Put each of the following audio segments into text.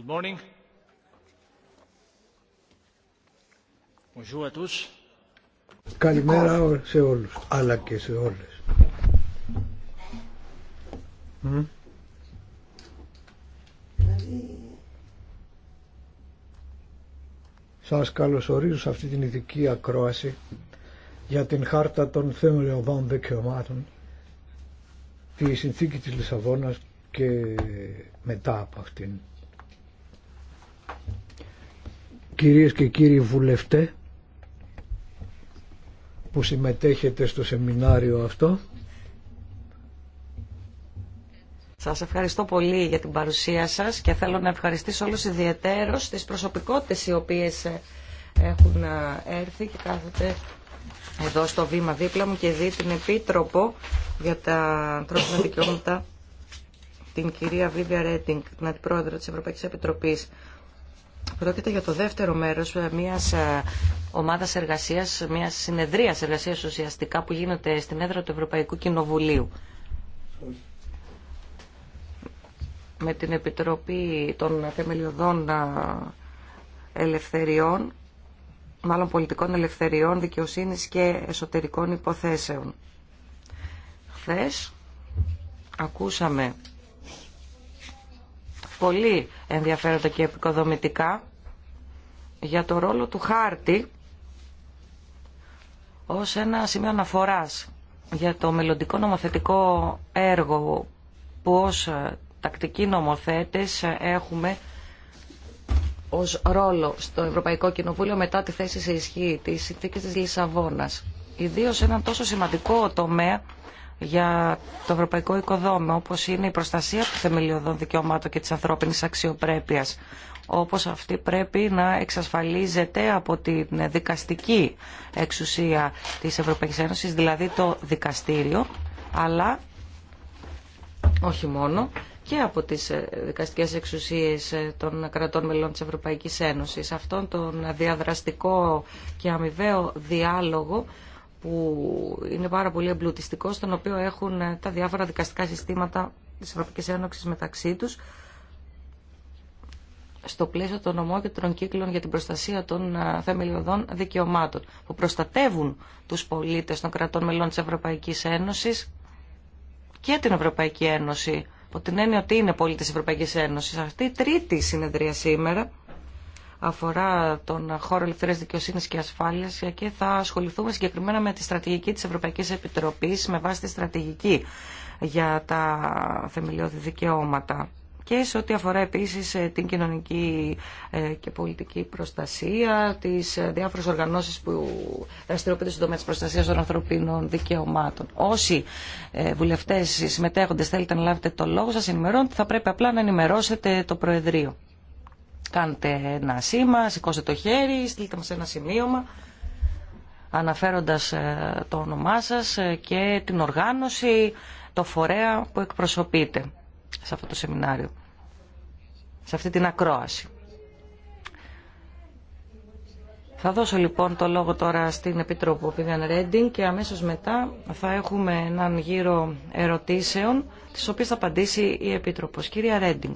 Good morning. Καλημέρα σε όλους, αλλά και σε όλες. Σας καλωσορίζω σε αυτή την ειδική ακρόαση για την χάρτα των θεμελιωδών δικαιωμάτων, τη συνθήκη της Λισαβόνας και μετά από αυτήν κυρίες και κύριοι βουλευτέ που συμμετέχετε στο σεμινάριο αυτό. Σας ευχαριστώ πολύ για την παρουσία σας και θέλω να ευχαριστήσω όλους ιδιαιτέρως τις προσωπικότητες οι οποίες ε, έχουν ε, έρθει και κάθεται εδώ στο βήμα δίπλα μου και δει την Επίτροπο για τα ανθρώπινα δικαιώματα την κυρία Βίβια Ρέντινγκ, την Αντιπρόεδρο της Ευρωπαϊκής Επιτροπής. Πρόκειται για το δεύτερο μέρος ε, μιας ε, ομάδας εργασίας, μιας συνεδρίας εργασίας ουσιαστικά που γίνεται στην έδρα του Ευρωπαϊκού Κοινοβουλίου. Με την Επιτροπή των Θεμελιωδών ε, Ελευθεριών, μάλλον πολιτικών ελευθεριών, δικαιοσύνης και εσωτερικών υποθέσεων. Χθες ακούσαμε πολύ ενδιαφέροντα και επικοδομητικά για το ρόλο του χάρτη ως ένα σημείο αναφοράς για το μελλοντικό νομοθετικό έργο που ως ε, τακτικοί νομοθέτες ε, έχουμε ως ρόλο στο Ευρωπαϊκό Κοινοβούλιο μετά τη θέση σε ισχύ της συνθήκης της Λισαβόνας. Ιδίως σε έναν τόσο σημαντικό τομέα για το ευρωπαϊκό οικοδόμημα, όπως είναι η προστασία του θεμελιωδών δικαιωμάτων και της ανθρώπινης αξιοπρέπειας όπως αυτή πρέπει να εξασφαλίζεται από την δικαστική εξουσία της Ευρωπαϊκής Ένωσης, δηλαδή το δικαστήριο, αλλά όχι μόνο και από τις ε, δικαστικές εξουσίες ε, των κρατών μελών της Ευρωπαϊκής Ένωσης. Αυτόν τον διαδραστικό και αμοιβαίο διάλογο που είναι πάρα πολύ εμπλουτιστικό, στον οποίο έχουν ε, τα διάφορα δικαστικά συστήματα της Ευρωπαϊκής Ένωσης μεταξύ τους, στο πλαίσιο των νομών κύκλων για την προστασία των ε, θεμελιωδών δικαιωμάτων που προστατεύουν τους πολίτες των κρατών μελών της Ευρωπαϊκής Ένωσης και την Ευρωπαϊκή Ένωση από την έννοια ότι είναι πολίτες της Ευρωπαϊκής Ένωσης. Αυτή η τρίτη συνεδρία σήμερα αφορά τον χώρο ελευθερία δικαιοσύνη και ασφάλεια και θα ασχοληθούμε συγκεκριμένα με τη στρατηγική τη Ευρωπαϊκή Επιτροπή με βάση τη στρατηγική για τα θεμελιώδη δικαιώματα και σε ό,τι αφορά επίσης ε, την κοινωνική ε, και πολιτική προστασία, τις ε, διάφορες οργανώσεις που δραστηριοποιούνται στον τομέα της προστασίας των ανθρωπίνων δικαιωμάτων. Όσοι βουλευτές συμμετέχοντες θέλετε να λάβετε το λόγο, σας ενημερώνω ότι θα πρέπει απλά να ενημερώσετε το Προεδρείο. Κάντε ένα σήμα, σηκώστε το χέρι, στείλτε μας ένα σημείωμα αναφέροντας το όνομά σας και την οργάνωση, το φορέα που εκπροσωπείτε σε αυτό το σεμινάριο σε αυτή την ακρόαση. Θα δώσω λοιπόν το λόγο τώρα στην Επίτροπο Vivian Ρέντινγκ και αμέσως μετά θα έχουμε έναν γύρο ερωτήσεων τις οποίες θα απαντήσει η Επίτροπος. Κυρία Ρέντινγκ.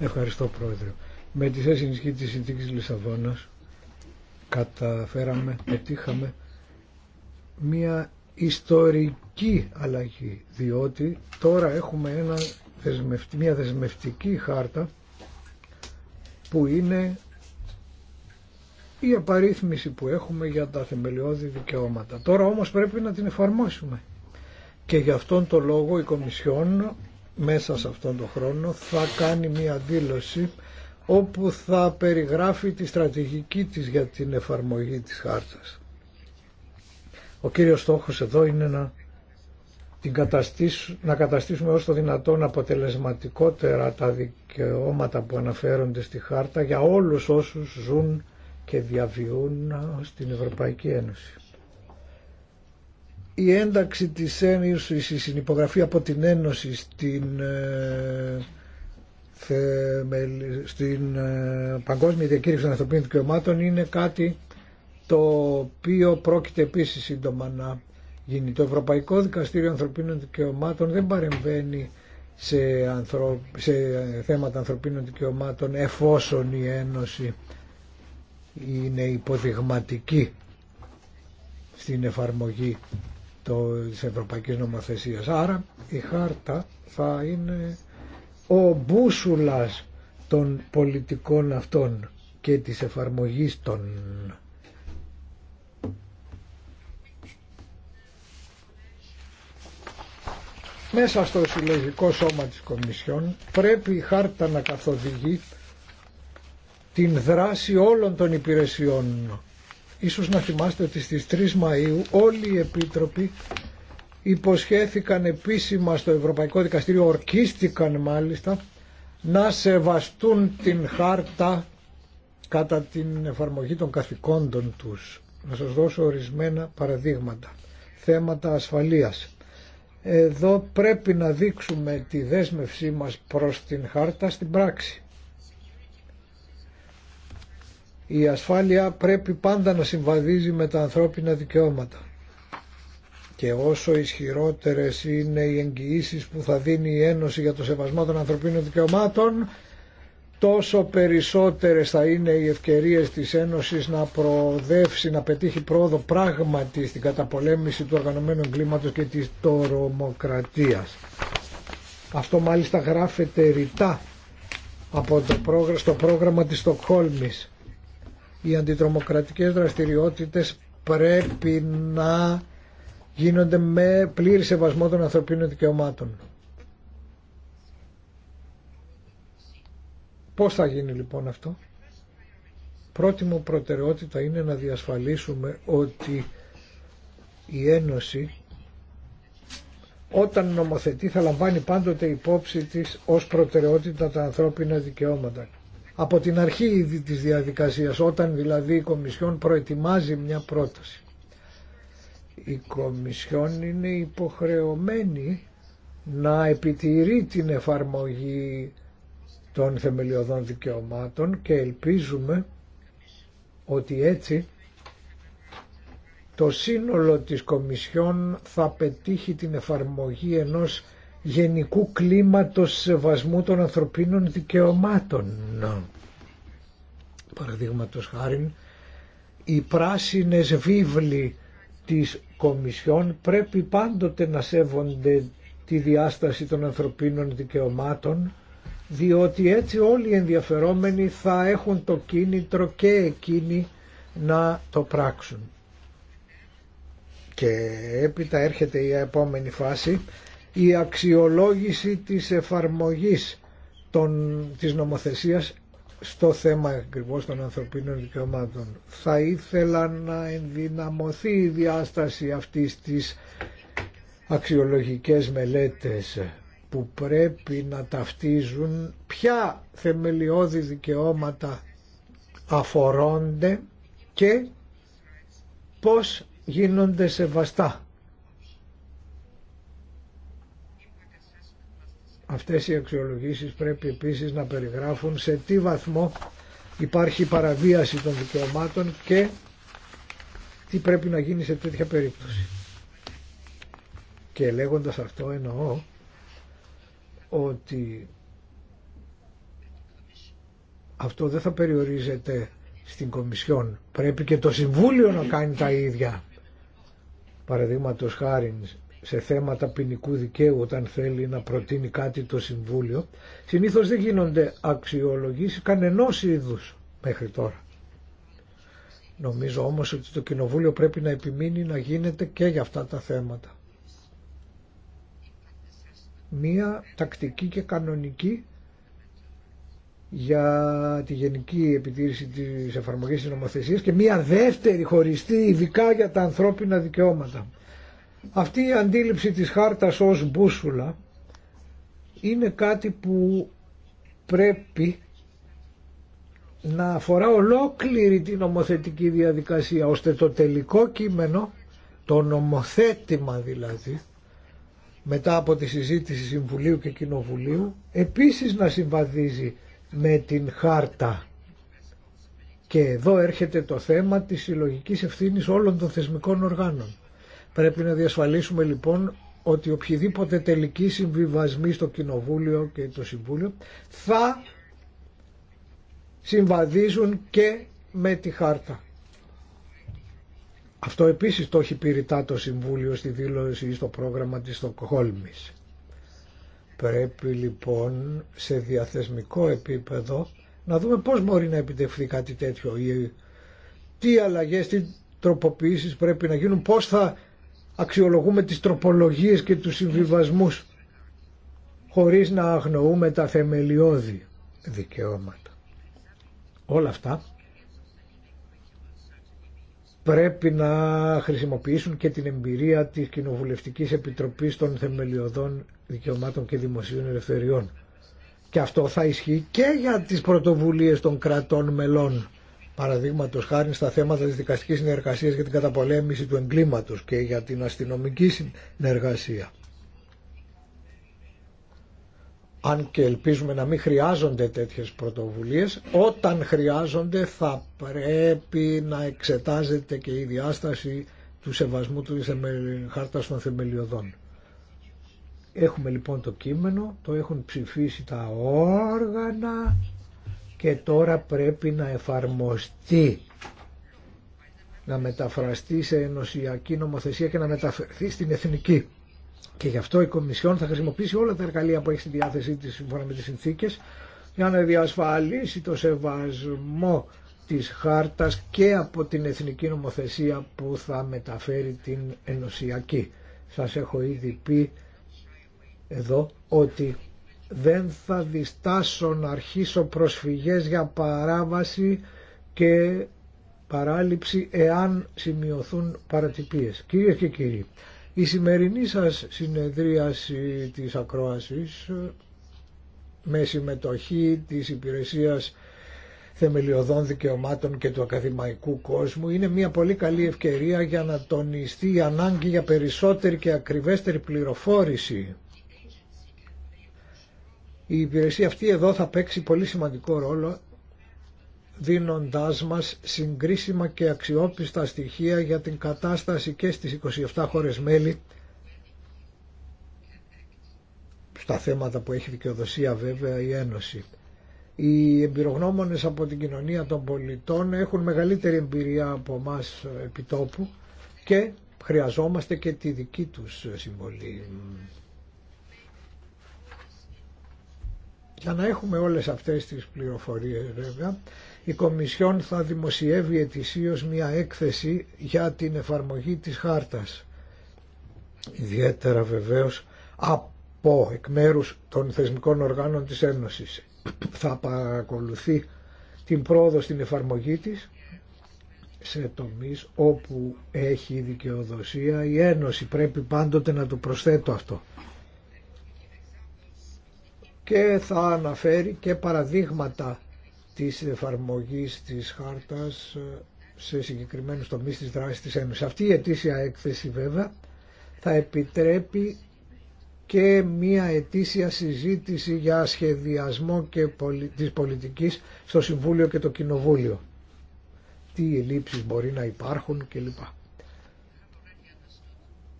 Ευχαριστώ Πρόεδρε. Με τη θέση ενισχύει της συνθήκης Λισαβόνας καταφέραμε, πετύχαμε μία ιστορική αλλαγή, διότι τώρα έχουμε ένα, μια δεσμευτική χάρτα που είναι η απαρίθμηση που έχουμε για τα θεμελιώδη δικαιώματα. Τώρα όμως πρέπει να την εφαρμόσουμε. Και γι' αυτόν τον λόγο η Κομισιόν μέσα σε αυτόν τον χρόνο θα κάνει μια δήλωση όπου θα περιγράφει τη στρατηγική της για την εφαρμογή της χάρτας. Ο κύριος στόχος εδώ είναι να, την καταστήσουμε, να όσο το δυνατόν αποτελεσματικότερα τα δικαιώματα που αναφέρονται στη χάρτα για όλους όσους ζουν και διαβιούν στην Ευρωπαϊκή Ένωση. Η ένταξη της Ένωσης, η συνυπογραφή από την Ένωση στην, ε, στην ε, Παγκόσμια Διακήρυξη των Ανθρωπίνων Δικαιωμάτων είναι κάτι το οποίο πρόκειται επίσης σύντομα να γίνει. Το Ευρωπαϊκό Δικαστήριο Ανθρωπίνων Δικαιωμάτων δεν παρεμβαίνει σε, σε θέματα ανθρωπίνων δικαιωμάτων εφόσον η Ένωση είναι υποδειγματική στην εφαρμογή το, της Ευρωπαϊκής Νομοθεσίας. Άρα η χάρτα θα είναι ο μπούσουλας των πολιτικών αυτών και της εφαρμογής των μέσα στο συλλογικό σώμα της Κομισιόν πρέπει η χάρτα να καθοδηγεί την δράση όλων των υπηρεσιών. Ίσως να θυμάστε ότι στις 3 Μαΐου όλοι οι επίτροποι υποσχέθηκαν επίσημα στο Ευρωπαϊκό Δικαστήριο, ορκίστηκαν μάλιστα, να σεβαστούν την χάρτα κατά την εφαρμογή των καθηκόντων τους. Να σας δώσω ορισμένα παραδείγματα. Θέματα ασφαλείας εδώ πρέπει να δείξουμε τη δέσμευσή μας προς την χάρτα στην πράξη. Η ασφάλεια πρέπει πάντα να συμβαδίζει με τα ανθρώπινα δικαιώματα. Και όσο ισχυρότερες είναι οι εγγυήσεις που θα δίνει η Ένωση για το σεβασμό των ανθρωπίνων δικαιωμάτων, τόσο περισσότερες θα είναι οι ευκαιρίες της Ένωσης να προοδεύσει, να πετύχει πρόοδο πράγματι στην καταπολέμηση του οργανωμένου εγκλήματος και της τορομοκρατίας. Αυτό μάλιστα γράφεται ρητά από το πρόγραμμα, στο πρόγραμμα της Στοκχόλμης. Οι αντιτρομοκρατικές δραστηριότητες πρέπει να γίνονται με πλήρη σεβασμό των ανθρωπίνων δικαιωμάτων. Πώς θα γίνει λοιπόν αυτό. Πρώτη μου προτεραιότητα είναι να διασφαλίσουμε ότι η Ένωση όταν νομοθετεί θα λαμβάνει πάντοτε υπόψη της ως προτεραιότητα τα ανθρώπινα δικαιώματα. Από την αρχή ήδη της διαδικασίας, όταν δηλαδή η Κομισιόν προετοιμάζει μια πρόταση. Η Κομισιόν είναι υποχρεωμένη να επιτηρεί την εφαρμογή των θεμελιωδών δικαιωμάτων και ελπίζουμε ότι έτσι το σύνολο της Κομισιόν θα πετύχει την εφαρμογή ενός γενικού κλίματος σεβασμού των ανθρωπίνων δικαιωμάτων. Παραδείγματος χάρη, οι πράσινες βίβλοι της Κομισιόν πρέπει πάντοτε να σέβονται τη διάσταση των ανθρωπίνων δικαιωμάτων διότι έτσι όλοι οι ενδιαφερόμενοι θα έχουν το κίνητρο και εκείνοι να το πράξουν. Και έπειτα έρχεται η επόμενη φάση, η αξιολόγηση της εφαρμογής των, της νομοθεσίας στο θέμα ακριβώ των ανθρωπίνων δικαιωμάτων. Θα ήθελα να ενδυναμωθεί η διάσταση αυτής της αξιολογικές μελέτες που πρέπει να ταυτίζουν ποια θεμελιώδη δικαιώματα αφορώνται και πώς γίνονται σεβαστά. Αυτές οι αξιολογήσεις πρέπει επίσης να περιγράφουν σε τι βαθμό υπάρχει παραβίαση των δικαιωμάτων και τι πρέπει να γίνει σε τέτοια περίπτωση. Και λέγοντας αυτό εννοώ ότι αυτό δεν θα περιορίζεται στην Κομισιόν. Πρέπει και το Συμβούλιο να κάνει τα ίδια. Παραδείγματο χάρη σε θέματα ποινικού δικαίου όταν θέλει να προτείνει κάτι το Συμβούλιο. Συνήθως δεν γίνονται αξιολογήσεις κανενός είδους μέχρι τώρα. Νομίζω όμως ότι το Κοινοβούλιο πρέπει να επιμείνει να γίνεται και για αυτά τα θέματα μία τακτική και κανονική για τη γενική επιτήρηση της εφαρμογής της νομοθεσίας και μία δεύτερη χωριστή ειδικά για τα ανθρώπινα δικαιώματα. Αυτή η αντίληψη της χάρτας ως μπούσουλα είναι κάτι που πρέπει να αφορά ολόκληρη την νομοθετική διαδικασία ώστε το τελικό κείμενο, το νομοθέτημα δηλαδή, μετά από τη συζήτηση Συμβουλίου και Κοινοβουλίου επίσης να συμβαδίζει με την χάρτα. Και εδώ έρχεται το θέμα της συλλογική ευθύνης όλων των θεσμικών οργάνων. Πρέπει να διασφαλίσουμε λοιπόν ότι οποιοδήποτε τελική συμβιβασμή στο Κοινοβούλιο και το Συμβούλιο θα συμβαδίζουν και με τη χάρτα. Αυτό επίσης το έχει το Συμβούλιο στη δήλωση ή στο πρόγραμμα της Στοκχόλμης. Πρέπει λοιπόν σε διαθεσμικό επίπεδο να δούμε πώς μπορεί να επιτευχθεί κάτι τέτοιο ή τι αλλαγές, τι τροποποιήσεις πρέπει να γίνουν, πώς θα αξιολογούμε τις τροπολογίες και τους συμβιβασμούς χωρίς να αγνοούμε τα θεμελιώδη δικαιώματα. Όλα αυτά πρέπει να χρησιμοποιήσουν και την εμπειρία της Κοινοβουλευτικής Επιτροπής των Θεμελιωδών Δικαιωμάτων και Δημοσίων Ελευθεριών. Και αυτό θα ισχύει και για τις πρωτοβουλίες των κρατών μελών. Παραδείγματος χάρη στα θέματα της δικαστικής συνεργασίας για την καταπολέμηση του εγκλήματος και για την αστυνομική συνεργασία. αν και ελπίζουμε να μην χρειάζονται τέτοιες πρωτοβουλίες, όταν χρειάζονται θα πρέπει να εξετάζεται και η διάσταση του σεβασμού του χάρτας των θεμελιωδών. Έχουμε λοιπόν το κείμενο, το έχουν ψηφίσει τα όργανα και τώρα πρέπει να εφαρμοστεί, να μεταφραστεί σε ενωσιακή νομοθεσία και να μεταφερθεί στην εθνική. Και γι' αυτό η Κομισιόν θα χρησιμοποιήσει όλα τα εργαλεία που έχει στη διάθεσή της σύμφωνα με τις συνθήκες για να διασφαλίσει το σεβασμό της χάρτας και από την εθνική νομοθεσία που θα μεταφέρει την ενωσιακή. Σας έχω ήδη πει εδώ ότι δεν θα διστάσω να αρχίσω προσφυγές για παράβαση και παράληψη εάν σημειωθούν παρατυπίες. Κυρίες και κύριοι, η σημερινή σας συνεδρίαση της ακρόασης με συμμετοχή της Υπηρεσίας Θεμελιωδών Δικαιωμάτων και του Ακαδημαϊκού Κόσμου είναι μια πολύ καλή ευκαιρία για να τονιστεί η ανάγκη για περισσότερη και ακριβέστερη πληροφόρηση. Η υπηρεσία αυτή εδώ θα παίξει πολύ σημαντικό ρόλο δίνοντάς μας συγκρίσιμα και αξιόπιστα στοιχεία για την κατάσταση και στις 27 χώρες μέλη στα θέματα που έχει δικαιοδοσία βέβαια η Ένωση. Οι εμπειρογνώμονες από την κοινωνία των πολιτών έχουν μεγαλύτερη εμπειρία από εμά επιτόπου και χρειαζόμαστε και τη δική τους συμβολή. Για να έχουμε όλες αυτές τις πληροφορίες βέβαια η Κομισιόν θα δημοσιεύει ετησίως μια έκθεση για την εφαρμογή της χάρτας. Ιδιαίτερα βεβαίως από εκ μέρου των θεσμικών οργάνων της Ένωσης. Θα παρακολουθεί την πρόοδο στην εφαρμογή της σε τομείς όπου έχει δικαιοδοσία η Ένωση. Πρέπει πάντοτε να το προσθέτω αυτό. Και θα αναφέρει και παραδείγματα της εφαρμογής της χάρτας ε, σε συγκεκριμένους τομείς της δράσης της Ένωσης. Αυτή η ετήσια έκθεση βέβαια θα επιτρέπει και μία ετήσια συζήτηση για σχεδιασμό και πολι... της πολιτικής στο Συμβούλιο και το Κοινοβούλιο. Τι ελλείψεις μπορεί να υπάρχουν κλπ.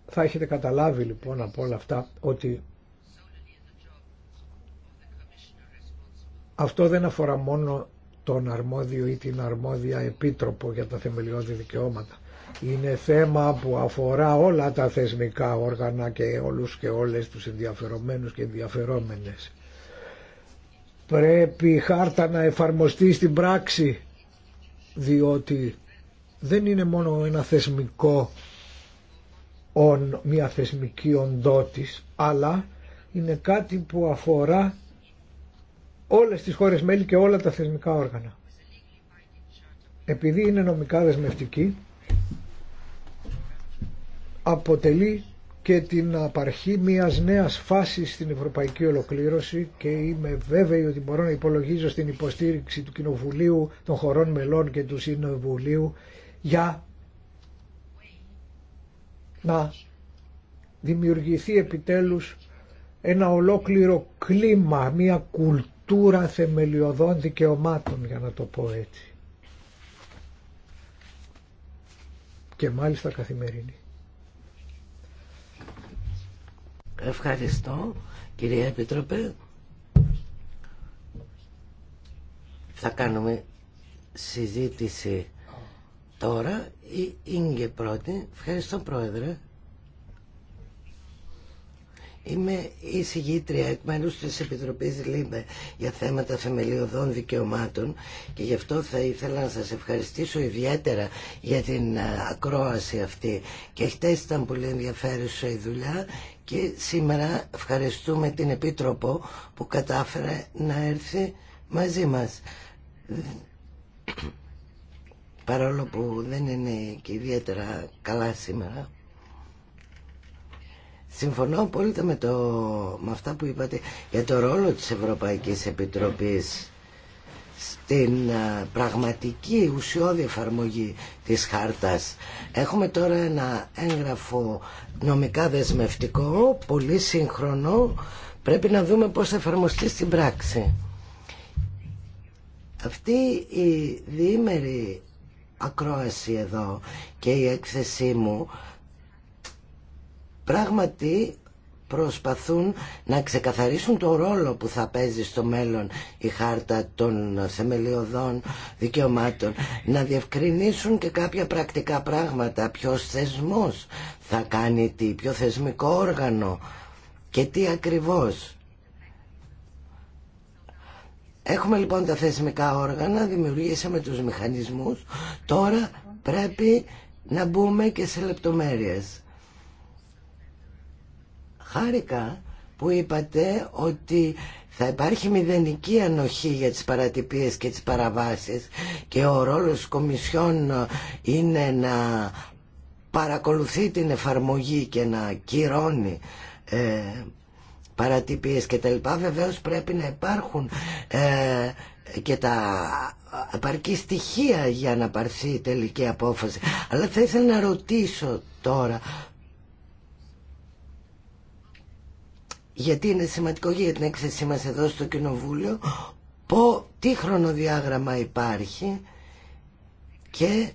Θα έχετε καταλάβει λοιπόν από όλα αυτά ότι Αυτό δεν αφορά μόνο τον αρμόδιο ή την αρμόδια επίτροπο για τα θεμελιώδη δικαιώματα. Είναι θέμα που αφορά όλα τα θεσμικά όργανα και όλους και όλες τους ενδιαφερομένους και ενδιαφερόμενες. Πρέπει η χάρτα να εφαρμοστεί στην πράξη διότι δεν είναι μόνο ένα θεσμικό μια θεσμική οντότης αλλά είναι κάτι που αφορά όλες τις χώρες μέλη και όλα τα θεσμικά όργανα. Επειδή είναι νομικά δεσμευτική, αποτελεί και την απαρχή μιας νέας φάσης στην ευρωπαϊκή ολοκλήρωση και είμαι βέβαιη ότι μπορώ να υπολογίζω στην υποστήριξη του Κοινοβουλίου, των χωρών μελών και του Συνοβουλίου για να δημιουργηθεί επιτέλους ένα ολόκληρο κλίμα, μια κουλτούρα κουλτούρα θεμελιωδών δικαιωμάτων για να το πω έτσι. Και μάλιστα καθημερινή. Ευχαριστώ κυρία Επιτροπέ. Θα κάνουμε συζήτηση τώρα. Η και πρώτη. Ευχαριστώ πρόεδρε. Είμαι η συγγήτρια εκ μέρους της Επιτροπής ΛΥΜΕ για θέματα θεμελιωδών δικαιωμάτων και γι' αυτό θα ήθελα να σας ευχαριστήσω ιδιαίτερα για την ε, ακρόαση αυτή και χτες ήταν πολύ ενδιαφέρουσα η δουλειά και σήμερα ευχαριστούμε την Επίτροπο που κατάφερε να έρθει μαζί μας παρόλο που δεν είναι και ιδιαίτερα καλά σήμερα Συμφωνώ απόλυτα με, το, με αυτά που είπατε για το ρόλο της Ευρωπαϊκής Επιτροπής στην πραγματική ουσιώδη εφαρμογή της χάρτας. Έχουμε τώρα ένα έγγραφο νομικά δεσμευτικό, πολύ σύγχρονο. Πρέπει να δούμε πώς θα εφαρμοστεί στην πράξη. Αυτή η διήμερη ακρόαση εδώ και η έκθεσή μου πράγματι προσπαθούν να ξεκαθαρίσουν το ρόλο που θα παίζει στο μέλλον η χάρτα των θεμελιωδών δικαιωμάτων, να διευκρινίσουν και κάποια πρακτικά πράγματα, ποιος θεσμός θα κάνει τι, ποιο θεσμικό όργανο και τι ακριβώς. Έχουμε λοιπόν τα θεσμικά όργανα, δημιουργήσαμε τους μηχανισμούς, τώρα πρέπει να μπούμε και σε λεπτομέρειες. Χάρηκα που είπατε ότι θα υπάρχει μηδενική ανοχή για τις παρατυπίες και τις παραβάσεις και ο ρόλος της Κομισιόν είναι να παρακολουθεί την εφαρμογή και να κυρώνει ε, παρατυπίες και τα λοιπά. Βεβαίως πρέπει να υπάρχουν ε, και τα επαρκή στοιχεία για να παρθεί τελική απόφαση. Αλλά θα ήθελα να ρωτήσω τώρα γιατί είναι σημαντικό για την έκθεσή μας εδώ στο Κοινοβούλιο πω τι χρονοδιάγραμμα υπάρχει και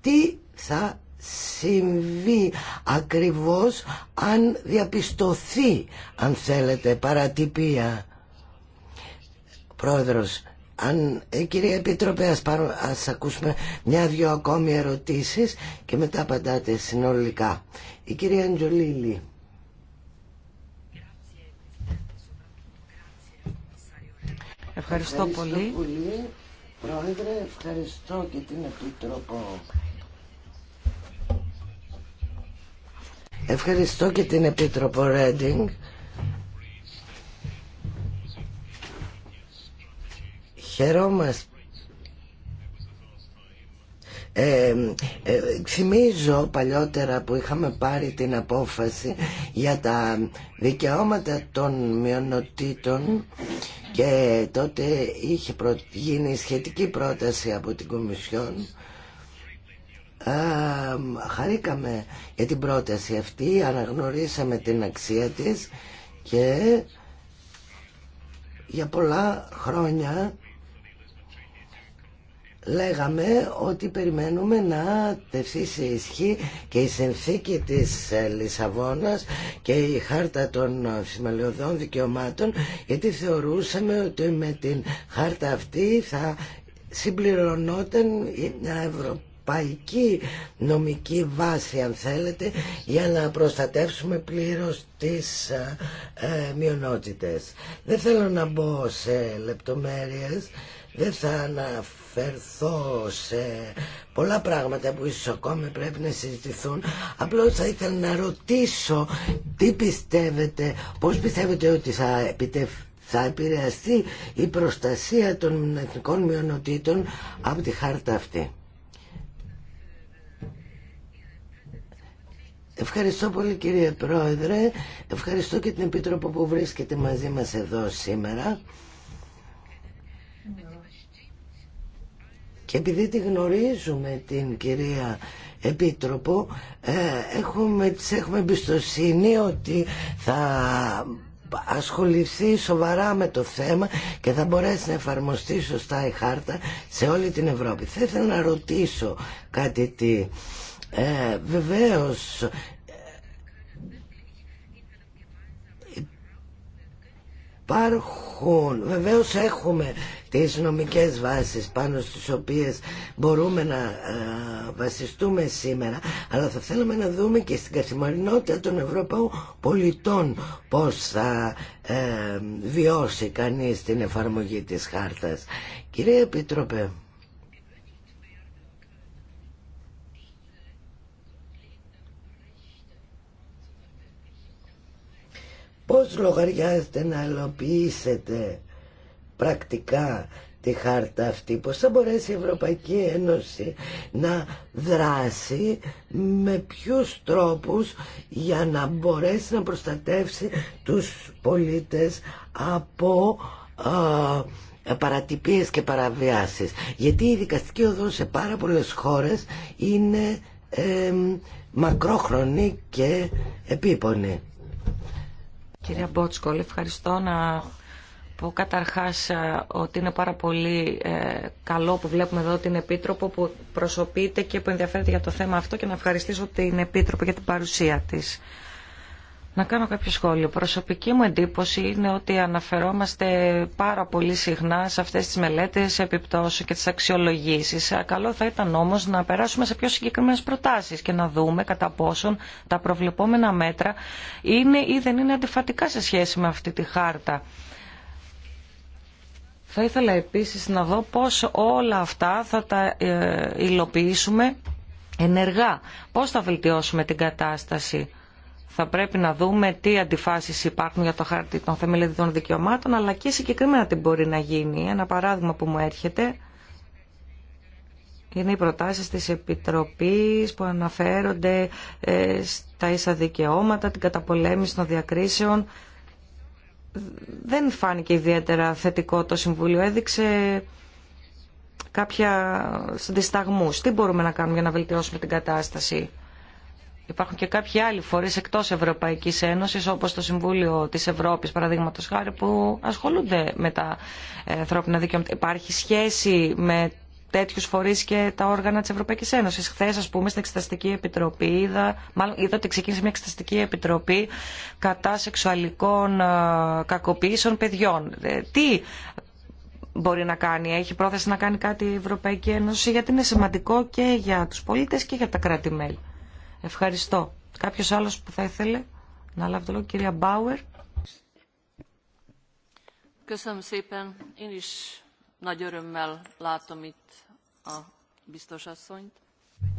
τι θα συμβεί ακριβώς αν διαπιστωθεί αν θέλετε παρατυπία πρόεδρος αν, ε, κυρία Επίτροπε ας, πάρω, ακούσουμε μια-δυο ακόμη ερωτήσεις και μετά απαντάτε συνολικά η κυρία Αντζολίλη Ευχαριστώ, πολύ. πολύ. Πρόεδρε, ευχαριστώ και την Επίτροπο. Ευχαριστώ και την Επίτροπο Ρέντινγκ. Χαιρόμαστε ε, θυμίζω παλιότερα που είχαμε πάρει την απόφαση για τα δικαιώματα των μειονοτήτων και τότε είχε γίνει σχετική πρόταση από την Κομισιόν ε, χαρήκαμε για την πρόταση αυτή αναγνωρίσαμε την αξία της και για πολλά χρόνια λέγαμε ότι περιμένουμε να τεθεί σε ισχύ και η συνθήκη της ε, Λισαβόνας και η χάρτα των ε, θυμαλαιοδών δικαιωμάτων γιατί θεωρούσαμε ότι με την χάρτα αυτή θα συμπληρωνόταν μια Ευρωπαϊκή ευρωπαϊκή νομική βάση αν θέλετε για να προστατεύσουμε πλήρως τις ε, ε, μειονότητες. Δεν θέλω να μπω σε λεπτομέρειες, δεν θα αναφερθώ σε πολλά πράγματα που ίσως ακόμη πρέπει να συζητηθούν. Απλώς θα ήθελα να ρωτήσω τι πιστεύετε, πώς πιστεύετε ότι θα επιτευχθεί θα επηρεαστεί η προστασία των εθνικών μειονοτήτων από τη χάρτα αυτή. Ευχαριστώ πολύ κύριε Πρόεδρε, ευχαριστώ και την Επίτροπο που βρίσκεται μαζί μας εδώ σήμερα. Και επειδή τη γνωρίζουμε την κυρία Επίτροπο, ε, έχουμε, έχουμε εμπιστοσύνη ότι θα ασχοληθεί σοβαρά με το θέμα και θα μπορέσει να εφαρμοστεί σωστά η χάρτα σε όλη την Ευρώπη. Θα ήθελα να ρωτήσω κάτι τι... Ε, βεβαίως υπάρχουν βεβαίως έχουμε τις νομικές βάσεις πάνω στις οποίες μπορούμε να ε, βασιστούμε σήμερα αλλά θα θέλαμε να δούμε και στην καθημερινότητα των Ευρωπαίων πολιτών πως θα ε, βιώσει κανείς την εφαρμογή της χάρτας. Κύριε Επίτροπε Πώς λογαριάζετε να ελοποιήσετε πρακτικά τη χάρτα αυτή, πώς θα μπορέσει η Ευρωπαϊκή Ένωση να δράσει με ποιους τρόπους για να μπορέσει να προστατεύσει τους πολίτες από α, παρατυπίες και παραβιάσεις. Γιατί η δικαστική οδό σε πάρα πολλές χώρες είναι μακρόχρονη και επίπονη. Κυρία Μπότσκολ, ευχαριστώ να πω καταρχάς ε, ότι είναι πάρα πολύ ε, καλό που βλέπουμε εδώ την Επίτροπο που προσωπείται και που ενδιαφέρεται για το θέμα αυτό και να ευχαριστήσω την Επίτροπο για την παρουσία της. Να κάνω κάποιο σχόλιο. Προσωπική μου εντύπωση είναι ότι αναφερόμαστε πάρα πολύ συχνά σε αυτές τις μελέτες επιπτώσεων και τις αξιολογήσεις. Καλό θα ήταν όμως να περάσουμε σε πιο συγκεκριμένες προτάσεις και να δούμε κατά πόσον τα προβλεπόμενα μέτρα είναι ή δεν είναι αντιφατικά σε σχέση με αυτή τη χάρτα. Θα ήθελα επίσης να δω πώς όλα αυτά θα τα ε, υλοποιήσουμε ενεργά. Πώς θα βελτιώσουμε την κατάσταση θα πρέπει να δούμε τι αντιφάσεις υπάρχουν για το χάρτη των θεμελιωδών δικαιωμάτων, αλλά και συγκεκριμένα τι μπορεί να γίνει. Ένα παράδειγμα που μου έρχεται είναι οι προτάσεις της Επιτροπής που αναφέρονται ε, στα ίσα δικαιώματα, την καταπολέμηση των διακρίσεων. Δεν φάνηκε ιδιαίτερα θετικό το Συμβούλιο. Έδειξε κάποια συντισταγμούς. Τι μπορούμε να κάνουμε για να βελτιώσουμε την κατάσταση. Υπάρχουν και κάποιοι άλλοι φορεί εκτό Ευρωπαϊκή Ένωση, όπω το Συμβούλιο τη Ευρώπη, παραδείγματο χάρη, που ασχολούνται με τα ε, ανθρώπινα δικαιώματα. Υπάρχει σχέση με τέτοιου φορεί και τα όργανα τη Ευρωπαϊκή Ένωση. Χθε, α πούμε, στην Εξεταστική Επιτροπή είδα, μάλλον είδα ότι ξεκίνησε μια Εξεταστική Επιτροπή κατά σεξουαλικών ε, κακοποιήσεων παιδιών. Ε, τι μπορεί να κάνει, έχει πρόθεση να κάνει κάτι η Ευρωπαϊκή Ένωση, γιατί είναι σημαντικό και για του πολίτε και για τα κράτη-μέλη. Ευχαριστώ. Κάποιος άλλος που θα ήθελε να λάβει το λόγο, κυρία Μπάουερ.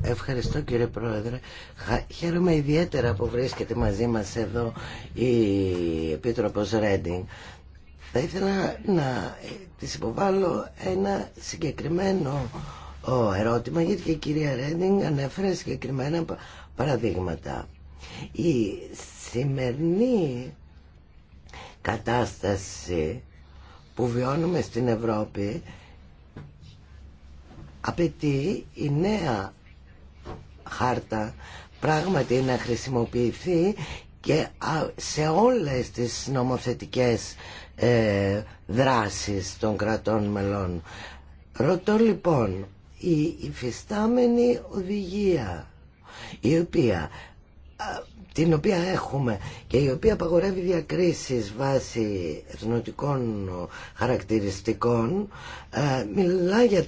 Ευχαριστώ κύριε Πρόεδρε. Χαίρομαι ιδιαίτερα που βρίσκεται μαζί μας εδώ η Επίτροπος Ρέντινγκ. Θα ήθελα να ε, της υποβάλω ένα συγκεκριμένο ερώτημα γιατί και η κυρία Ρέντινγκ ανέφερε συγκεκριμένα παραδείγματα. Η σημερινή κατάσταση που βιώνουμε στην Ευρώπη απαιτεί η νέα χάρτα πράγματι να χρησιμοποιηθεί και σε όλες τις νομοθετικές ε, δράσεις των κρατών μελών. Ρωτώ λοιπόν, η υφιστάμενη οδηγία η οποία την οποία έχουμε και η οποία απαγορεύει διακρίσεις βάσει εθνοτικών χαρακτηριστικών ε, μιλά για,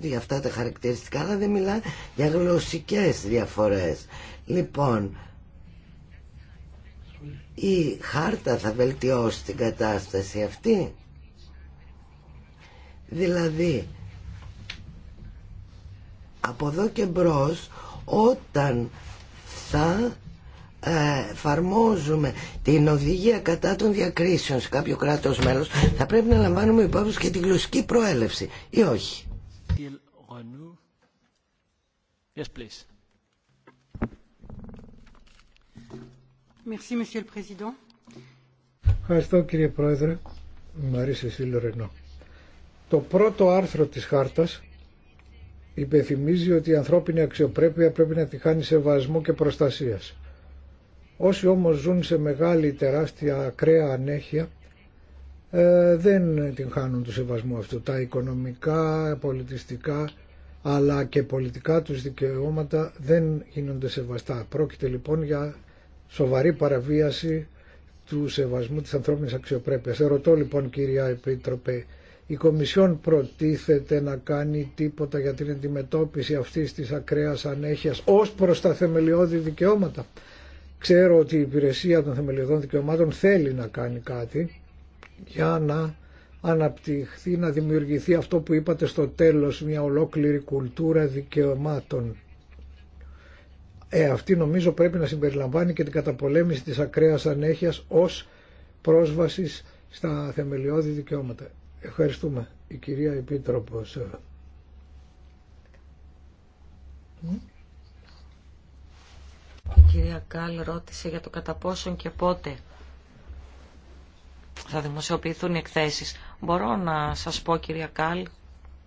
για αυτά τα χαρακτηριστικά αλλά δεν μιλά για γλωσσικές διαφορές λοιπόν η χάρτα θα βελτιώσει την κατάσταση αυτή δηλαδή από εδώ και μπρος όταν θα ε, εφαρμόζουμε την οδηγία κατά των διακρίσεων σε κάποιο κράτος μέλος θα πρέπει να λαμβάνουμε υπόψη και τη γλωσσική προέλευση ή όχι. Yes, please. Merci, Monsieur le Président. Ευχαριστώ κύριε Πρόεδρε. Μαρίσες Το πρώτο άρθρο της χάρτας υπενθυμίζει ότι η ανθρώπινη αξιοπρέπεια πρέπει να τη χάνει σεβασμού και προστασίας. Όσοι όμως ζουν σε μεγάλη τεράστια ακραία ανέχεια ε, δεν την χάνουν του σεβασμού αυτού. Τα οικονομικά, πολιτιστικά αλλά και πολιτικά τους δικαιώματα δεν γίνονται σεβαστά. Πρόκειται λοιπόν για σοβαρή παραβίαση του σεβασμού της ανθρώπινης αξιοπρέπειας. Ερωτώ λοιπόν κυρία Επίτροπε, η Κομισιόν προτίθεται να κάνει τίποτα για την αντιμετώπιση αυτής της ακραίας ανέχειας ως προς τα θεμελιώδη δικαιώματα. Ξέρω ότι η Υπηρεσία των Θεμελιωδών Δικαιωμάτων θέλει να κάνει κάτι για να αναπτυχθεί, να δημιουργηθεί αυτό που είπατε στο τέλος, μια ολόκληρη κουλτούρα δικαιωμάτων. Ε, αυτή νομίζω πρέπει να συμπεριλαμβάνει και την καταπολέμηση της ακραίας ανέχειας ως πρόσβασης στα θεμελιώδη δικαιώματα. Ευχαριστούμε. Η κυρία Επίτροπος. Ε. Η κυρία Κάλ ρώτησε για το κατά πόσον και πότε θα δημοσιοποιηθούν οι εκθέσεις. Μπορώ να σας πω κυρία Κάλ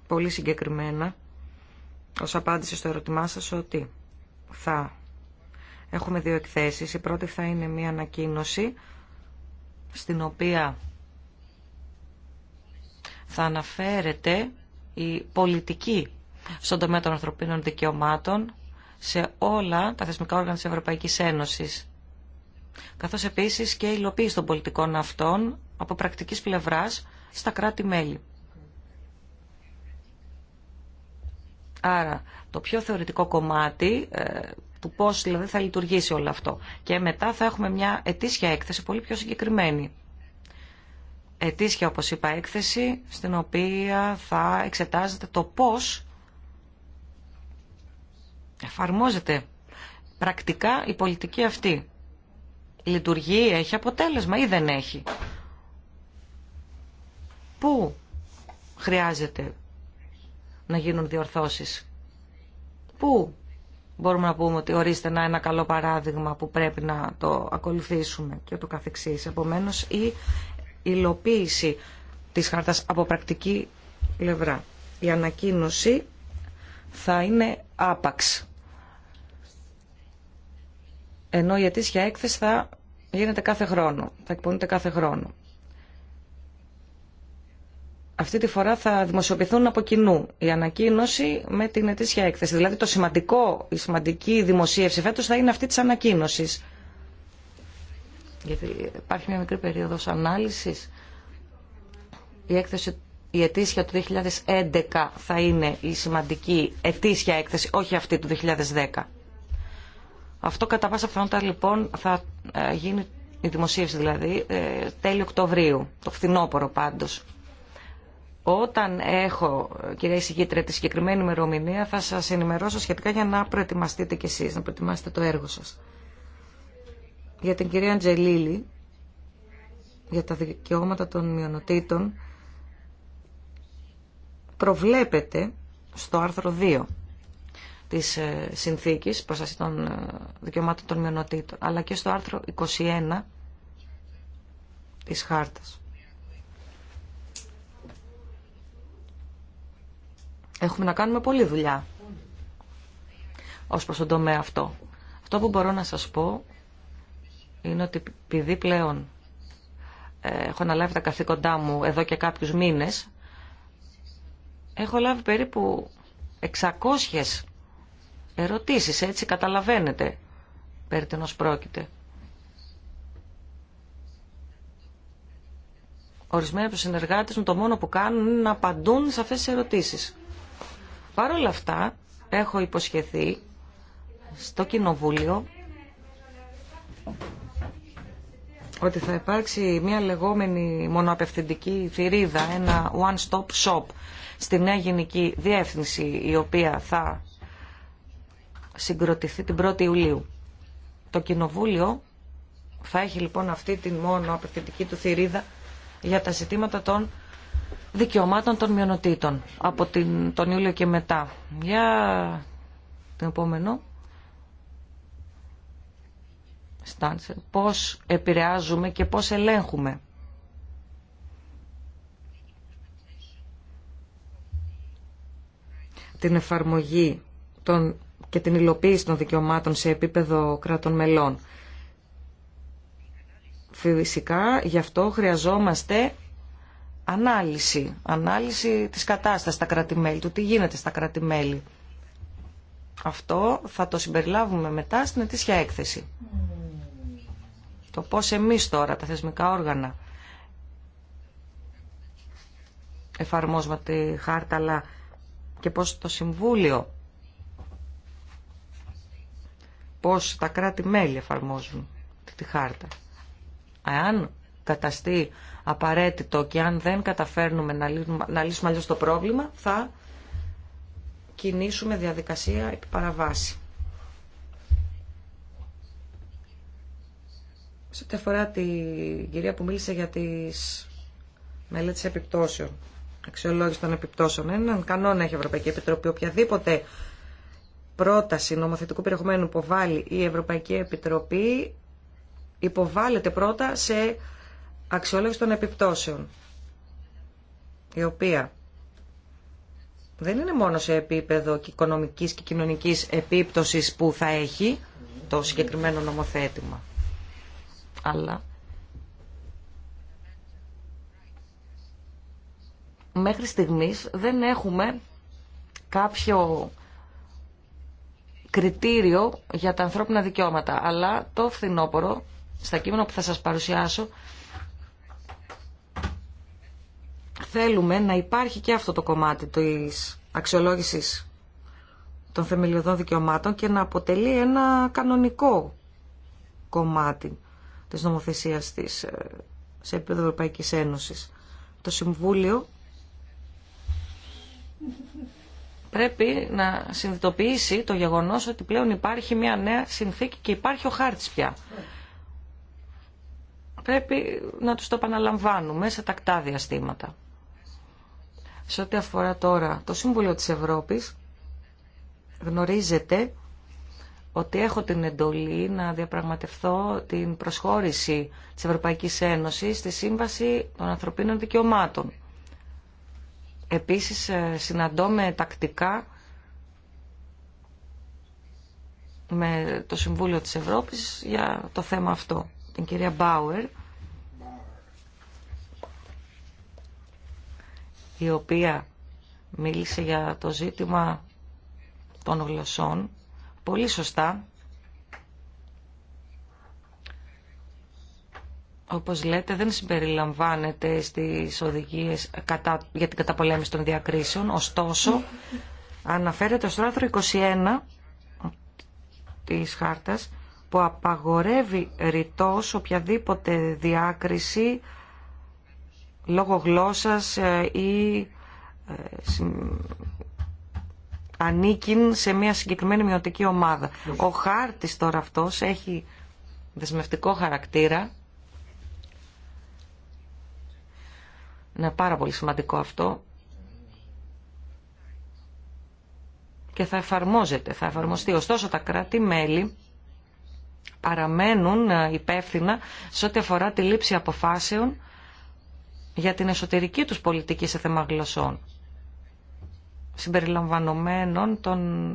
πολύ συγκεκριμένα ως απάντηση στο ερώτημά σας ότι θα έχουμε δύο εκθέσεις. Η πρώτη θα είναι μια ανακοίνωση στην οποία θα αναφέρεται η πολιτική στον τομέα των ανθρωπίνων δικαιωμάτων σε όλα τα θεσμικά όργανα της Ευρωπαϊκής Ένωσης. Καθώς επίσης και η υλοποίηση των πολιτικών αυτών από πρακτικής πλευράς στα κράτη-μέλη. Άρα, το πιο θεωρητικό κομμάτι ε, του πώς δηλαδή θα λειτουργήσει όλο αυτό. Και μετά θα έχουμε μια ετήσια έκθεση πολύ πιο συγκεκριμένη ετήσια, όπως είπα, έκθεση, στην οποία θα εξετάζεται το πώς εφαρμόζεται πρακτικά η πολιτική αυτή. Λειτουργεί, έχει αποτέλεσμα ή δεν έχει. Πού χρειάζεται να γίνουν διορθώσεις. Πού μπορούμε να πούμε ότι ορίστε να ένα καλό παράδειγμα που πρέπει να το ακολουθήσουμε και το καθεξής. Επομένως η υλοποίηση της χάρτας από πρακτική πλευρά. Η ανακοίνωση θα είναι άπαξ. Ενώ η αιτήσια έκθεση θα γίνεται κάθε χρόνο, θα εκπονείται κάθε χρόνο. Αυτή τη φορά θα δημοσιοποιηθούν από κοινού η ανακοίνωση με την ετήσια έκθεση. Δηλαδή το σημαντικό, η σημαντική δημοσίευση φέτος θα είναι αυτή της ανακοίνωσης γιατί υπάρχει μια μικρή περίοδος ανάλυσης. Η έκθεση η ετήσια του 2011 θα είναι η σημαντική ετήσια έκθεση, όχι αυτή του 2010. Αυτό κατά πάσα πιθανότητα λοιπόν θα ε, γίνει η δημοσίευση δηλαδή ε, τέλη Οκτωβρίου, το φθινόπωρο πάντως. Όταν έχω, κυρία Ισηγήτρια, τη συγκεκριμένη ημερομηνία θα σας ενημερώσω σχετικά για να προετοιμαστείτε κι εσείς, να προετοιμάσετε το έργο σας για την κυρία Αντζελίλη για τα δικαιώματα των μειονοτήτων προβλέπεται στο άρθρο 2 της ε, συνθήκης προστασία των ε, δικαιωμάτων των μειονοτήτων αλλά και στο άρθρο 21 της χάρτας. Έχουμε να κάνουμε πολλή δουλειά ως προς τον τομέα αυτό. Αυτό που μπορώ να σας πω είναι ότι επειδή πλέον ε, έχω αναλάβει τα καθήκοντά μου εδώ και κάποιους μήνες, έχω λάβει περίπου 600 ερωτήσεις, έτσι καταλαβαίνετε περί τενός πρόκειται. Ορισμένοι από τους συνεργάτες μου το μόνο που κάνουν είναι να απαντούν σε αυτές τις ερωτήσεις. Παρ' όλα αυτά, έχω υποσχεθεί στο Κοινοβούλιο ότι θα υπάρξει μια λεγόμενη μονοαπευθυντική θηρίδα, ένα one-stop shop στη νέα γενική διεύθυνση η οποία θα συγκροτηθεί την 1η Ιουλίου. Το Κοινοβούλιο θα έχει λοιπόν αυτή την μόνο του θηρίδα για τα ζητήματα των δικαιωμάτων των μειονοτήτων από την, τον Ιούλιο και μετά. Για το επόμενο στάνσε, πώς επηρεάζουμε και πώς ελέγχουμε. την εφαρμογή των, και την υλοποίηση των δικαιωμάτων σε επίπεδο κρατών μελών. Φυσικά, γι' αυτό χρειαζόμαστε ανάλυση, ανάλυση της κατάστασης στα κράτη-μέλη, του τι γίνεται στα κράτη-μέλη. Αυτό θα το συμπεριλάβουμε μετά στην ετήσια έκθεση. Το πώς εμείς τώρα, τα θεσμικά όργανα, εφαρμόζουμε τη χάρτα, αλλά και πώς το Συμβούλιο, πώς τα κράτη-μέλη εφαρμόζουν τη χάρτα. Αν καταστεί απαραίτητο και αν δεν καταφέρνουμε να λύσουμε, να λύσουμε αλλιώς το πρόβλημα, θα κινήσουμε διαδικασία επί παραβάση. Σε ό,τι αφορά την κυρία που μίλησε για τις μελέτες επιπτώσεων, αξιολόγηση των επιπτώσεων, έναν κανόνα έχει η Ευρωπαϊκή Επιτροπή. Οποιαδήποτε πρόταση νομοθετικού περιεχομένου υποβάλλει η Ευρωπαϊκή Επιτροπή υποβάλλεται πρώτα σε αξιολόγηση των επιπτώσεων, η οποία δεν είναι μόνο σε επίπεδο οικονομικής και κοινωνικής επίπτωσης που θα έχει το συγκεκριμένο νομοθέτημα αλλά μέχρι στιγμής δεν έχουμε κάποιο κριτήριο για τα ανθρώπινα δικαιώματα. Αλλά το φθινόπωρο, στα κείμενα που θα σας παρουσιάσω, θέλουμε να υπάρχει και αυτό το κομμάτι της αξιολόγησης των θεμελιωδών δικαιωμάτων και να αποτελεί ένα κανονικό κομμάτι της νομοθεσίας της ε, σε επίπεδο Ευρωπαϊκής Ένωσης. Το Συμβούλιο πρέπει να συνειδητοποιήσει το γεγονός ότι πλέον υπάρχει μια νέα συνθήκη και υπάρχει ο χάρτης πια. Πρέπει να τους το επαναλαμβάνουμε σε τακτά διαστήματα. Σε ό,τι αφορά τώρα το Σύμβουλιο της Ευρώπης, γνωρίζεται ότι έχω την εντολή να διαπραγματευθώ την προσχώρηση της Ευρωπαϊκής Ένωσης στη Σύμβαση των Ανθρωπίνων Δικαιωμάτων. Επίσης ε, με τακτικά με το Συμβούλιο της Ευρώπης για το θέμα αυτό, την κυρία Μπάουερ, η οποία μίλησε για το ζήτημα των γλωσσών πολύ σωστά, όπως λέτε, δεν συμπεριλαμβάνεται στις οδηγίες κατά, για την καταπολέμηση των διακρίσεων. Ωστόσο, αναφέρεται στο άρθρο 21 της χάρτας που απαγορεύει ρητός οποιαδήποτε διάκριση λόγω γλώσσας ε, ή ε, ανήκει σε μια συγκεκριμένη μειωτική ομάδα. Ο χάρτης τώρα αυτός έχει δεσμευτικό χαρακτήρα. Είναι πάρα πολύ σημαντικό αυτό. Και θα εφαρμόζεται, θα εφαρμοστεί. Ωστόσο τα κράτη-μέλη παραμένουν ε, υπεύθυνα σε ό,τι αφορά τη λήψη αποφάσεων για την εσωτερική τους πολιτική σε θέμα γλωσσών συμπεριλαμβανομένων των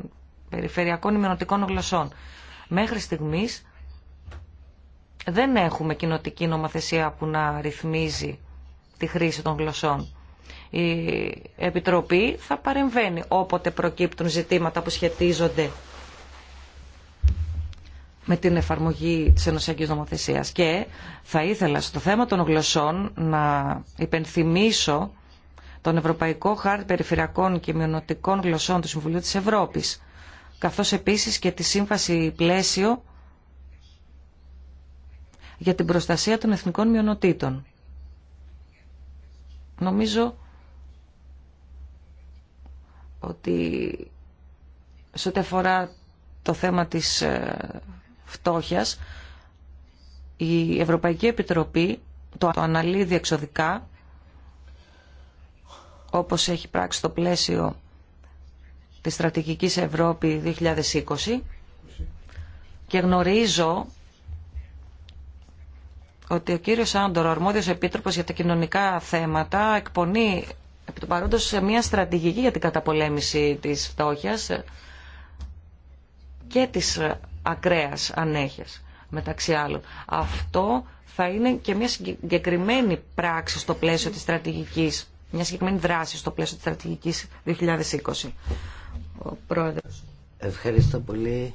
περιφερειακών ημενοτικών γλωσσών. Μέχρι στιγμής δεν έχουμε κοινοτική νομοθεσία που να ρυθμίζει τη χρήση των γλωσσών. Η Επιτροπή θα παρεμβαίνει όποτε προκύπτουν ζητήματα που σχετίζονται με την εφαρμογή της ενωσιακής νομοθεσίας. Και θα ήθελα στο θέμα των γλωσσών να υπενθυμίσω τον Ευρωπαϊκό Χάρτη Περιφυρακών και Μειονοτικών Γλωσσών του Συμβουλίου της Ευρώπης, καθώς επίσης και τη Σύμφαση Πλαίσιο για την προστασία των εθνικών μειονοτήτων. Νομίζω ότι σε ό,τι αφορά το θέμα της ε, φτώχειας, η Ευρωπαϊκή Επιτροπή το αναλύει διεξοδικά όπως έχει πράξει το πλαίσιο της Στρατηγικής Ευρώπη 2020 και γνωρίζω ότι ο κύριος Άντορ, ο αρμόδιος επίτροπος για τα κοινωνικά θέματα, εκπονεί επί του παρόντος μια στρατηγική για την καταπολέμηση της φτώχειας και της ακραίας ανέχειας, μεταξύ άλλων. Αυτό θα είναι και μια συγκεκριμένη πράξη στο πλαίσιο της στρατηγικής μια συγκεκριμένη δράση στο πλαίσιο της στρατηγικής 2020. Ο Ευχαριστώ πολύ,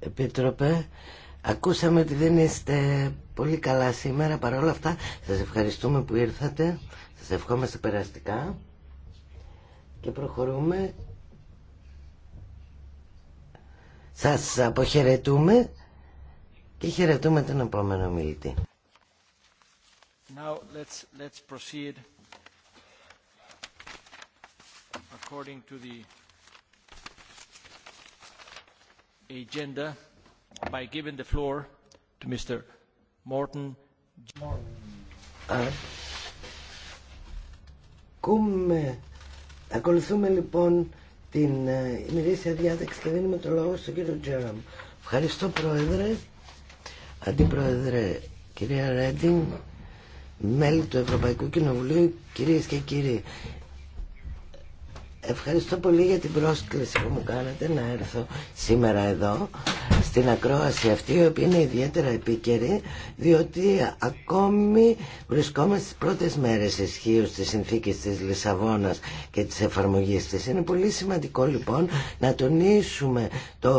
Επίτροπε. Ακούσαμε ότι δεν είστε πολύ καλά σήμερα. Παρ' όλα αυτά, σας ευχαριστούμε που ήρθατε. Σας ευχόμαστε περαστικά. Και προχωρούμε. Σας αποχαιρετούμε και χαιρετούμε τον επόμενο μιλητή. Now let's, let's according to the agenda by giving the floor to Mr. ακολουθούμε λοιπόν την ε, ημερήσια διάταξη και δίνουμε το λόγο στον κύριο Τζέραμ. Ευχαριστώ Πρόεδρε, Αντιπρόεδρε κυρία Ρέντινγκ, μέλη του Ευρωπαϊκού Κοινοβουλίου, κυρίες και κύριοι. Ευχαριστώ πολύ για την πρόσκληση που μου κάνατε να έρθω σήμερα εδώ στην ακρόαση αυτή η οποία είναι ιδιαίτερα επίκαιρη διότι ακόμη βρισκόμαστε στις πρώτες μέρες ισχύω της συνθήκης της Λισαβόνας και της εφαρμογής της. Είναι πολύ σημαντικό λοιπόν να τονίσουμε το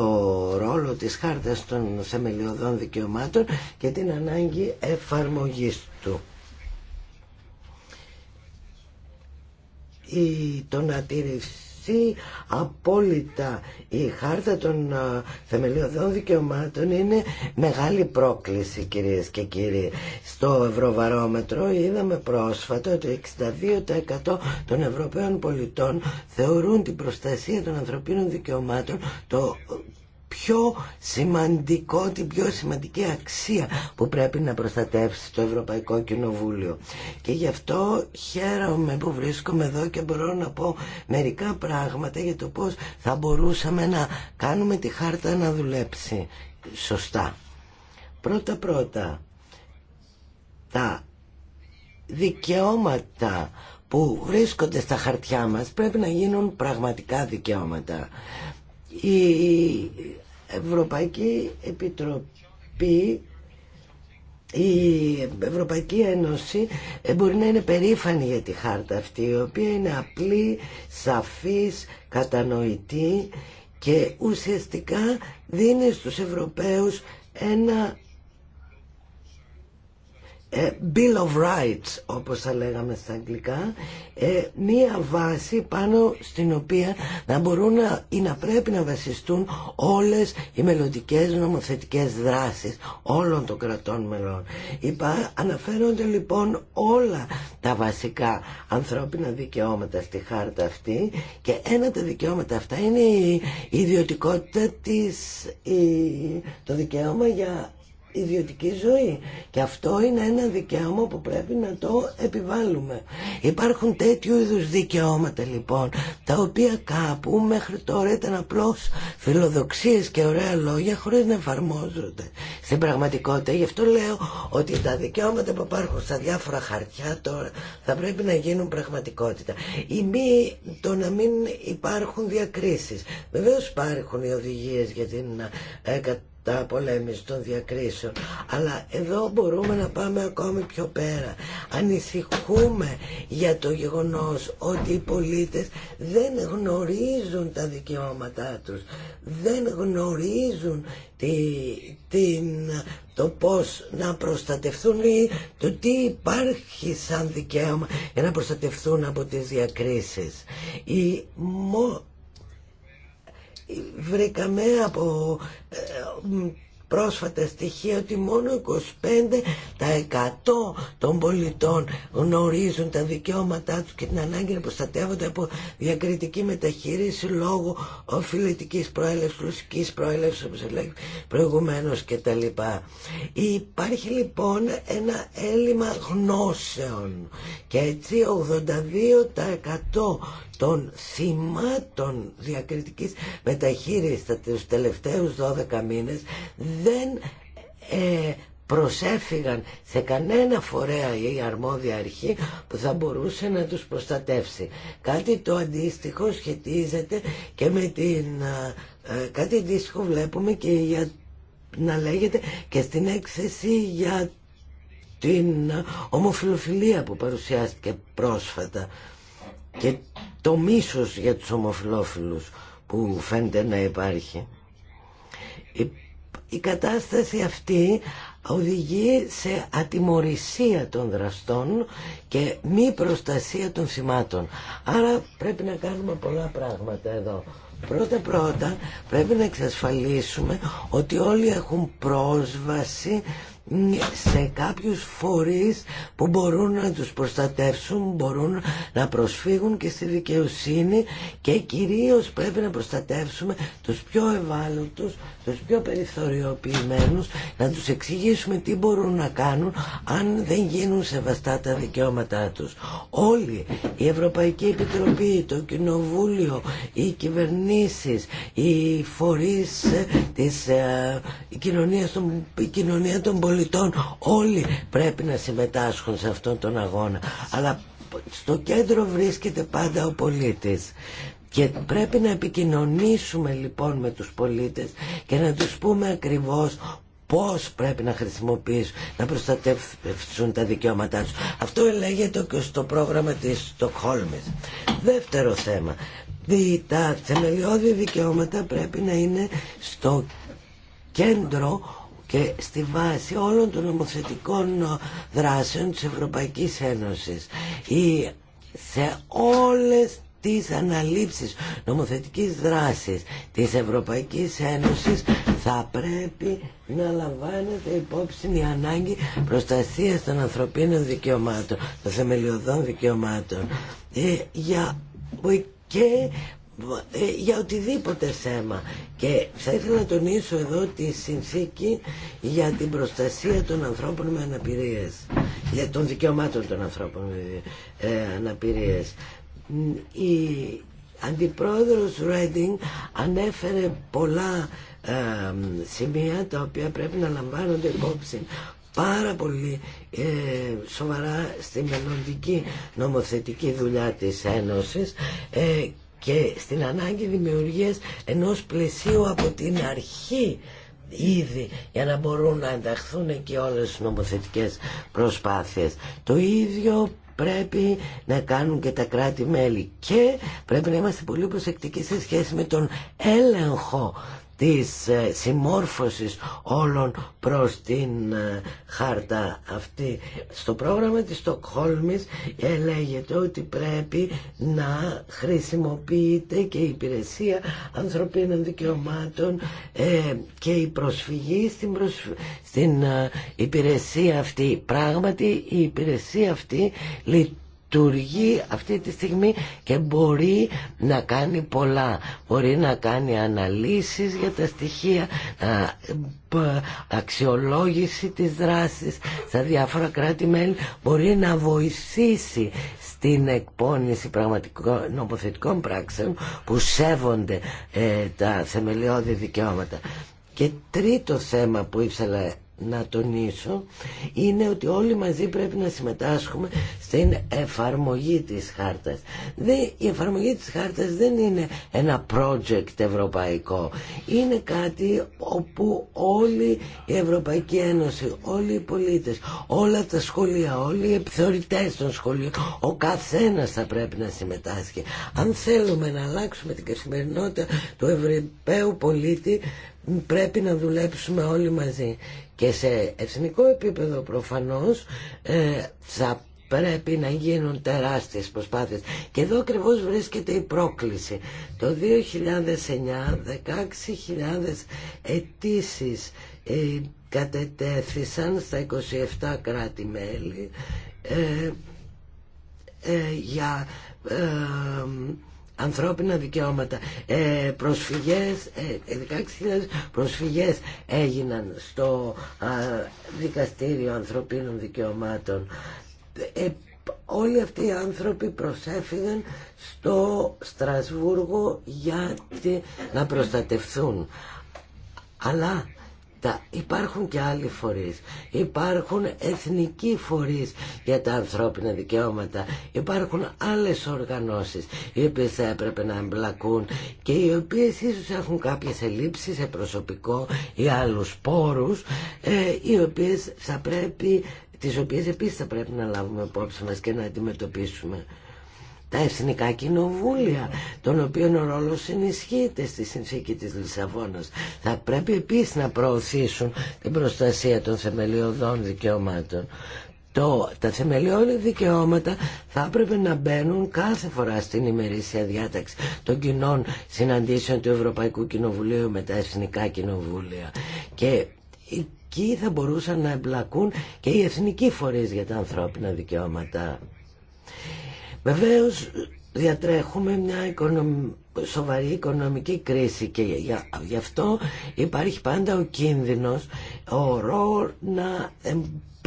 ρόλο της χάρτας των θεμελιωδών δικαιωμάτων και την ανάγκη εφαρμογής του. το να τηρηθεί απόλυτα η χάρτα των θεμελιωδών δικαιωμάτων είναι μεγάλη πρόκληση κυρίες και κύριοι. Στο Ευρωβαρόμετρο είδαμε πρόσφατα ότι 62% των Ευρωπαίων πολιτών θεωρούν την προστασία των ανθρωπίνων δικαιωμάτων το πιο σημαντικό, την πιο σημαντική αξία που πρέπει να προστατεύσει το Ευρωπαϊκό Κοινοβούλιο. Και γι' αυτό χαίρομαι που βρίσκομαι εδώ και μπορώ να πω μερικά πράγματα για το πώς θα μπορούσαμε να κάνουμε τη χάρτα να δουλέψει σωστά. Πρώτα-πρώτα, τα δικαιώματα που βρίσκονται στα χαρτιά μας πρέπει να γίνουν πραγματικά δικαιώματα η Ευρωπαϊκή Επιτροπή η Ευρωπαϊκή Ένωση ε, μπορεί να είναι περήφανη για τη χάρτα αυτή η οποία είναι απλή, σαφής, κατανοητή και ουσιαστικά δίνει στους Ευρωπαίους ένα ε, Bill of Rights όπως θα λέγαμε στα αγγλικά ε, μία βάση πάνω στην οποία να μπορούν να, ή να πρέπει να βασιστούν όλες οι μελλοντικέ νομοθετικές δράσεις όλων των κρατών μελών Είπα, αναφέρονται λοιπόν όλα τα βασικά ανθρώπινα δικαιώματα στη χάρτα αυτή και ένα τα δικαιώματα αυτά είναι η να πρεπει να βασιστουν ολες οι μελλοντικε νομοθετικες δρασεις ολων των κρατων μελων αναφερονται λοιπον ολα τα βασικα ανθρωπινα δικαιωματα στη χαρτα αυτη και ενα τα δικαιωματα αυτα ειναι η ιδιωτικοτητα της το δικαίωμα για ιδιωτική ζωή. Και αυτό είναι ένα δικαίωμα που πρέπει να το επιβάλλουμε. Υπάρχουν τέτοιου είδου δικαιώματα λοιπόν, τα οποία κάπου μέχρι τώρα ήταν απλώ φιλοδοξίε και ωραία λόγια χωρίς να εφαρμόζονται στην πραγματικότητα. Γι' αυτό λέω ότι τα δικαιώματα που υπάρχουν στα διάφορα χαρτιά τώρα θα πρέπει να γίνουν πραγματικότητα. Η μη, το να μην υπάρχουν διακρίσει. Βεβαίω υπάρχουν οι οδηγίε για την ε, τα πολέμηση των διακρίσεων. Αλλά εδώ μπορούμε να πάμε ακόμη πιο πέρα. Ανησυχούμε για το γεγονός ότι οι πολίτες δεν γνωρίζουν τα δικαιώματά τους. Δεν γνωρίζουν την, το πώς να προστατευθούν ή το τι υπάρχει σαν δικαίωμα για να προστατευθούν από τις διακρίσεις. Η, βρήκαμε από ε, πρόσφατα στοιχεία ότι μόνο 25% των πολιτών γνωρίζουν τα δικαιώματά τους και την ανάγκη να προστατεύονται από διακριτική μεταχείριση λόγω φιλετικής προέλευσης, λουσικής προέλευσης όπως έλεγε προηγουμένως κτλ. Υπάρχει λοιπόν ένα έλλειμμα γνώσεων και έτσι 82% των θυμάτων διακριτικής μεταχείρισης τα τελευταίους 12 μήνες δεν ε, προσέφυγαν σε κανένα φορέα ή αρμόδια αρχή που θα μπορούσε να τους προστατεύσει. Κάτι το αντίστοιχο σχετίζεται και με την... Ε, ε, κάτι αντίστοιχο βλέπουμε και για, να λέγεται και στην έκθεση για την ομοφιλοφιλία που παρουσιάστηκε πρόσφατα. Και το μίσος για τους ομοφυλόφιλους που φαίνεται να υπάρχει. Η, η κατάσταση αυτή οδηγεί σε ατιμορρησία των δραστών και μη προστασία των θυμάτων. Άρα πρέπει να κάνουμε πολλά πράγματα εδώ. Πρώτα πρώτα πρέπει να εξασφαλίσουμε ότι όλοι έχουν πρόσβαση σε κάποιους φορείς που μπορούν να τους προστατεύσουν, μπορούν να προσφύγουν και στη δικαιοσύνη και κυρίως πρέπει να προστατεύσουμε τους πιο ευάλωτους, τους πιο περιθωριοποιημένους, να τους εξηγήσουμε τι μπορούν να κάνουν αν δεν γίνουν σεβαστά τα δικαιώματά τους. Όλοι, η Ευρωπαϊκή Επιτροπή, το Κοινοβούλιο, οι κυβερνήσεις, οι φορείς ε, της ε, η κοινωνία των πολιτών, Όλοι πρέπει να συμμετάσχουν σε αυτόν τον αγώνα. Αλλά στο κέντρο βρίσκεται πάντα ο πολίτης. Και πρέπει να επικοινωνήσουμε λοιπόν με τους πολίτες και να τους πούμε ακριβώς πώς πρέπει να χρησιμοποιήσουν, να προστατεύσουν τα δικαιώματά τους. Αυτό λέγεται και στο πρόγραμμα της Στοκχόλμης. Δεύτερο θέμα, τα θεμελιώδη δικαιώματα πρέπει να είναι στο κέντρο και στη βάση όλων των νομοθετικών ε, δράσεων της Ευρωπαϊκής Ένωσης ή σε όλες τις αναλήψεις νομοθετικής δράσης της Ευρωπαϊκής Ένωσης θα πρέπει να λαμβάνεται υπόψη η ανάγκη προστασίας των ανθρωπίνων δικαιωμάτων, των θεμελιωδών δικαιωμάτων ε, για και ε, για οτιδήποτε θέμα και θα ήθελα να τονίσω εδώ τη συνθήκη για την προστασία των ανθρώπων με αναπηρίες για των δικαιωμάτων των ανθρώπων με ε, αναπηρίες η αντιπρόεδρος Ρέντινγκ ανέφερε πολλά ε, σημεία τα οποία πρέπει να λαμβάνονται υπόψη πάρα πολύ ε, σοβαρά στη μελλοντική νομοθετική δουλειά της Ένωσης και στην ανάγκη δημιουργίας ενός πλαισίου από την αρχή ήδη για να μπορούν να ενταχθούν και όλες τις νομοθετικές προσπάθειες. Το ίδιο πρέπει να κάνουν και τα κράτη-μέλη και πρέπει να είμαστε πολύ προσεκτικοί σε σχέση με τον έλεγχο της ε, συμμόρφωσης όλων προς την ε, χάρτα αυτή. Στο πρόγραμμα της Στοκχόλμης λέγεται ότι πρέπει να χρησιμοποιείται και η υπηρεσία ανθρωπίνων δικαιωμάτων ε, και η προσφυγή στην, στην υπηρεσία αυτή. Πράγματι η υπηρεσία αυτή λειτουργεί αυτή τη στιγμή και μπορεί να κάνει πολλά. Μπορεί να κάνει αναλύσεις για τα στοιχεία, αξιολόγηση της δράσης στα διάφορα κράτη-μέλη, μπορεί να βοηθήσει στην εκπόνηση πραγματικών νομοθετικών πράξεων που σέβονται ε, τα θεμελιώδη δικαιώματα. Και τρίτο θέμα που ήθελα να τονίσω είναι ότι όλοι μαζί πρέπει να συμμετάσχουμε στην εφαρμογή της χάρτας. η εφαρμογή της χάρτας δεν είναι ένα project ευρωπαϊκό. Είναι κάτι όπου όλη η Ευρωπαϊκή Ένωση, όλοι οι πολίτες, όλα τα σχολεία, όλοι οι επιθεωρητές των σχολείων, ο καθένας θα πρέπει να συμμετάσχει. Αν θέλουμε να αλλάξουμε την καθημερινότητα του Ευρωπαίου πολίτη, πρέπει να δουλέψουμε όλοι μαζί και σε εθνικό επίπεδο προφανώς ε, θα πρέπει να γίνουν τεράστιες προσπάθειες και εδώ ακριβώ βρίσκεται η πρόκληση το 2009 16.000 αιτήσει κατετέθησαν στα 27 κράτη-μέλη ε, ε, για ανθρώπινα δικαιώματα. Ε, προσφυγές, ε, 16.000 ε, προσφυγές έγιναν στο Δικαστήριο Ανθρωπίνων Δικαιωμάτων. Ε, όλοι αυτοί οι άνθρωποι προσέφυγαν στο Στρασβούργο για να προστατευθούν. Αλλά υπάρχουν και άλλοι φορείς. Υπάρχουν εθνικοί φορείς για τα ανθρώπινα δικαιώματα. Υπάρχουν άλλες οργανώσεις οι οποίες θα έπρεπε να εμπλακούν και οι οποίες ίσως έχουν κάποιες ελλείψεις σε προσωπικό ή άλλους πόρους ε, οι οποίες θα πρέπει τις οποίες επίσης θα πρέπει να λάβουμε υπόψη μας και να αντιμετωπίσουμε τα εθνικά κοινοβούλια, ναι. των οποίων ο ρόλο ενισχύεται στη συνθήκη της Λισαβόνα. Θα πρέπει επίσης να προωθήσουν την προστασία των θεμελιωδών δικαιωμάτων. Το, τα θεμελιώδη δικαιώματα θα έπρεπε να μπαίνουν κάθε φορά στην ημερήσια διάταξη των κοινών συναντήσεων του Ευρωπαϊκού Κοινοβουλίου με τα Εθνικά Κοινοβούλια. Και εκεί θα μπορούσαν να εμπλακούν και οι εθνικοί φορείς για τα ανθρώπινα δικαιώματα. Βεβαίω, διατρέχουμε μια σοβαρή οικονομική κρίση και γι' αυτό υπάρχει πάντα ο κίνδυνος ο να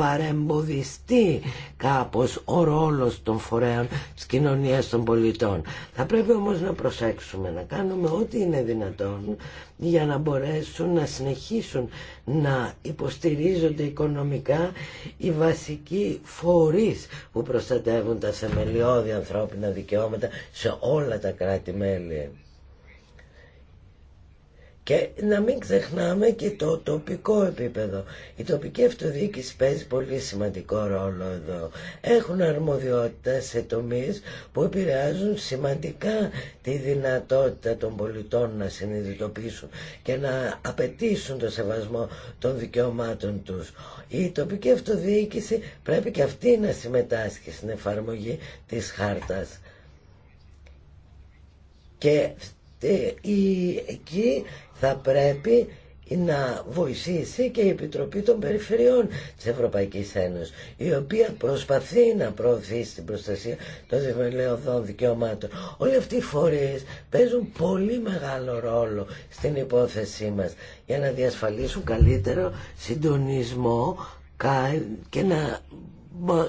παρεμποδιστεί κάπως ο ρόλος των φορέων της κοινωνίας των πολιτών. Θα πρέπει όμως να προσέξουμε, να κάνουμε ό,τι είναι δυνατόν για να μπορέσουν να συνεχίσουν να υποστηρίζονται οικονομικά οι βασικοί φορείς που προστατεύουν τα σεμελιώδη ανθρώπινα δικαιώματα σε όλα τα κράτη-μέλη. Και να μην ξεχνάμε και το τοπικό επίπεδο. Η τοπική αυτοδιοίκηση παίζει πολύ σημαντικό ρόλο εδώ. Έχουν αρμοδιότητα σε τομείς που επηρεάζουν σημαντικά τη δυνατότητα των πολιτών να συνειδητοποιήσουν και να απαιτήσουν το σεβασμό των δικαιωμάτων τους. Η τοπική αυτοδιοίκηση πρέπει και αυτή να συμμετάσχει στην εφαρμογή της χάρτας. Και ε, εκεί θα πρέπει να βοηθήσει και η Επιτροπή των Περιφερειών της Ευρωπαϊκής Ένωσης η οποία προσπαθεί να προωθήσει την προστασία των θεμελιωδών δικαιωμάτων. Όλοι αυτοί οι φορείς παίζουν πολύ μεγάλο ρόλο στην υπόθεσή μας για να διασφαλίσουν καλύτερο συντονισμό και να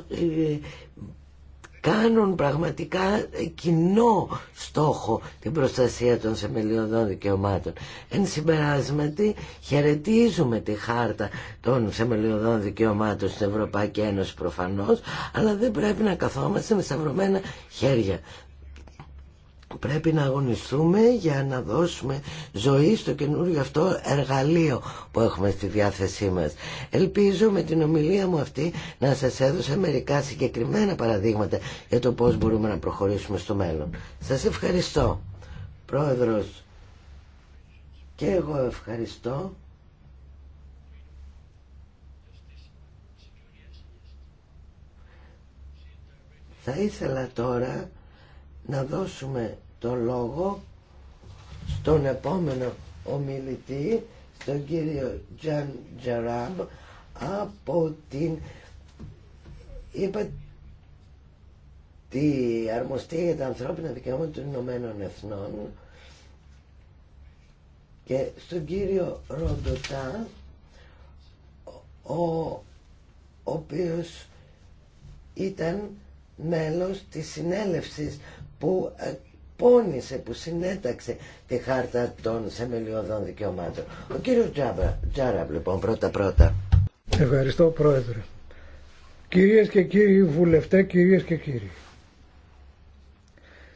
ε, κάνουν πραγματικά κοινό στόχο την προστασία των σεμελιωδών δικαιωμάτων. Εν συμπεράσματι χαιρετίζουμε τη χάρτα των σεμελιωδών δικαιωμάτων στην Ευρωπαϊκή Ένωση προφανώς αλλά δεν πρέπει να καθόμαστε με σταυρωμένα χέρια. Πρέπει να αγωνιστούμε για να δώσουμε ζωή στο καινούριο αυτό εργαλείο που έχουμε στη διάθεσή μας. Ελπίζω με την ομιλία μου αυτή να σας έδωσα μερικά συγκεκριμένα παραδείγματα για το πώς μπορούμε να προχωρήσουμε στο μέλλον. Σας ευχαριστώ. Πρόεδρος, και εγώ ευχαριστώ. Θα ήθελα τώρα να δώσουμε το λόγο στον επόμενο ομιλητή, στον κύριο Τζαν Τζαράμ από την είπα τη αρμοστία για τα ανθρώπινα δικαιώματα των Ηνωμένων Εθνών και στον κύριο Ροντοτά ο οποίος ήταν μέλος της συνέλευσης που ε, πόνισε, που συνέταξε τη χάρτα των σεμελιωδών δικαιωμάτων. Ο κύριος Τζάραμπ, λοιπόν, πρώτα-πρώτα. Ευχαριστώ, Πρόεδρε. Κυρίες και κύριοι βουλευτές, κυρίες και κύριοι.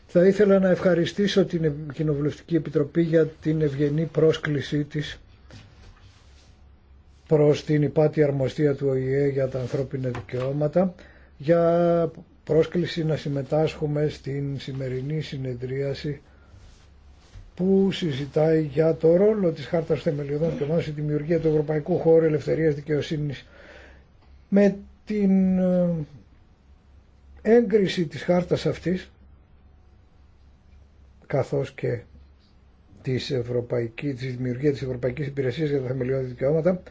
Θα ήθελα να ευχαριστήσω την Κοινοβουλευτική Επιτροπή για την ευγενή πρόσκλησή της προς την υπάτη αρμοστία του ΟΗΕ για τα ανθρώπινα δικαιώματα για πρόσκληση να συμμετάσχουμε στην σημερινή συνεδρίαση που συζητάει για το ρόλο της Χάρτας Θεμελιωδών και στη δημιουργία του Ευρωπαϊκού Χώρου Ελευθερίας Δικαιοσύνης με την ε, έγκριση της χάρτας αυτής καθώς και της, Ευρωπαϊκής, της δημιουργία της Ευρωπαϊκής Υπηρεσίας για τα Θεμελιώδη Δικαιώματα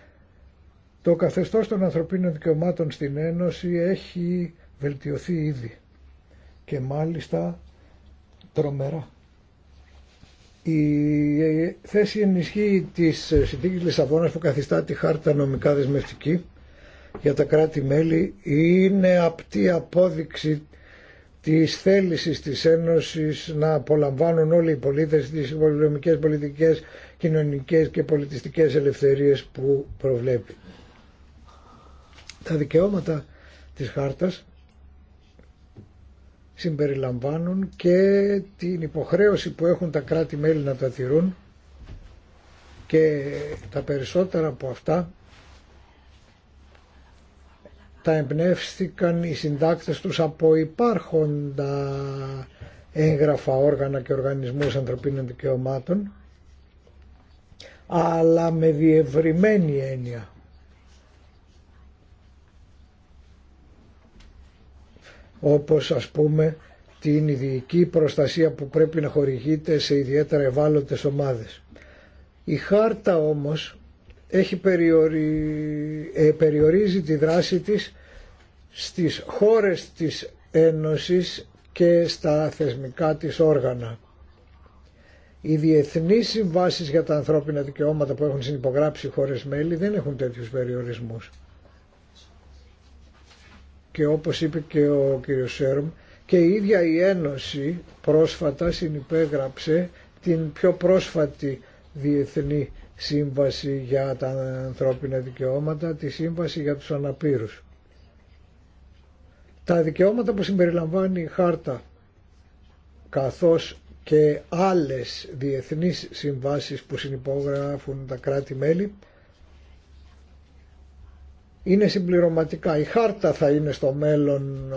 το καθεστώς των ανθρωπίνων δικαιωμάτων στην Ένωση έχει βελτιωθεί ήδη και μάλιστα τρομερά. Η ε, θέση ενισχύει της συνθήκης Λισαβόνας που καθιστά τη χάρτα νομικά δεσμευτική για τα κράτη-μέλη είναι απτή απόδειξη της θέλησης της Ένωσης να απολαμβάνουν όλοι οι πολίτες τις οικονομικές, πολιτικές, κοινωνικές και πολιτιστικές ελευθερίες που προβλέπει. Τα δικαιώματα της χάρτας συμπεριλαμβάνουν και την υποχρέωση που έχουν τα κράτη-μέλη να τα τηρούν και τα περισσότερα από αυτά τα εμπνεύστηκαν οι συντάκτες τους από υπάρχοντα έγγραφα όργανα και οργανισμούς ανθρωπίνων δικαιωμάτων αλλά με διευρυμένη έννοια όπως ας πούμε την ειδική προστασία που πρέπει να χορηγείται σε ιδιαίτερα ευάλωτες ομάδες. Η χάρτα όμως έχει περιορι... Ε, περιορίζει τη δράση της στις χώρες της Ένωσης και στα θεσμικά της όργανα. Οι διεθνείς συμβάσεις για τα ανθρώπινα δικαιώματα που έχουν συνυπογράψει οι χώρες μέλη δεν έχουν τέτοιους περιορισμούς και όπως είπε και ο κύριος Σέρμ και η ίδια η Ένωση πρόσφατα συνυπέγραψε την πιο πρόσφατη διεθνή σύμβαση για τα ανθρώπινα δικαιώματα, τη σύμβαση για τους αναπήρους. Τα δικαιώματα που συμπεριλαμβάνει η χάρτα καθώς και άλλες διεθνείς συμβάσεις που συνυπόγραφουν τα κράτη-μέλη είναι συμπληρωματικά. Η χάρτα θα είναι στο μέλλον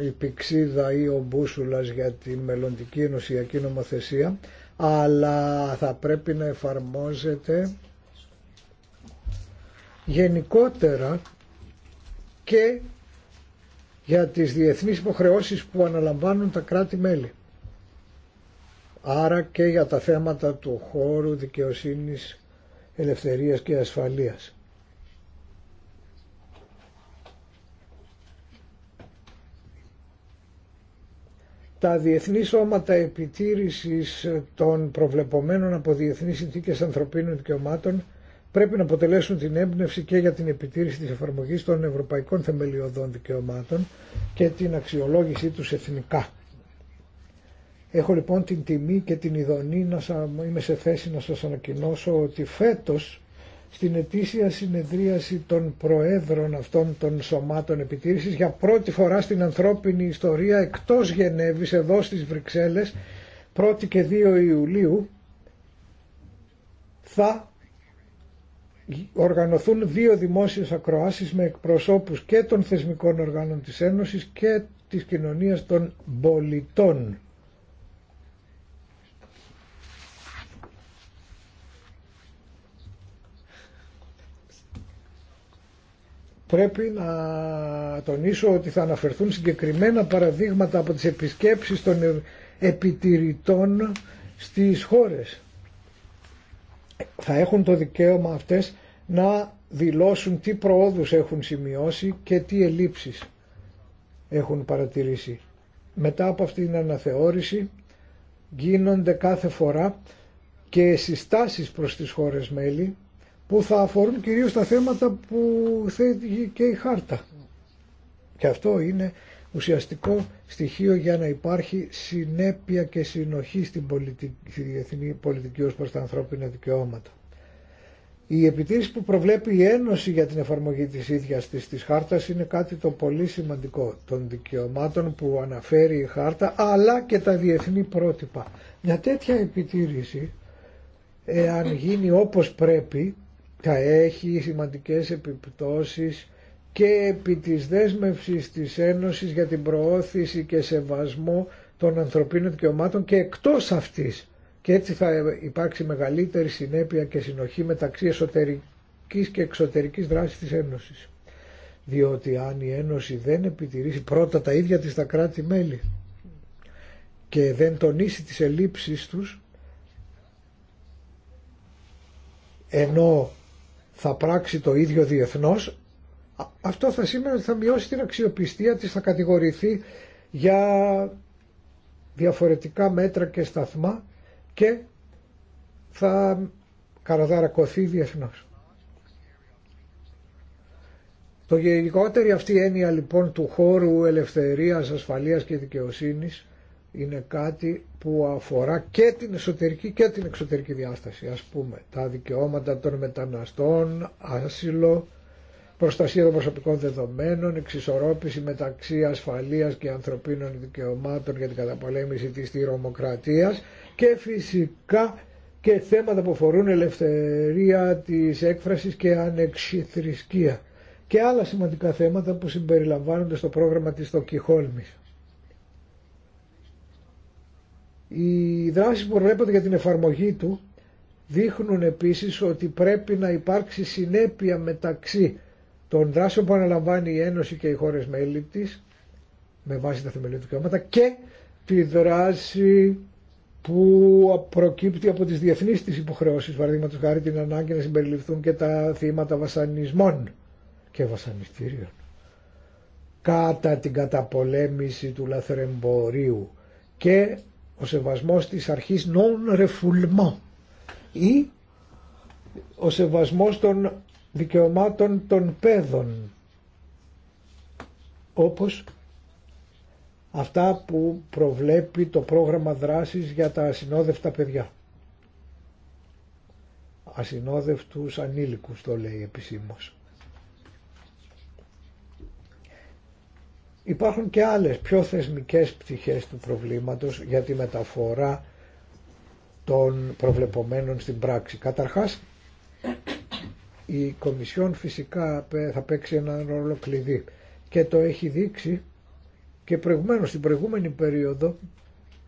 ε, η πηξίδα ή ο μπούσουλας για τη μελλοντική ενωσιακή νομοθεσία, αλλά θα πρέπει να εφαρμόζεται γενικότερα και για τις διεθνείς υποχρεώσεις που αναλαμβάνουν τα κράτη-μέλη. Άρα και για τα θέματα του χώρου δικαιοσύνης, ελευθερίας και ασφαλείας. τα διεθνή σώματα επιτήρησης των προβλεπομένων από διεθνείς συνθήκες ανθρωπίνων δικαιωμάτων πρέπει να αποτελέσουν την έμπνευση και για την επιτήρηση της εφαρμογής των ευρωπαϊκών θεμελιωδών δικαιωμάτων και την αξιολόγησή τους εθνικά. Έχω λοιπόν την τιμή και την ειδονή να είμαι σε θέση να σας ανακοινώσω ότι φέτος στην ετήσια συνεδρίαση των προέδρων αυτών των σωμάτων επιτήρησης για πρώτη φορά στην ανθρώπινη ιστορία εκτός Γενέβης εδώ στις Βρυξέλλες 1η και 2 Ιουλίου θα οργανωθούν δύο δημόσιες ακροάσεις με εκπροσώπους και των θεσμικών οργάνων της Ένωσης και της κοινωνίας των πολιτών. πρέπει να τονίσω ότι θα αναφερθούν συγκεκριμένα παραδείγματα από τις επισκέψεις των επιτηρητών στις χώρες. Θα έχουν το δικαίωμα αυτές να δηλώσουν τι προόδους έχουν σημειώσει και τι ελλείψεις έχουν παρατηρήσει. Μετά από αυτή την αναθεώρηση γίνονται κάθε φορά και συστάσεις προς τις χώρες μέλη που θα αφορούν κυρίως τα θέματα που θέτει και η χάρτα. Και αυτό είναι ουσιαστικό στοιχείο για να υπάρχει συνέπεια και συνοχή στην πολιτική, στη διεθνή πολιτική ως προς τα ανθρώπινα δικαιώματα. Η επιτήρηση που προβλέπει η Ένωση για την εφαρμογή της ίδιας της, της χάρτας είναι κάτι το πολύ σημαντικό των δικαιωμάτων που αναφέρει η χάρτα αλλά και τα διεθνή πρότυπα. Μια τέτοια επιτήρηση εάν γίνει όπως πρέπει θα έχει σημαντικές επιπτώσεις και επί της δέσμευσης της Ένωσης για την προώθηση και σεβασμό των ανθρωπίνων δικαιωμάτων και εκτός αυτής. Και έτσι θα υπάρξει μεγαλύτερη συνέπεια και συνοχή μεταξύ εσωτερικής και εξωτερικής δράσης της Ένωσης. Διότι αν η Ένωση δεν επιτηρήσει πρώτα τα ίδια της τα κράτη-μέλη και δεν τονίσει τις ελλείψεις τους, ενώ θα πράξει το ίδιο διεθνώς, αυτό θα σημαίνει ότι θα μειώσει την αξιοπιστία της, θα κατηγορηθεί για διαφορετικά μέτρα και σταθμά και θα καραδαρακωθεί διεθνώς. Το γενικότερη αυτή έννοια λοιπόν του χώρου ελευθερίας, ασφαλείας και δικαιοσύνης είναι κάτι που αφορά και την εσωτερική και την εξωτερική διάσταση ας πούμε τα δικαιώματα των μεταναστών, άσυλο, προστασία των προσωπικών δεδομένων, εξισορρόπηση μεταξύ ασφαλείας και ανθρωπίνων δικαιωμάτων για την καταπολέμηση της τυρομοκρατίας και φυσικά και θέματα που αφορούν ελευθερία της έκφρασης και ανεξιθρησκεία και άλλα σημαντικά θέματα που συμπεριλαμβάνονται στο πρόγραμμα της Στοκιχόλμης. Οι δράσεις που προβλέπονται για την εφαρμογή του δείχνουν επίσης ότι πρέπει να υπάρξει συνέπεια μεταξύ των δράσεων που αναλαμβάνει η Ένωση και οι χώρες μέλη της με βάση τα θεμελιώδη δικαιώματα και τη δράση που προκύπτει από τις διεθνείς της υποχρεώσεις, παραδείγματο χάρη την ανάγκη να συμπεριληφθούν και τα θύματα βασανισμών και βασανιστήριων κατά την καταπολέμηση του λαθρεμπορίου και ο σεβασμός της αρχής non-refoulement ή ο σεβασμός των δικαιωμάτων των παιδών όπως αυτά που προβλέπει το πρόγραμμα δράσης για τα ασυνόδευτα παιδιά. Ασυνόδευτους ανήλικους το λέει επισήμως. Υπάρχουν και άλλες πιο θεσμικές πτυχές του προβλήματος για τη μεταφορά των προβλεπομένων στην πράξη. Καταρχάς, η Κομισιόν φυσικά θα παίξει ένα ρόλο κλειδί και το έχει δείξει και προηγουμένως στην προηγούμενη περίοδο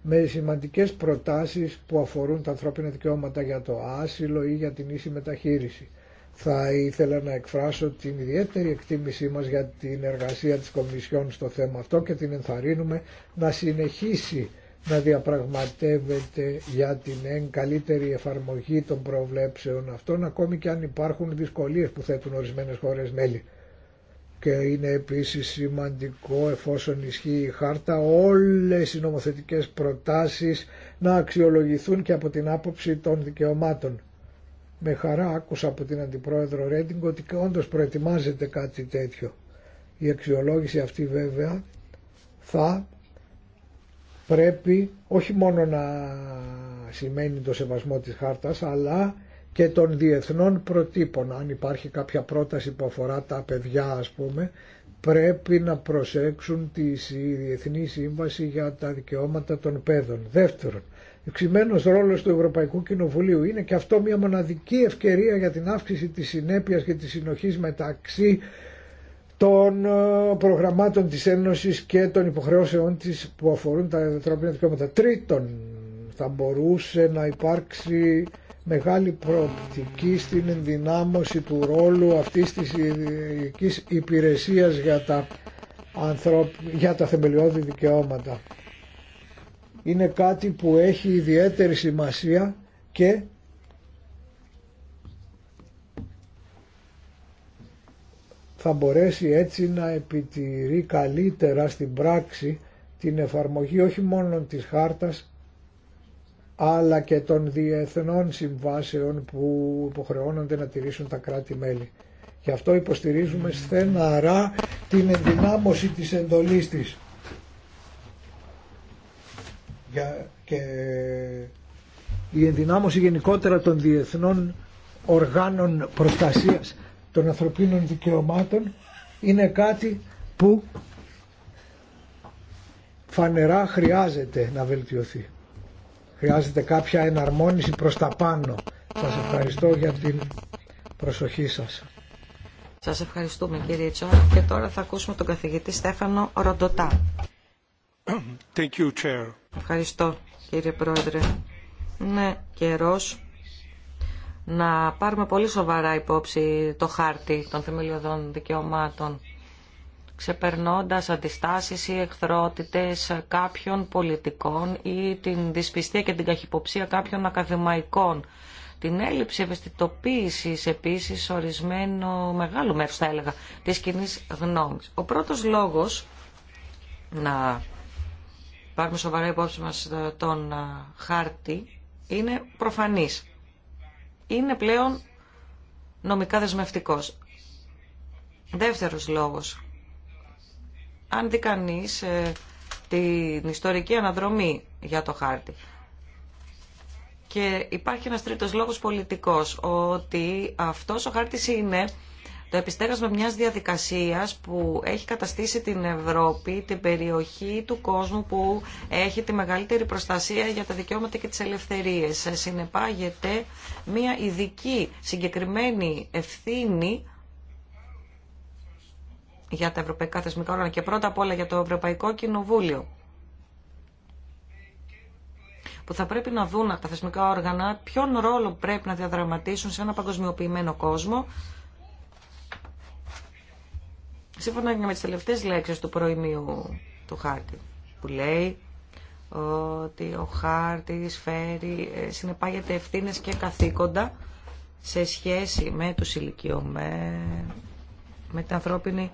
με σημαντικές προτάσεις που αφορούν τα ανθρώπινα δικαιώματα για το άσυλο ή για την ίση μεταχείριση θα ήθελα να εκφράσω την ιδιαίτερη εκτίμησή μας για την εργασία της Κομισιόν στο θέμα αυτό και την ενθαρρύνουμε να συνεχίσει να διαπραγματεύεται για την καλύτερη εφαρμογή των προβλέψεων αυτών ακόμη και αν υπάρχουν δυσκολίες που θέτουν ορισμένες χώρες μέλη. Και είναι επίσης σημαντικό εφόσον ισχύει η χάρτα όλες οι νομοθετικές προτάσεις να αξιολογηθούν και από την άποψη των δικαιωμάτων με χαρά άκουσα από την Αντιπρόεδρο Ρέντινγκ ότι όντως προετοιμάζεται κάτι τέτοιο. Η αξιολόγηση αυτή βέβαια θα πρέπει όχι μόνο να σημαίνει το σεβασμό της χάρτας αλλά και των διεθνών προτύπων. Αν υπάρχει κάποια πρόταση που αφορά τα παιδιά ας πούμε πρέπει να προσέξουν τη Διεθνή Σύμβαση για τα Δικαιώματα των Παιδών. Δεύτερον, Ευξημένος ρόλος του Ευρωπαϊκού Κοινοβουλίου είναι και αυτό μια μοναδική ευκαιρία για την αύξηση της συνέπειας και της συνοχής μεταξύ των ε, προγραμμάτων της Ένωσης και των υποχρεώσεών της που αφορούν τα ανθρώπινα δικαιώματα. Τρίτον, θα μπορούσε να υπάρξει μεγάλη προοπτική στην ενδυνάμωση του ρόλου αυτής της ειδικής υπηρεσίας για για τα θεμελιώδη δικαιώματα είναι κάτι που έχει ιδιαίτερη σημασία και θα μπορέσει έτσι να επιτηρεί καλύτερα στην πράξη την εφαρμογή όχι μόνο της χάρτας αλλά και των διεθνών συμβάσεων που υποχρεώνονται να τηρήσουν τα κράτη-μέλη. Γι' αυτό υποστηρίζουμε στεναρά την ενδυνάμωση της εντολής της και η ενδυνάμωση γενικότερα των διεθνών οργάνων προστασίας των ανθρωπίνων δικαιωμάτων είναι κάτι που φανερά χρειάζεται να βελτιωθεί. Χρειάζεται κάποια εναρμόνιση προς τα πάνω. Σας ευχαριστώ για την προσοχή σας. Σας ευχαριστούμε κύριε Τσόρ και τώρα θα ακούσουμε τον καθηγητή Στέφανο Ροντοτά. Ευχαριστώ κύριε Πρόεδρε. Ναι, καιρός να πάρουμε πολύ σοβαρά υπόψη το χάρτη των θεμελιωδών δικαιωμάτων ξεπερνώντας αντιστάσεις ή εχθρότητες κάποιων πολιτικών ή την δυσπιστία και την καχυποψία κάποιων ακαδημαϊκών. Την έλλειψη ευαισθητοποίηση επίσης ορισμένου μεγάλου μέρους θα έλεγα τη κοινή γνώμη. Ο πρώτος λόγος να πάρουμε σοβαρά υπόψη μας ε, τον ε, χάρτη είναι προφανής. Είναι πλέον νομικά δεσμευτικός. Δεύτερος λόγος. Αν δει ε, την ιστορική αναδρομή για το χάρτη. Και υπάρχει ένας τρίτος λόγος πολιτικός, ότι αυτός ο χάρτης είναι το επιστέγασμα μιας διαδικασίας που έχει καταστήσει την Ευρώπη, την περιοχή του κόσμου που έχει τη μεγαλύτερη προστασία για τα δικαιώματα και τις ελευθερίες. Συνεπάγεται μια ειδική συγκεκριμένη ευθύνη για τα ευρωπαϊκά θεσμικά όργανα και πρώτα απ' όλα για το Ευρωπαϊκό Κοινοβούλιο που θα πρέπει να δουν τα θεσμικά όργανα ποιον ρόλο πρέπει να διαδραματίσουν σε ένα παγκοσμιοποιημένο κόσμο σύμφωνα και με τις τελευταίες λέξεις του προημίου του χάρτη, που λέει ότι ο χάρτης φέρει, ε, συνεπάγεται ευθύνες και καθήκοντα σε σχέση με τους ηλικιωμένους, με την ανθρώπινη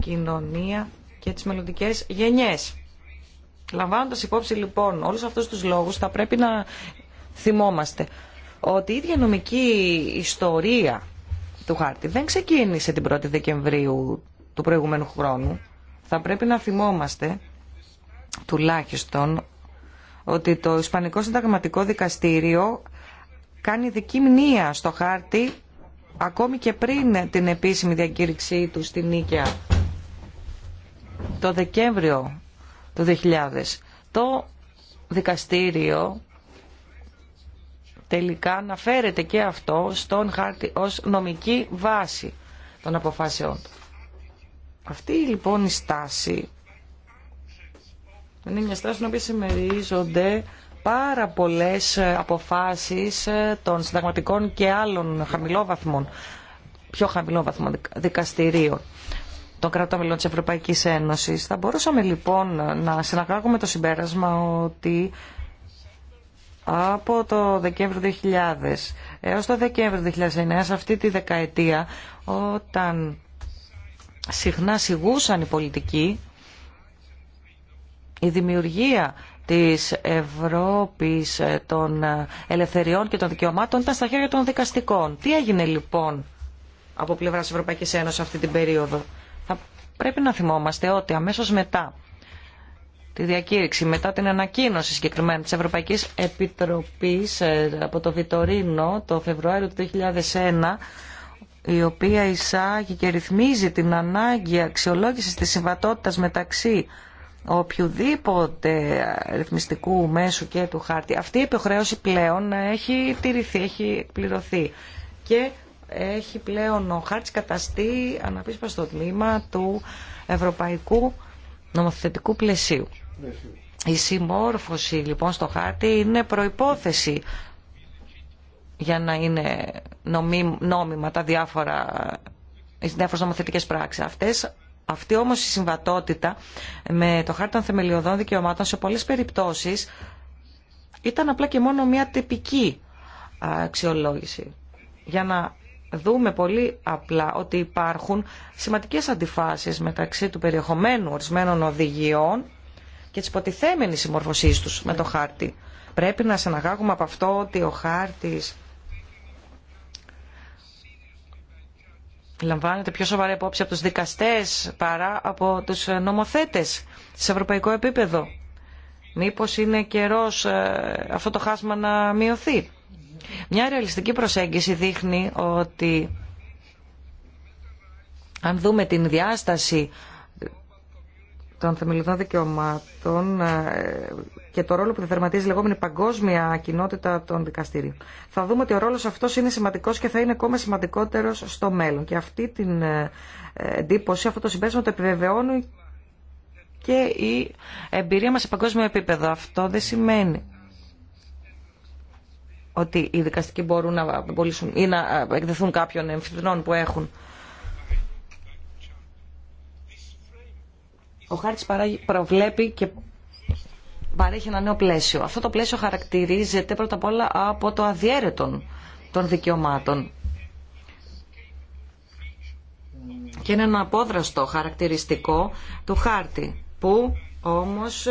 κοινωνία και τις μελλοντικέ γενιές. Λαμβάνοντας υπόψη λοιπόν όλους αυτούς τους λόγους θα πρέπει να θυμόμαστε ότι η ίδια νομική ιστορία του χάρτη δεν ξεκίνησε την 1η Δεκεμβρίου του προηγούμενου χρόνου, θα πρέπει να θυμόμαστε τουλάχιστον ότι το Ισπανικό Συνταγματικό Δικαστήριο κάνει δική μνήα στο χάρτη ακόμη και πριν την επίσημη διακήρυξή του στην Νίκαια το Δεκέμβριο του 2000. Το δικαστήριο τελικά αναφέρεται και αυτό στον χάρτη ως νομική βάση των αποφάσεών του. Αυτή λοιπόν η στάση είναι μια στάση στην οποία συμμερίζονται πάρα πολλές ε, αποφάσεις ε, των συνταγματικών και άλλων χαμηλόβαθμων, πιο χαμηλόβαθμων δικαστηρίων των κρατών μελών της Ευρωπαϊκής Ένωσης. Θα μπορούσαμε λοιπόν να συναγάγουμε το συμπέρασμα ότι από το Δεκέμβριο 2000 έως το Δεκέμβριο 2009, σε αυτή τη δεκαετία, όταν συχνά σιγούσαν οι πολιτικοί, η δημιουργία της Ευρώπης ε, των ε, ελευθεριών και των δικαιωμάτων ήταν στα χέρια των δικαστικών. Τι έγινε λοιπόν από πλευρά της Ευρωπαϊκής Ένωσης αυτή την περίοδο. Θα πρέπει να θυμόμαστε ότι αμέσως μετά τη διακήρυξη, μετά την ανακοίνωση συγκεκριμένα της Ευρωπαϊκής Επιτροπής ε, από το Βιτορίνο το Φεβρουάριο του 2001 η οποία εισάγει και ρυθμίζει την ανάγκη αξιολόγησης της συμβατότητας μεταξύ οποιοδήποτε ρυθμιστικού μέσου και του χάρτη. Αυτή η υποχρέωση πλέον έχει τηρηθεί, έχει πληρωθεί και έχει πλέον ο χάρτης καταστεί αναπίσπαστο τμήμα του ευρωπαϊκού νομοθετικού πλαισίου. Η συμμόρφωση λοιπόν στο χάρτη είναι προϋπόθεση για να είναι νομί, νόμιμα τα διάφορα, οι διάφορες νομοθετικές πράξεις. Αυτές, αυτή όμως η συμβατότητα με το χάρτη των θεμελιωδών δικαιωμάτων σε πολλές περιπτώσεις ήταν απλά και μόνο μια τυπική αξιολόγηση. Για να δούμε πολύ απλά ότι υπάρχουν σημαντικές αντιφάσεις μεταξύ του περιεχομένου ορισμένων οδηγιών και της υποτιθέμενης συμμορφωσής τους με το χάρτη. Πρέπει να συναγάγουμε από αυτό ότι ο χάρτης λαμβάνεται πιο σοβαρή υπόψη από τους δικαστές παρά από τους ε, νομοθέτες σε ευρωπαϊκό επίπεδο. Μήπως είναι καιρός ε, αυτό το χάσμα να μειωθεί. Μια ρεαλιστική προσέγγιση δείχνει ότι αν δούμε την διάσταση των θεμελιωδών δικαιωμάτων ε, και το ρόλο που θα η λεγόμενη παγκόσμια κοινότητα των δικαστηρίων. Θα δούμε ότι ο ρόλο αυτό είναι σημαντικό και θα είναι ακόμα σημαντικότερο στο μέλλον. Και αυτή την ε, εντύπωση, αυτό το συμπέρασμα το επιβεβαιώνει και η εμπειρία μας σε παγκόσμιο επίπεδο. Αυτό δεν σημαίνει ότι οι δικαστικοί μπορούν να ή να ε, εκδεθούν κάποιων εμφυδνών που έχουν. Ο χάρτης παράγει, προβλέπει και παρέχει ένα νέο πλαίσιο. Αυτό το πλαίσιο χαρακτηρίζεται πρώτα απ' όλα από το αδιέρετον των δικαιωμάτων. Και είναι ένα απόδραστο χαρακτηριστικό του χάρτη, που όμως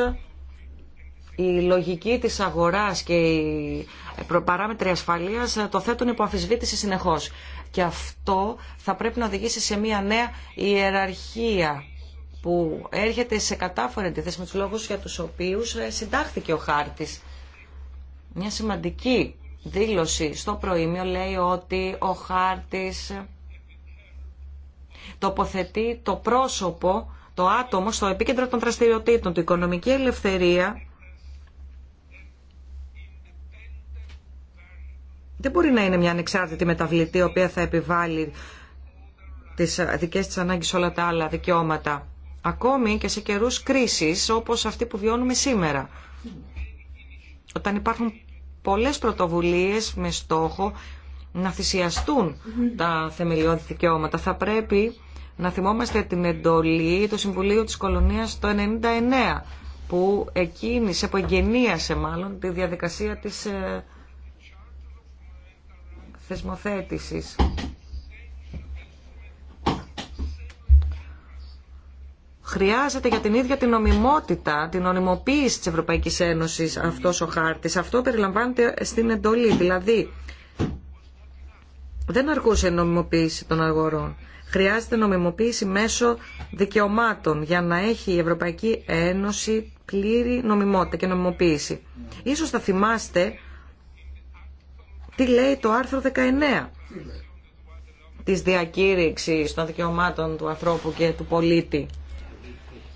η λογική της αγοράς και οι παράμετροι ασφαλείας το θέτουν υπό αφισβήτηση συνεχώς. Και αυτό θα πρέπει να οδηγήσει σε μια νέα ιεραρχία που έρχεται σε κατάφορη αντίθεση με τους λόγους για τους οποίους ε, συντάχθηκε ο χάρτης. Μια σημαντική δήλωση στο προήμιο λέει ότι ο χάρτης τοποθετεί το πρόσωπο, το άτομο στο επίκεντρο των δραστηριοτήτων του. Οικονομική ελευθερία δεν μπορεί να είναι μια ανεξάρτητη μεταβλητή η οποία θα επιβάλλει τις ε, δικές της ανάγκες όλα τα άλλα δικαιώματα. Ακόμη και σε καιρούς κρίσης όπως αυτή που βιώνουμε σήμερα. Όταν υπάρχουν πολλές πρωτοβουλίες με στόχο να θυσιαστούν τα θεμελιώδη δικαιώματα. Θα πρέπει να θυμόμαστε την εντολή του Συμβουλίου της Κολονίας το 1999 που εκκίνησε, που μάλλον τη διαδικασία της ε, θεσμοθέτησης χρειάζεται για την ίδια την νομιμότητα, την νομιμοποίηση της Ευρωπαϊκής Ένωσης αυτός ο χάρτης. Αυτό περιλαμβάνεται στην εντολή, δηλαδή δεν αρκούσε η νομιμοποίηση των αγορών. Χρειάζεται νομιμοποίηση μέσω δικαιωμάτων για να έχει η Ευρωπαϊκή Ένωση πλήρη νομιμότητα και νομιμοποίηση. Ίσως θα θυμάστε τι λέει το άρθρο 19 της διακήρυξης των δικαιωμάτων του ανθρώπου και του πολίτη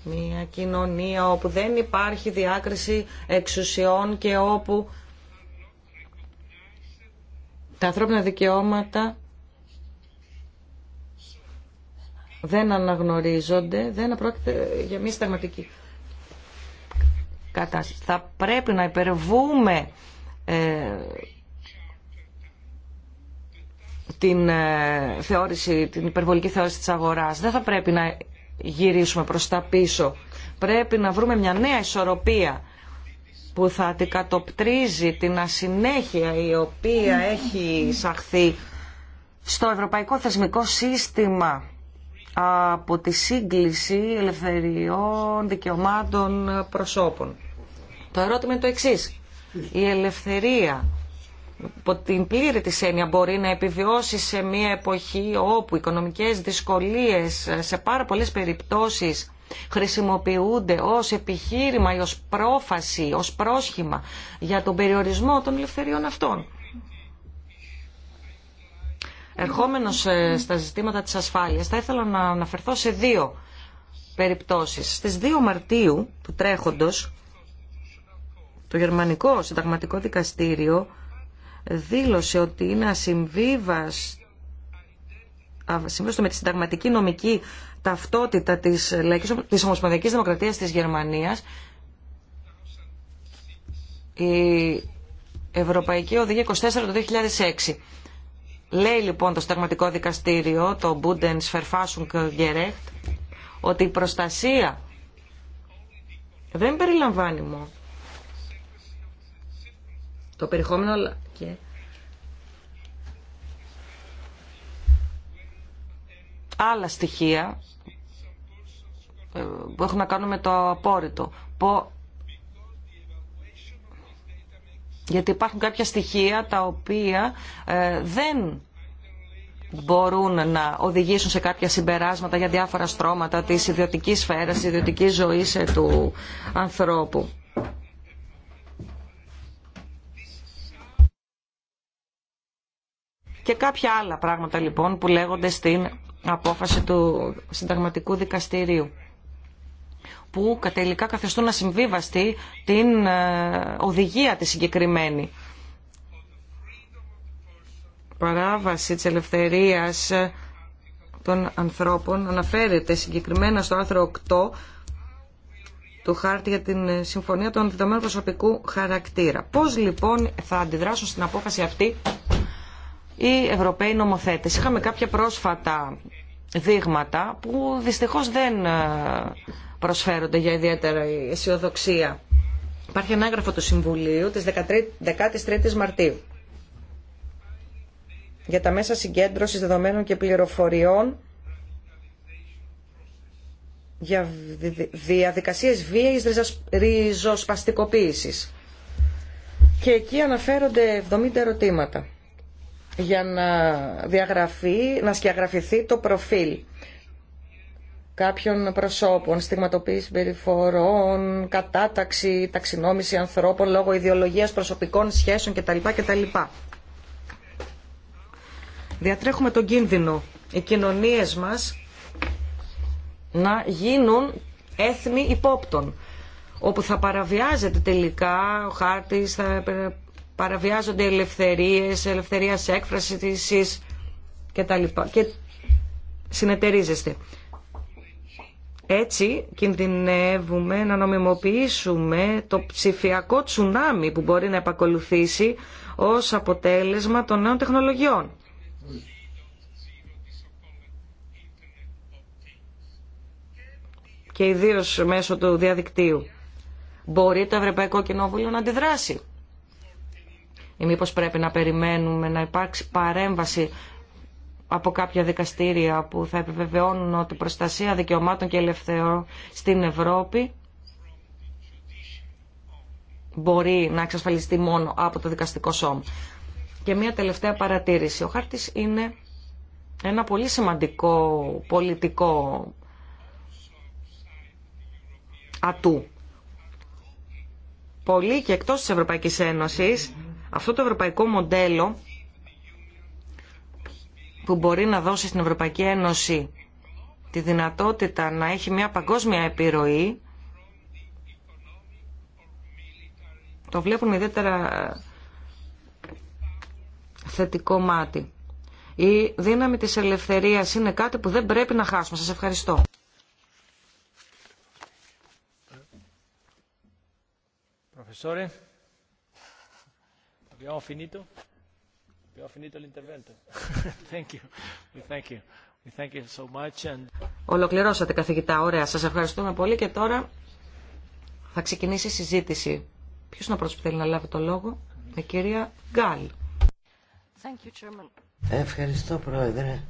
μια κοινωνία όπου δεν υπάρχει διάκριση εξουσιών και όπου τα ανθρώπινα δικαιώματα δεν αναγνωρίζονται, δεν πρόκειται για μια συνταγματική κατάσταση. Θα πρέπει να υπερβούμε ε, την, ε, θεώρηση, την υπερβολική θεώρηση της αγοράς. Δεν θα πρέπει να γυρίσουμε προς τα πίσω. Πρέπει να βρούμε μια νέα ισορροπία που θα αντικατοπτρίζει την ασυνέχεια η οποία έχει εισαχθεί στο ευρωπαϊκό θεσμικό σύστημα από τη σύγκληση ελευθεριών δικαιωμάτων προσώπων. Το ερώτημα είναι το εξής. Η ελευθερία υπό την πλήρη της έννοια μπορεί να επιβιώσει σε μια εποχή όπου οικονομικές δυσκολίες σε πάρα πολλές περιπτώσεις χρησιμοποιούνται ως επιχείρημα ή ως πρόφαση, ως πρόσχημα για τον περιορισμό των ελευθεριών αυτών. Ερχόμενος ε, στα ζητήματα της ασφάλειας, θα ήθελα να αναφερθώ σε δύο περιπτώσεις. Στις 2 Μαρτίου του τρέχοντος, το Γερμανικό Συνταγματικό Δικαστήριο δήλωσε ότι είναι ασυμβίβαστο με τη συνταγματική νομική ταυτότητα της, της Ομοσπονδιακής Δημοκρατίας της Γερμανίας η Ευρωπαϊκή Οδηγία 24 το 2006. Λέει λοιπόν το Συνταγματικό Δικαστήριο, το Bundesverfassung Gerecht, ότι η προστασία δεν περιλαμβάνει μόνο το περιεχόμενο και άλλα στοιχεία ε, που έχουν να κάνουν με το απόρριτο. Γιατί υπάρχουν κάποια στοιχεία τα οποία ε, δεν μπορούν να οδηγήσουν σε κάποια συμπεράσματα για διάφορα στρώματα της ιδιωτικής σφαίρας, της ιδιωτικής ζωής ε, του ανθρώπου. και κάποια άλλα πράγματα λοιπόν που λέγονται στην απόφαση του συνταγματικού δικαστηρίου που κατελικά καθιστούν να συμβίβαστη την ε, οδηγία της συγκεκριμένη. Παράβαση της ελευθερίας ε, των ανθρώπων αναφέρεται συγκεκριμένα στο άρθρο 8 του χάρτη για την ε, Συμφωνία των Δεδομένων Προσωπικού Χαρακτήρα. Πώς λοιπόν θα αντιδράσουν στην απόφαση αυτή οι Ευρωπαίοι νομοθέτες. Είχαμε κάποια πρόσφατα δείγματα που δυστυχώς δεν ε, προσφέρονται για ιδιαίτερα αισιοδοξία. Υπάρχει ένα έγγραφο του Συμβουλίου της 13ης Μαρτίου για τα μέσα συγκέντρωσης δεδομένων και πληροφοριών για διαδικασίες βίαιης ριζοσπαστικοποίησης. Και εκεί αναφέρονται 70 ερωτήματα για να διαγραφεί, να σκιαγραφηθεί το προφίλ κάποιων προσώπων, στιγματοποίηση περιφορών, κατάταξη, ταξινόμηση ανθρώπων λόγω ιδεολογίας προσωπικών σχέσεων κτλ. κτλ. Διατρέχουμε τον κίνδυνο οι κοινωνίες μας να γίνουν έθνη υπόπτων όπου θα παραβιάζεται τελικά ο χάρτης, θα παραβιάζονται ελευθερίες, ελευθερίας έκφρασης και τα λοιπά. Και συνεταιρίζεστε. Έτσι κινδυνεύουμε να νομιμοποιήσουμε το ψηφιακό τσουνάμι που μπορεί να επακολουθήσει ως αποτέλεσμα των νέων τεχνολογιών. Και ιδίως μέσω του διαδικτύου. Μπορεί το Ευρωπαϊκό Κοινόβουλιο να αντιδράσει ή μήπω πρέπει να περιμένουμε να υπάρξει παρέμβαση από κάποια δικαστήρια που θα επιβεβαιώνουν ότι προστασία δικαιωμάτων και ελευθερών στην Ευρώπη μπορεί να εξασφαλιστεί μόνο από το δικαστικό σώμα. Και μια τελευταία παρατήρηση. Ο χάρτης είναι ένα πολύ σημαντικό πολιτικό ατού. Πολλοί και εκτός της Ευρωπαϊκής Ένωσης αυτό το ευρωπαϊκό μοντέλο που μπορεί να δώσει στην Ευρωπαϊκή Ένωση τη δυνατότητα να έχει μια παγκόσμια επιρροή το βλέπουν ιδιαίτερα θετικό μάτι. Η δύναμη της ελευθερίας είναι κάτι που δεν πρέπει να χάσουμε. Σας ευχαριστώ. Professore. Ολοκληρώσατε καθηγητά. Ωραία. Σας ευχαριστούμε πολύ και τώρα θα ξεκινήσει η συζήτηση. Ποιος είναι ο θέλει να λάβει το λόγο? Η κυρία Γκάλ. Ευχαριστώ Πρόεδρε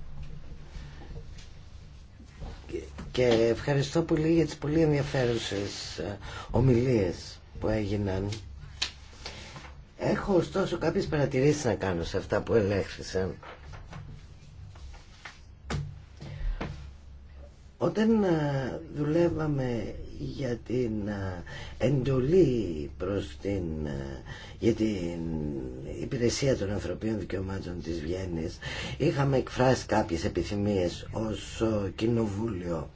και ευχαριστώ πολύ για τις πολύ ενδιαφέρουσες ε, ομιλίες που έγιναν Έχω ωστόσο κάποιες παρατηρήσεις να κάνω σε αυτά που ελέγχθησαν. Όταν ε, δουλεύαμε για την ε, εντολή προς την, ε, για την υπηρεσία των ανθρωπίνων δικαιωμάτων της Βιέννης είχαμε εκφράσει κάποιες επιθυμίες ως κοινοβούλιο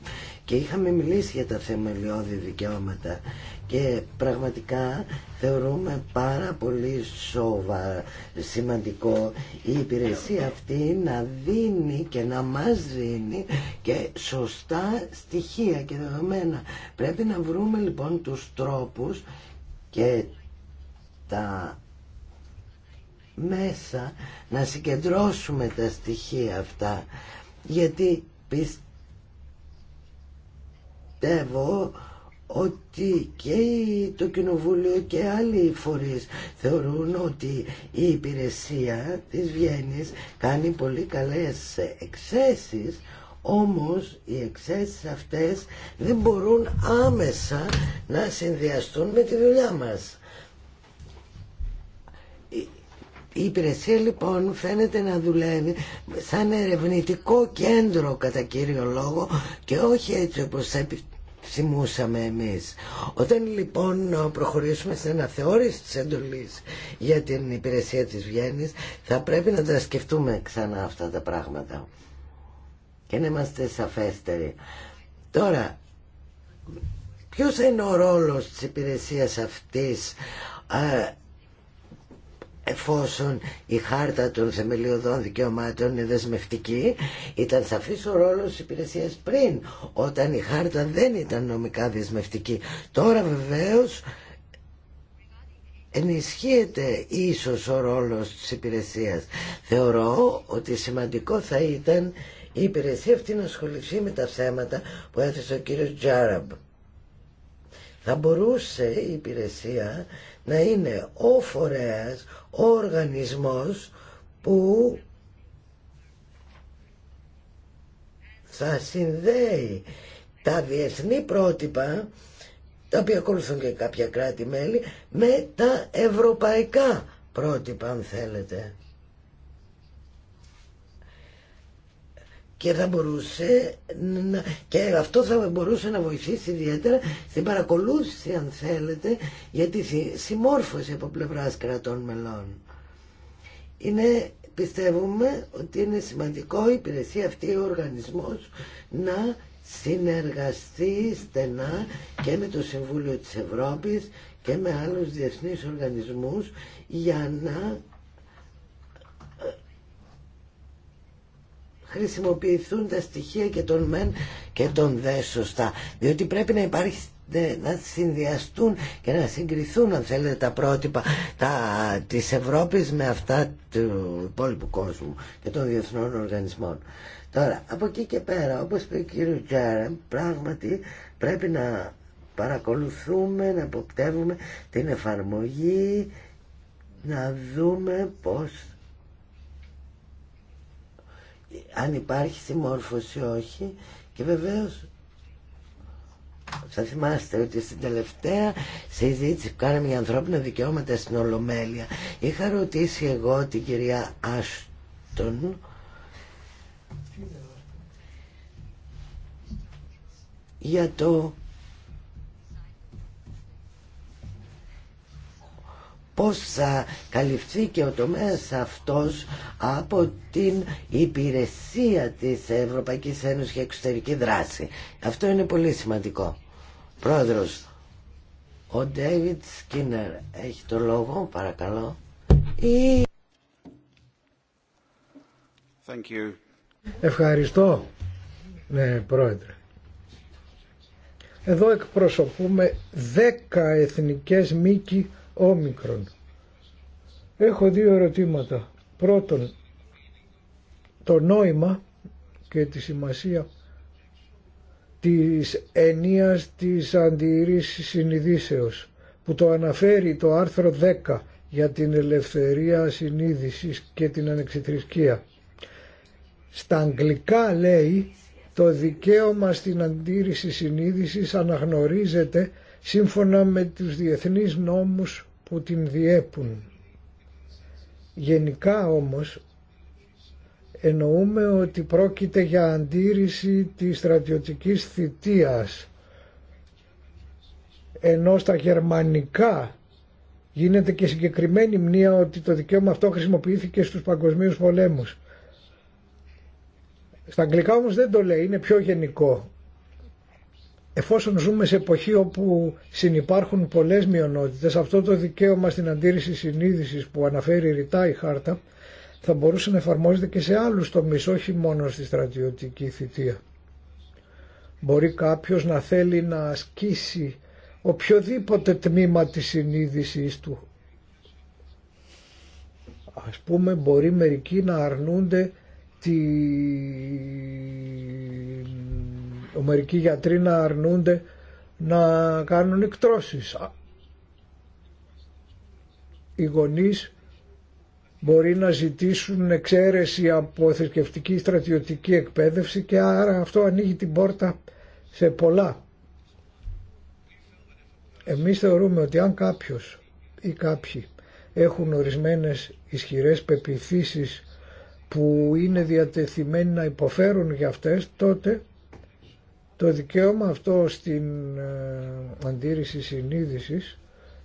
και είχαμε μιλήσει για τα θεμελιώδη δικαιώματα και πραγματικά θεωρούμε πάρα πολύ σοβαρό σημαντικό η υπηρεσία αυτή να δίνει και να μας δίνει και σωστά στοιχεία και δεδομένα. Πρέπει να βρούμε λοιπόν τους τρόπους και τα μέσα να συγκεντρώσουμε τα στοιχεία αυτά γιατί πιστεύω ότι και το Κοινοβούλιο και άλλοι φορείς θεωρούν ότι η υπηρεσία της Βιέννης κάνει πολύ καλές εξέσεις όμως οι εξέσεις αυτές δεν μπορούν άμεσα να συνδυαστούν με τη δουλειά μας. Η υπηρεσία λοιπόν φαίνεται να δουλεύει σαν ερευνητικό κέντρο κατά κύριο λόγο και όχι έτσι όπως θυμούσαμε εμείς. Όταν λοιπόν προχωρήσουμε σε ένα θεώρηση της εντολής για την υπηρεσία της Βιέννης θα πρέπει να τα σκεφτούμε ξανά αυτά τα πράγματα και να είμαστε σαφέστεροι. Τώρα, ποιος είναι ο ρόλος της υπηρεσίας αυτής εφόσον η χάρτα των θεμελιωδών δικαιωμάτων είναι δεσμευτική ήταν σαφή ο ρόλο τη υπηρεσία πριν όταν η χάρτα δεν ήταν νομικά δεσμευτική τώρα βεβαίω ενισχύεται ίσως ο ρόλος της υπηρεσίας θεωρώ ότι σημαντικό θα ήταν η υπηρεσία αυτή να ασχοληθεί με τα θέματα που έθεσε ο κύριος Τζάραμπ θα μπορούσε η υπηρεσία να είναι ο φορέας, ο οργανισμός που θα συνδέει τα διεθνή πρότυπα τα οποία ακολουθούν και κάποια κράτη-μέλη με τα ευρωπαϊκά πρότυπα αν θέλετε και μπορούσε και αυτό θα μπορούσε να βοηθήσει ιδιαίτερα στην παρακολούθηση αν θέλετε για τη συμμόρφωση από πλευρά κρατών μελών. Είναι, πιστεύουμε ότι είναι σημαντικό η υπηρεσία αυτή ο οργανισμός να συνεργαστεί στενά και με το Συμβούλιο της Ευρώπης και με άλλους διεθνείς οργανισμούς για να χρησιμοποιηθούν τα στοιχεία και των μεν και των δε σωστά. Διότι πρέπει να υπάρχει να συνδυαστούν και να συγκριθούν αν θέλετε τα πρότυπα τα, της Ευρώπης με αυτά του υπόλοιπου κόσμου και των διεθνών οργανισμών. Τώρα, από εκεί και πέρα, όπως είπε ο κύριο πράγματι πρέπει να παρακολουθούμε, να αποπτεύουμε την εφαρμογή, να δούμε πώς αν υπάρχει συμμόρφωση ή όχι και βεβαίως θα θυμάστε ότι στην τελευταία συζήτηση που κάναμε για ανθρώπινα δικαιώματα στην Ολομέλεια είχα ρωτήσει εγώ την κυρία Άστον για το πώς θα καλυφθεί και ο τομέας αυτός από την υπηρεσία της Ευρωπαϊκής Ένωσης για εξωτερική δράση. Αυτό είναι πολύ σημαντικό. Πρόεδρος, ο Ντέιβιτ Σκίνερ έχει το λόγο, παρακαλώ. Thank you. Ευχαριστώ, ναι, πρόεδρε. Εδώ εκπροσωπούμε δέκα εθνικές μήκη όμικρον. Έχω δύο ερωτήματα. Πρώτον, το νόημα και τη σημασία της ενίας της αντιρρήσης συνειδήσεως που το αναφέρει το άρθρο 10 για την ελευθερία συνείδησης και την ανεξιθρησκεία. Στα αγγλικά λέει το δικαίωμα στην αντίρρηση συνείδησης αναγνωρίζεται σύμφωνα με τους διεθνείς νόμους που την διέπουν. Γενικά όμως εννοούμε ότι πρόκειται για αντίρρηση της στρατιωτικής θητείας ενώ στα γερμανικά γίνεται και συγκεκριμένη μνήμα ότι το δικαίωμα αυτό χρησιμοποιήθηκε στους παγκοσμίους πολέμους. Στα αγγλικά όμως δεν το λέει, είναι πιο γενικό. Εφόσον ζούμε σε εποχή όπου συνυπάρχουν πολλές μειονότητες, αυτό το δικαίωμα στην αντίρρηση συνείδησης που αναφέρει ρητά η χάρτα θα μπορούσε να εφαρμόζεται και σε άλλους τομείς, όχι μόνο στη στρατιωτική θητεία. Μπορεί κάποιος να θέλει να ασκήσει οποιοδήποτε τμήμα της συνείδησης του. Ας πούμε μπορεί μερικοί να αρνούνται την μερικοί γιατροί να αρνούνται να κάνουν εκτρώσεις. Οι γονείς μπορεί να ζητήσουν εξαίρεση από θρησκευτική στρατιωτική εκπαίδευση και άρα αυτό ανοίγει την πόρτα σε πολλά. Εμείς θεωρούμε ότι αν κάποιος ή κάποιοι έχουν ορισμένες ισχυρές πεπιθήσεις που είναι διατεθειμένοι να υποφέρουν για αυτές, τότε το δικαίωμα αυτό στην ε, αντίρρηση συνείδησης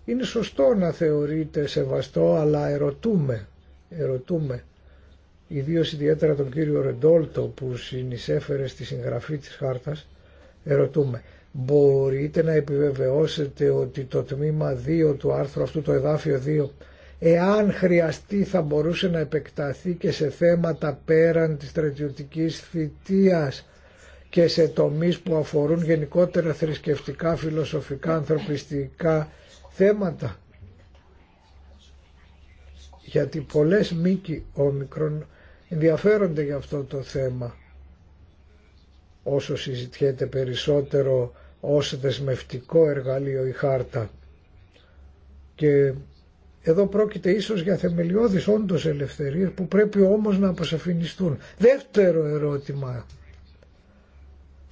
είναι σωστό να θεωρείται σεβαστό, αλλά ερωτούμε, ερωτούμε ιδίω ιδιαίτερα τον κύριο Ρεντόλτο που συνεισέφερε στη συγγραφή της χάρτας, ερωτούμε, μπορείτε να επιβεβαιώσετε ότι το τμήμα 2 του άρθρου αυτού, το εδάφιο 2, εάν χρειαστεί θα μπορούσε να επεκταθεί και σε θέματα πέραν της στρατιωτικής θητείας και σε τομείς που αφορούν γενικότερα θρησκευτικά, φιλοσοφικά, ανθρωπιστικά θέματα. Γιατί πολλές μήκοι όμικρον ενδιαφέρονται για αυτό το θέμα. Όσο συζητιέται περισσότερο ως δεσμευτικό εργαλείο η χάρτα. Και εδώ πρόκειται ίσως για θεμελιώδεις όντως ελευθερίες που πρέπει όμως να αποσαφινιστούν. Δεύτερο ερώτημα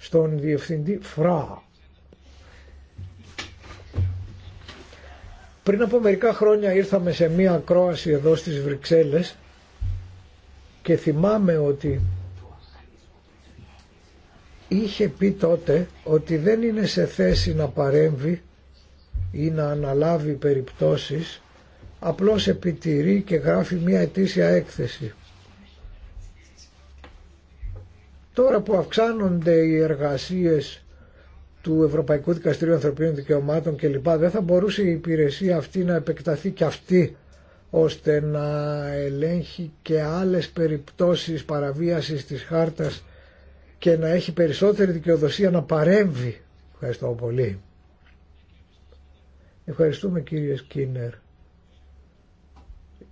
στον διευθυντή Φρά. Πριν από μερικά χρόνια ήρθαμε σε μία ακρόαση εδώ στις Βρυξέλλες και θυμάμαι ότι είχε πει τότε ότι δεν είναι σε θέση να παρέμβει ή να αναλάβει περιπτώσεις απλώς επιτηρεί και γράφει μια ετήσια έκθεση Τώρα που αυξάνονται οι εργασίες του Ευρωπαϊκού Δικαστηρίου Ανθρωπίνων Δικαιωμάτων και λοιπά Δεν θα μπορούσε η υπηρεσία αυτή να επεκταθεί και αυτή ώστε να ελέγχει και άλλες περιπτώσεις παραβίασης της χάρτας και να έχει περισσότερη δικαιοδοσία να παρέμβει. Ευχαριστώ πολύ. Ευχαριστούμε κύριε Σκίνερ.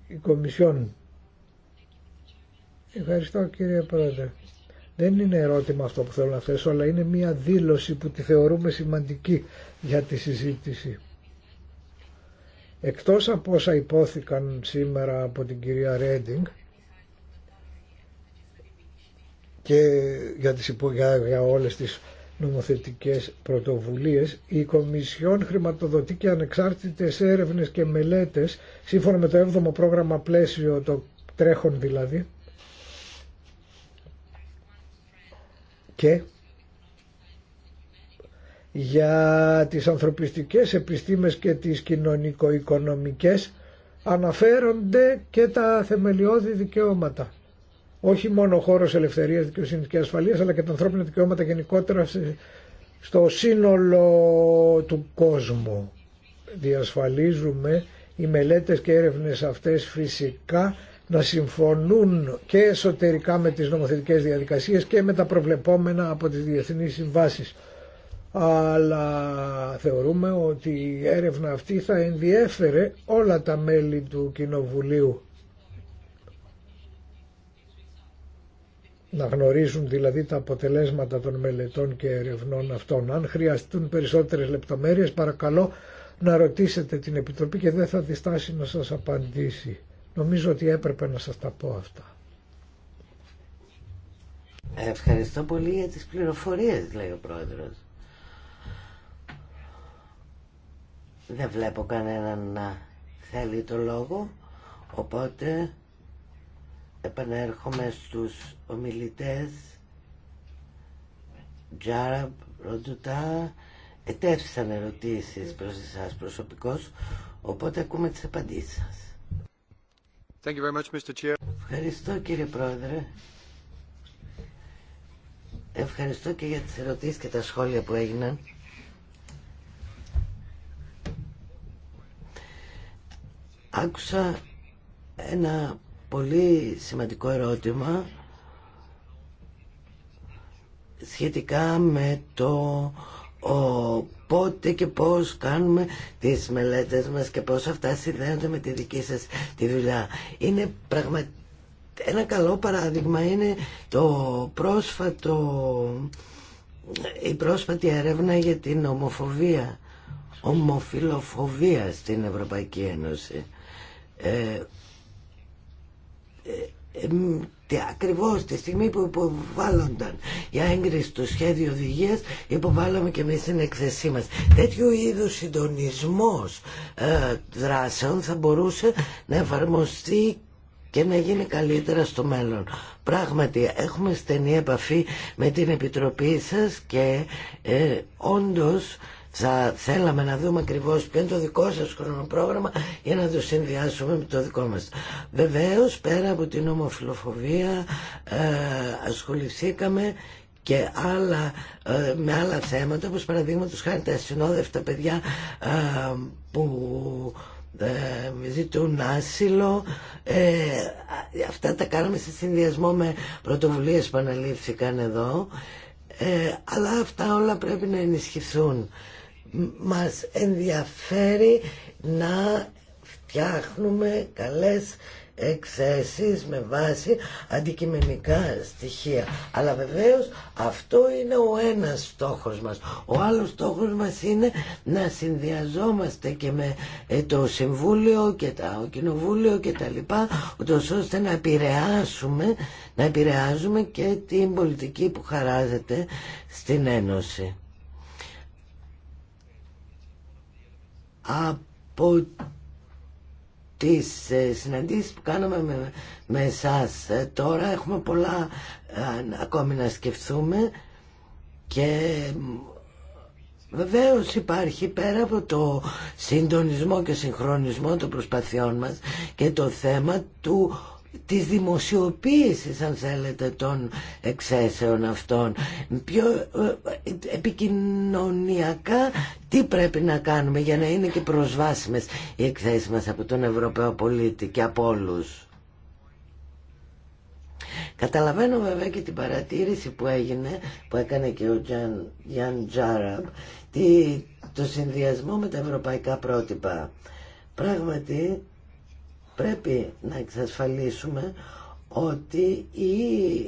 Η Κομισιόν. Ευχαριστώ κύριε Πρόεδρε. Δεν είναι ερώτημα αυτό που θέλω να θέσω, αλλά είναι μία δήλωση που τη θεωρούμε σημαντική για τη συζήτηση. Εκτός από όσα υπόθηκαν σήμερα από την κυρία Ρέντινγκ και για, τις υπο, για, για όλες τις νομοθετικές πρωτοβουλίες, η Κομισιόν χρηματοδοτεί και ανεξάρτητες έρευνες και μελέτες, σύμφωνα με το 7ο πρόγραμμα πλαίσιο, το τρέχον δηλαδή, και για τις ανθρωπιστικές επιστήμες και τις κοινωνικο-οικονομικές αναφέρονται και τα θεμελιώδη δικαιώματα. Όχι μόνο ο χώρος ελευθερίας, δικαιοσύνης και ασφαλείας, αλλά και τα ανθρώπινα δικαιώματα γενικότερα στο σύνολο του κόσμου. Διασφαλίζουμε οι μελέτες και έρευνες αυτές φυσικά να συμφωνούν και εσωτερικά με τις νομοθετικές διαδικασίες και με τα προβλεπόμενα από τις διεθνείς συμβάσεις. Αλλά θεωρούμε ότι η έρευνα αυτή θα ενδιέφερε όλα τα μέλη του Κοινοβουλίου να γνωρίζουν δηλαδή τα αποτελέσματα των μελετών και ερευνών αυτών. Αν χρειαστούν περισσότερες λεπτομέρειες παρακαλώ να ρωτήσετε την Επιτροπή και δεν θα διστάσει να σας απαντήσει. Νομίζω ότι έπρεπε να σας τα πω αυτά. Ευχαριστώ πολύ για τις πληροφορίες, λέει ο πρόεδρος. Δεν βλέπω κανέναν να θέλει το λόγο, οπότε επανέρχομαι στους ομιλητές Τζάραμπ, Ροντουτά, ετέθησαν ερωτήσεις προς εσάς προσωπικώς, οπότε ακούμε τις απαντήσεις σας. Ευχαριστώ κύριε Πρόεδρε. Ευχαριστώ και για τις ερωτήσεις και τα σχόλια που έγιναν. Άκουσα ένα πολύ σημαντικό ερώτημα σχετικά με το ο, πότε και πώς κάνουμε τις μελέτες μας και πώς αυτά συνδέονται με τη δική σας τη δουλειά. Είναι πραγματικά ένα καλό παράδειγμα είναι το πρόσφατο, η πρόσφατη έρευνα για την ομοφοβία, ομοφιλοφοβία στην Ευρωπαϊκή Ένωση. Ε, ε, ε ακριβώς τη στιγμή που υποβάλλονταν η έγκριση του σχέδιου οδηγίας υποβάλλαμε και εμείς την εκθεσή μας. Τέτοιου είδους συντονισμός ε, δράσεων θα μπορούσε να εφαρμοστεί και να γίνει καλύτερα στο μέλλον. Πράγματι έχουμε στενή επαφή με την Επιτροπή σας και ε, όντως θα θέλαμε να δούμε ακριβώ ποιο είναι το δικό σας χρονοπρόγραμμα για να το συνδυάσουμε με το δικό μα. Βεβαίω, πέρα από την ομοφιλοφοβία ε, ασχοληθήκαμε και άλλα, ε, με άλλα θέματα όπως παραδείγματος χάρη τα συνόδευτα παιδιά ε, που ζητούν άσυλο αυτά τα κάναμε σε συνδυασμό με πρωτοβουλίες που αναλήφθηκαν εδώ αλλά αυτά όλα πρέπει να ενισχυθούν μας ενδιαφέρει να φτιάχνουμε καλές εξαίσεις με βάση αντικειμενικά στοιχεία. Αλλά βεβαίως αυτό είναι ο ένας στόχος μας. Ο άλλος στόχος μας είναι να συνδυαζόμαστε και με ε, το Συμβούλιο και το Κοινοβούλιο και τα λοιπά ώστε να επηρεάσουμε, να επηρεάζουμε και την πολιτική που χαράζεται στην Ένωση. από τις ε, συναντήσεις που κάναμε με, με ε, τώρα έχουμε πολλά ε, ακόμη να σκεφτούμε και Βεβαίω υπάρχει πέρα από το συντονισμό και συγχρονισμό των προσπαθειών μας και το θέμα του της δημοσιοποίησης αν θέλετε των εξαίσεων αυτών πιο ε, επικοινωνιακά τι πρέπει να κάνουμε για να είναι και προσβάσιμες οι εκθέσεις μας από τον Ευρωπαίο πολίτη και από όλους Καταλαβαίνω βέβαια και την παρατήρηση που έγινε που έκανε και ο Τζαν, Γιάν Τζάραμπ το συνδυασμό με τα ευρωπαϊκά πρότυπα πράγματι πρέπει να εξασφαλίσουμε ότι οι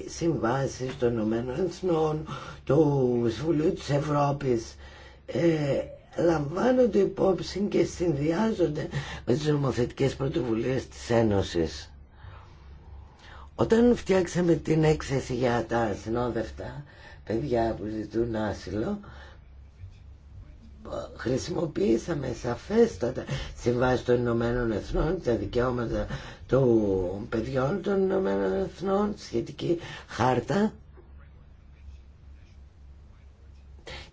συμβάσεις των Ηνωμένων Εθνών, του Συμβουλίου της Ευρώπης ε, λαμβάνονται υπόψη και συνδυάζονται με τις νομοθετικές πρωτοβουλίες της Ένωσης. Όταν φτιάξαμε την έκθεση για τα συνόδευτα παιδιά που ζητούν άσυλο, χρησιμοποιήσαμε σαφέστατα συμβάσει των Ηνωμένων Εθνών, τα δικαιώματα των παιδιών των Ηνωμένων Εθνών, σχετική χάρτα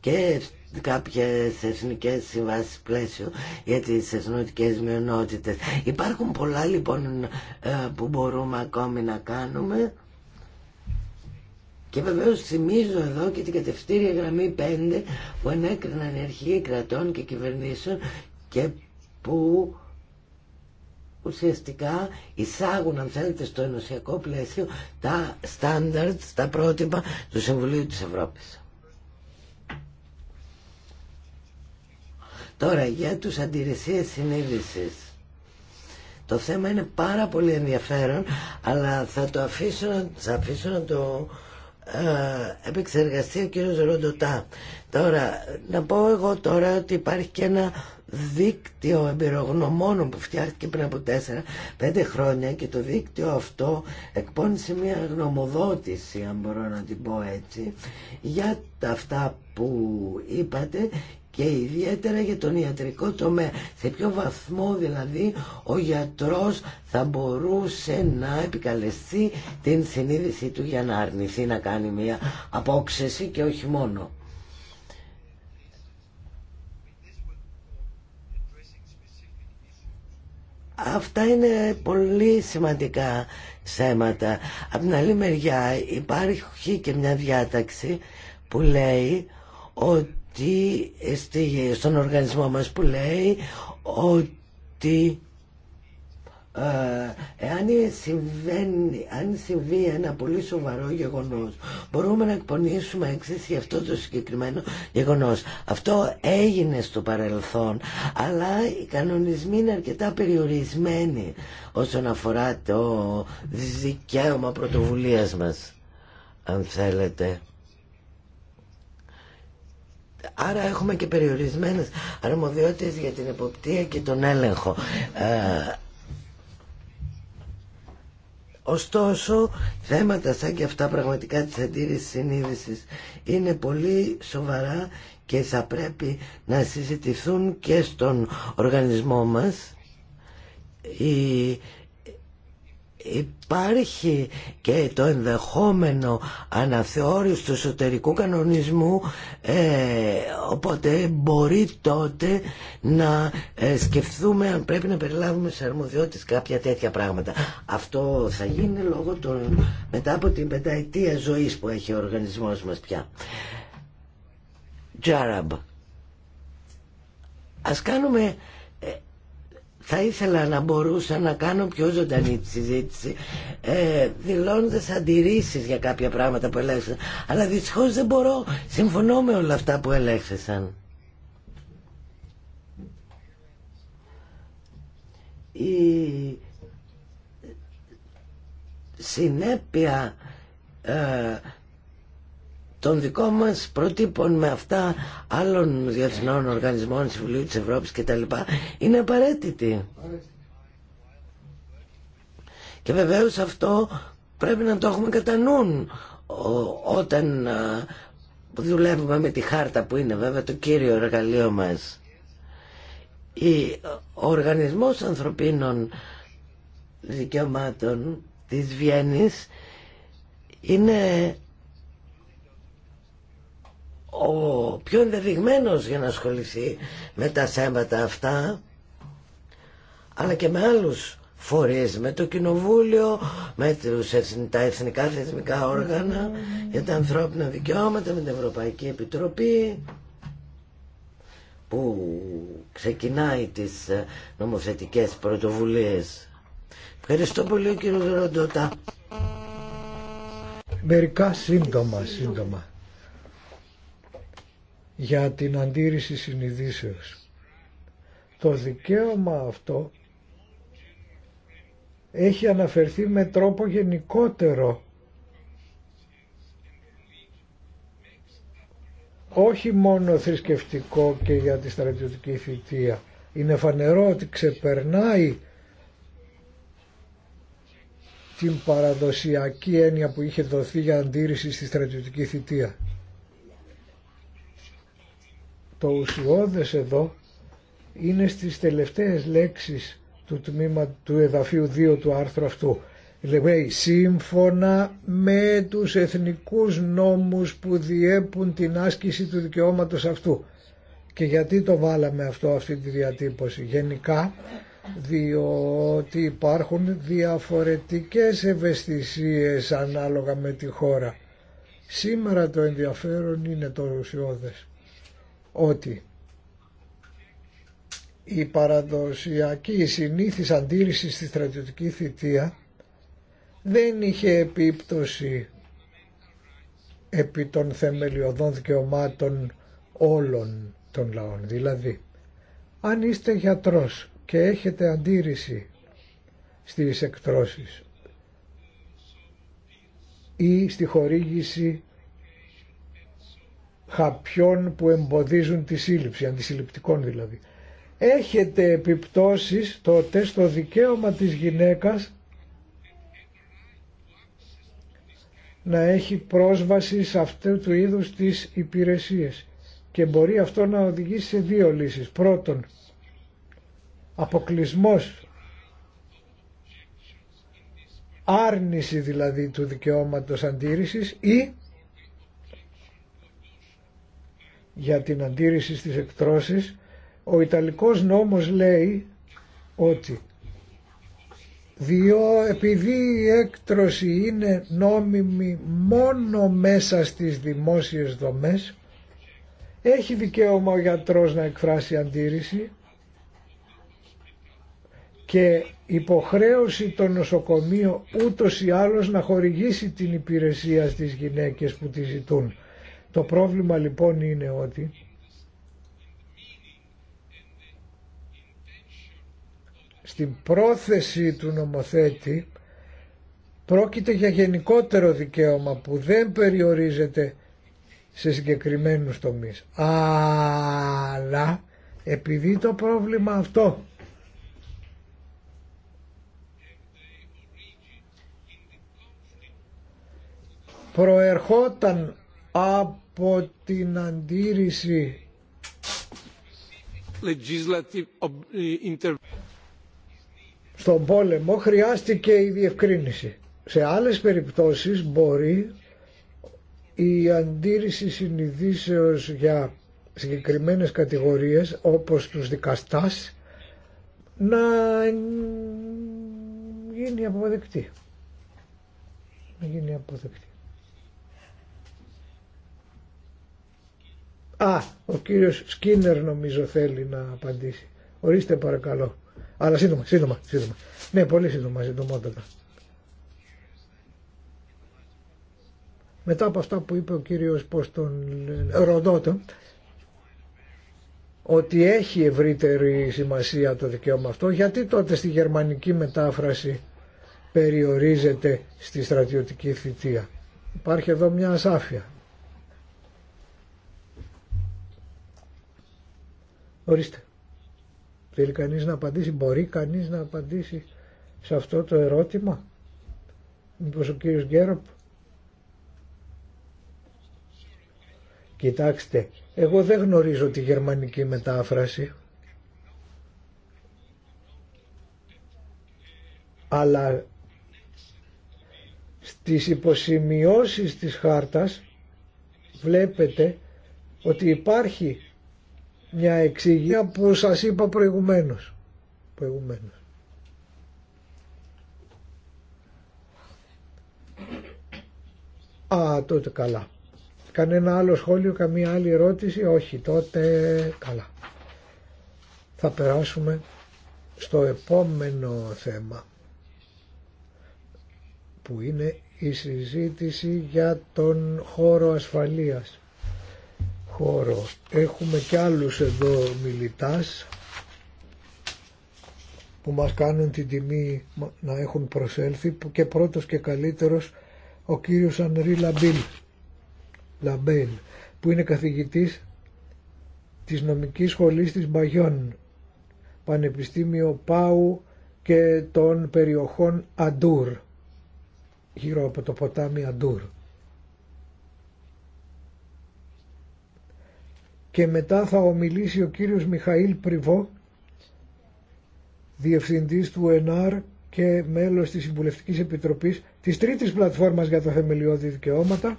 και κάποιες εθνικές συμβάσεις πλαίσιο για τις εθνωτικές μειονότητες. Υπάρχουν πολλά λοιπόν ε, που μπορούμε ακόμη να κάνουμε. Και βεβαίω θυμίζω εδώ και την κατευθύνια γραμμή 5 που ανέκριναν οι αρχηγοί κρατών και κυβερνήσεων και που ουσιαστικά εισάγουν αν θέλετε στο ενωσιακό πλαίσιο τα στάνταρτ, τα πρότυπα του Συμβουλίου της Ευρώπης. Τώρα για τους αντιρρησίες συνείδησης. Το θέμα είναι πάρα πολύ ενδιαφέρον αλλά θα το αφήσω, θα αφήσω να το ε, επεξεργαστεί ο κύριος Ροντοτά. Τώρα, να πω εγώ τώρα ότι υπάρχει και ένα δίκτυο εμπειρογνωμόνων που φτιάχτηκε πριν από 4-5 χρόνια και το δίκτυο αυτό εκπώνησε μια γνωμοδότηση, αν μπορώ να την πω έτσι, για τα αυτά που είπατε και ιδιαίτερα για τον ιατρικό τομέα. Σε ποιο βαθμό δηλαδή ο γιατρός θα μπορούσε να επικαλεστεί την συνείδησή του για να αρνηθεί να κάνει μια απόξεση και όχι μόνο. Αυτά είναι πολύ σημαντικά θέματα. Από την άλλη μεριά υπάρχει και μια διάταξη που λέει ότι ότι στον οργανισμό μας που λέει ότι ε, εάν συμβαίνει, αν συμβεί ένα πολύ σοβαρό γεγονός μπορούμε να εκπονήσουμε έξεση για αυτό το συγκεκριμένο γεγονός αυτό έγινε στο παρελθόν αλλά οι κανονισμοί είναι αρκετά περιορισμένοι όσον αφορά το δικαίωμα πρωτοβουλίας μας αν θέλετε Άρα έχουμε και περιορισμένες αρμοδιότητες για την εποπτεία και τον έλεγχο. Ε, ωστόσο, θέματα σαν και αυτά πραγματικά της αντίρρησης συνείδησης είναι πολύ σοβαρά και θα πρέπει να συζητηθούν και στον οργανισμό μας υπάρχει και το ενδεχόμενο αναθεώρηση του εσωτερικού κανονισμού ε, οπότε μπορεί τότε να ε, σκεφτούμε αν πρέπει να περιλάβουμε σε αρμοδιότητες κάποια τέτοια πράγματα. Αυτό θα γίνει λόγω μετά από την πενταετία ζωής που έχει ο οργανισμός μας πια. Τζάραμπ. Ας κάνουμε θα ήθελα να μπορούσα να κάνω πιο ζωντανή τη συζήτηση ε, δηλώνοντας αντιρρήσεις για κάποια πράγματα που ελέγχθησαν αλλά δυστυχώ δεν μπορώ συμφωνώ με όλα αυτά που ελέγχθησαν η συνέπεια ε, των δικών μας προτύπων με αυτά άλλων διεθνών οργανισμών Συμβουλίου της Ευρώπης κτλ. είναι απαραίτητη. Και βεβαίως αυτό πρέπει να το έχουμε κατά νου όταν δουλεύουμε με τη χάρτα που είναι βέβαια το κύριο εργαλείο μας. Ο Οργανισμός Ανθρωπίνων Δικαιωμάτων της Βιέννης είναι ο πιο ενδεδειγμένος για να ασχοληθεί με τα θέματα αυτά αλλά και με άλλους φορείς, με το κοινοβούλιο, με τους, τα εθνικά θεσμικά όργανα για τα ανθρώπινα δικαιώματα, με την Ευρωπαϊκή Επιτροπή που ξεκινάει τις ε, νομοθετικές πρωτοβουλίες. Ευχαριστώ πολύ κύριε Ροντώτα Μερικά σύντομα, σύντομα για την αντίρρηση συνειδήσεως. Το δικαίωμα αυτό έχει αναφερθεί με τρόπο γενικότερο όχι μόνο θρησκευτικό και για τη στρατιωτική θητεία. Είναι φανερό ότι ξεπερνάει την παραδοσιακή έννοια που είχε δοθεί για αντίρρηση στη στρατιωτική θητεία. Το ουσιώδες εδώ είναι στις τελευταίες λέξεις του τμήμα του εδαφίου 2 του άρθρου αυτού. Λέει σύμφωνα με τους εθνικούς νόμους που διέπουν την άσκηση του δικαιώματος αυτού. Και γιατί το βάλαμε αυτό αυτή τη διατύπωση. Γενικά διότι υπάρχουν διαφορετικές ευαισθησίες ανάλογα με τη χώρα. Σήμερα το ενδιαφέρον είναι το ουσιώδες ότι η παραδοσιακή η συνήθις αντίρρηση στη στρατιωτική θητεία δεν είχε επίπτωση επί των θεμελιωδών δικαιωμάτων όλων των λαών. Δηλαδή, αν είστε γιατρός και έχετε αντίρρηση στις εκτρώσεις ή στη χορήγηση χαπιών που εμποδίζουν τη σύλληψη, αντισυλληπτικών δηλαδή. Έχετε επιπτώσεις τότε στο δικαίωμα της γυναίκας να έχει πρόσβαση σε αυτού του είδους τις υπηρεσίες και μπορεί αυτό να οδηγήσει σε δύο λύσεις. Πρώτον, αποκλισμός, άρνηση δηλαδή του δικαιώματος αντίρρησης ή για την αντίρρηση στις εκτρώσεις, ο Ιταλικός νόμος λέει ότι διό, επειδή η έκτρωση είναι νόμιμη μόνο μέσα στις δημόσιες δομές, έχει δικαίωμα ο γιατρός να εκφράσει αντίρρηση και υποχρέωση το νοσοκομείο ούτως ή άλλως να χορηγήσει την υπηρεσία στις γυναίκες που τη ζητούν. Το πρόβλημα λοιπόν είναι ότι στην πρόθεση του νομοθέτη πρόκειται για γενικότερο δικαίωμα που δεν περιορίζεται σε συγκεκριμένους τομείς. Αλλά επειδή το πρόβλημα αυτό προερχόταν από από την αντίρρηση eh, στον πόλεμο χρειάστηκε η διευκρίνηση. Σε άλλες περιπτώσεις μπορεί η αντίρρηση συνειδήσεως για συγκεκριμένες κατηγορίες όπως τους δικαστάς να γίνει αποδεκτή. Να γίνει αποδεκτή. Α, ο κύριος Σκίνερ νομίζω θέλει να απαντήσει. Ορίστε παρακαλώ. Αλλά σύντομα, σύντομα, σύντομα. Ναι, πολύ σύντομα, συντομότατα. Μετά από αυτά που είπε ο κύριος πως ότι έχει ευρύτερη σημασία το δικαίωμα αυτό, γιατί τότε στη γερμανική μετάφραση περιορίζεται στη στρατιωτική θητεία. Υπάρχει εδώ μια ασάφεια. Ορίστε. Θέλει κανείς να απαντήσει, μπορεί κανείς να απαντήσει σε αυτό το ερώτημα. Μήπως ο κύριος Γκέροπ. Κοιτάξτε, εγώ δεν γνωρίζω τη γερμανική μετάφραση. Αλλά στις υποσημειώσεις της χάρτας βλέπετε ότι υπάρχει μια εξήγηση που σας είπα προηγουμένως. προηγουμένως. Α, τότε καλά. Κανένα άλλο σχόλιο, καμία άλλη ερώτηση, όχι, τότε καλά. Θα περάσουμε στο επόμενο θέμα που είναι η συζήτηση για τον χώρο ασφαλείας. Έχουμε κι άλλους εδώ μιλητάς που μας κάνουν την τιμή να έχουν προσέλθει και πρώτος και καλύτερος ο κύριος Ανρί Λαμπίλ, Λαμπέλ που είναι καθηγητής της νομικής σχολής της Μπαγιών Πανεπιστήμιο Πάου και των περιοχών Αντούρ γύρω από το ποτάμι Αντούρ και μετά θα ομιλήσει ο κύριος Μιχαήλ Πριβό, διευθυντής του ΕΝΑΡ και μέλος της Συμβουλευτικής Επιτροπής της τρίτης πλατφόρμας για τα θεμελιώδη δικαιώματα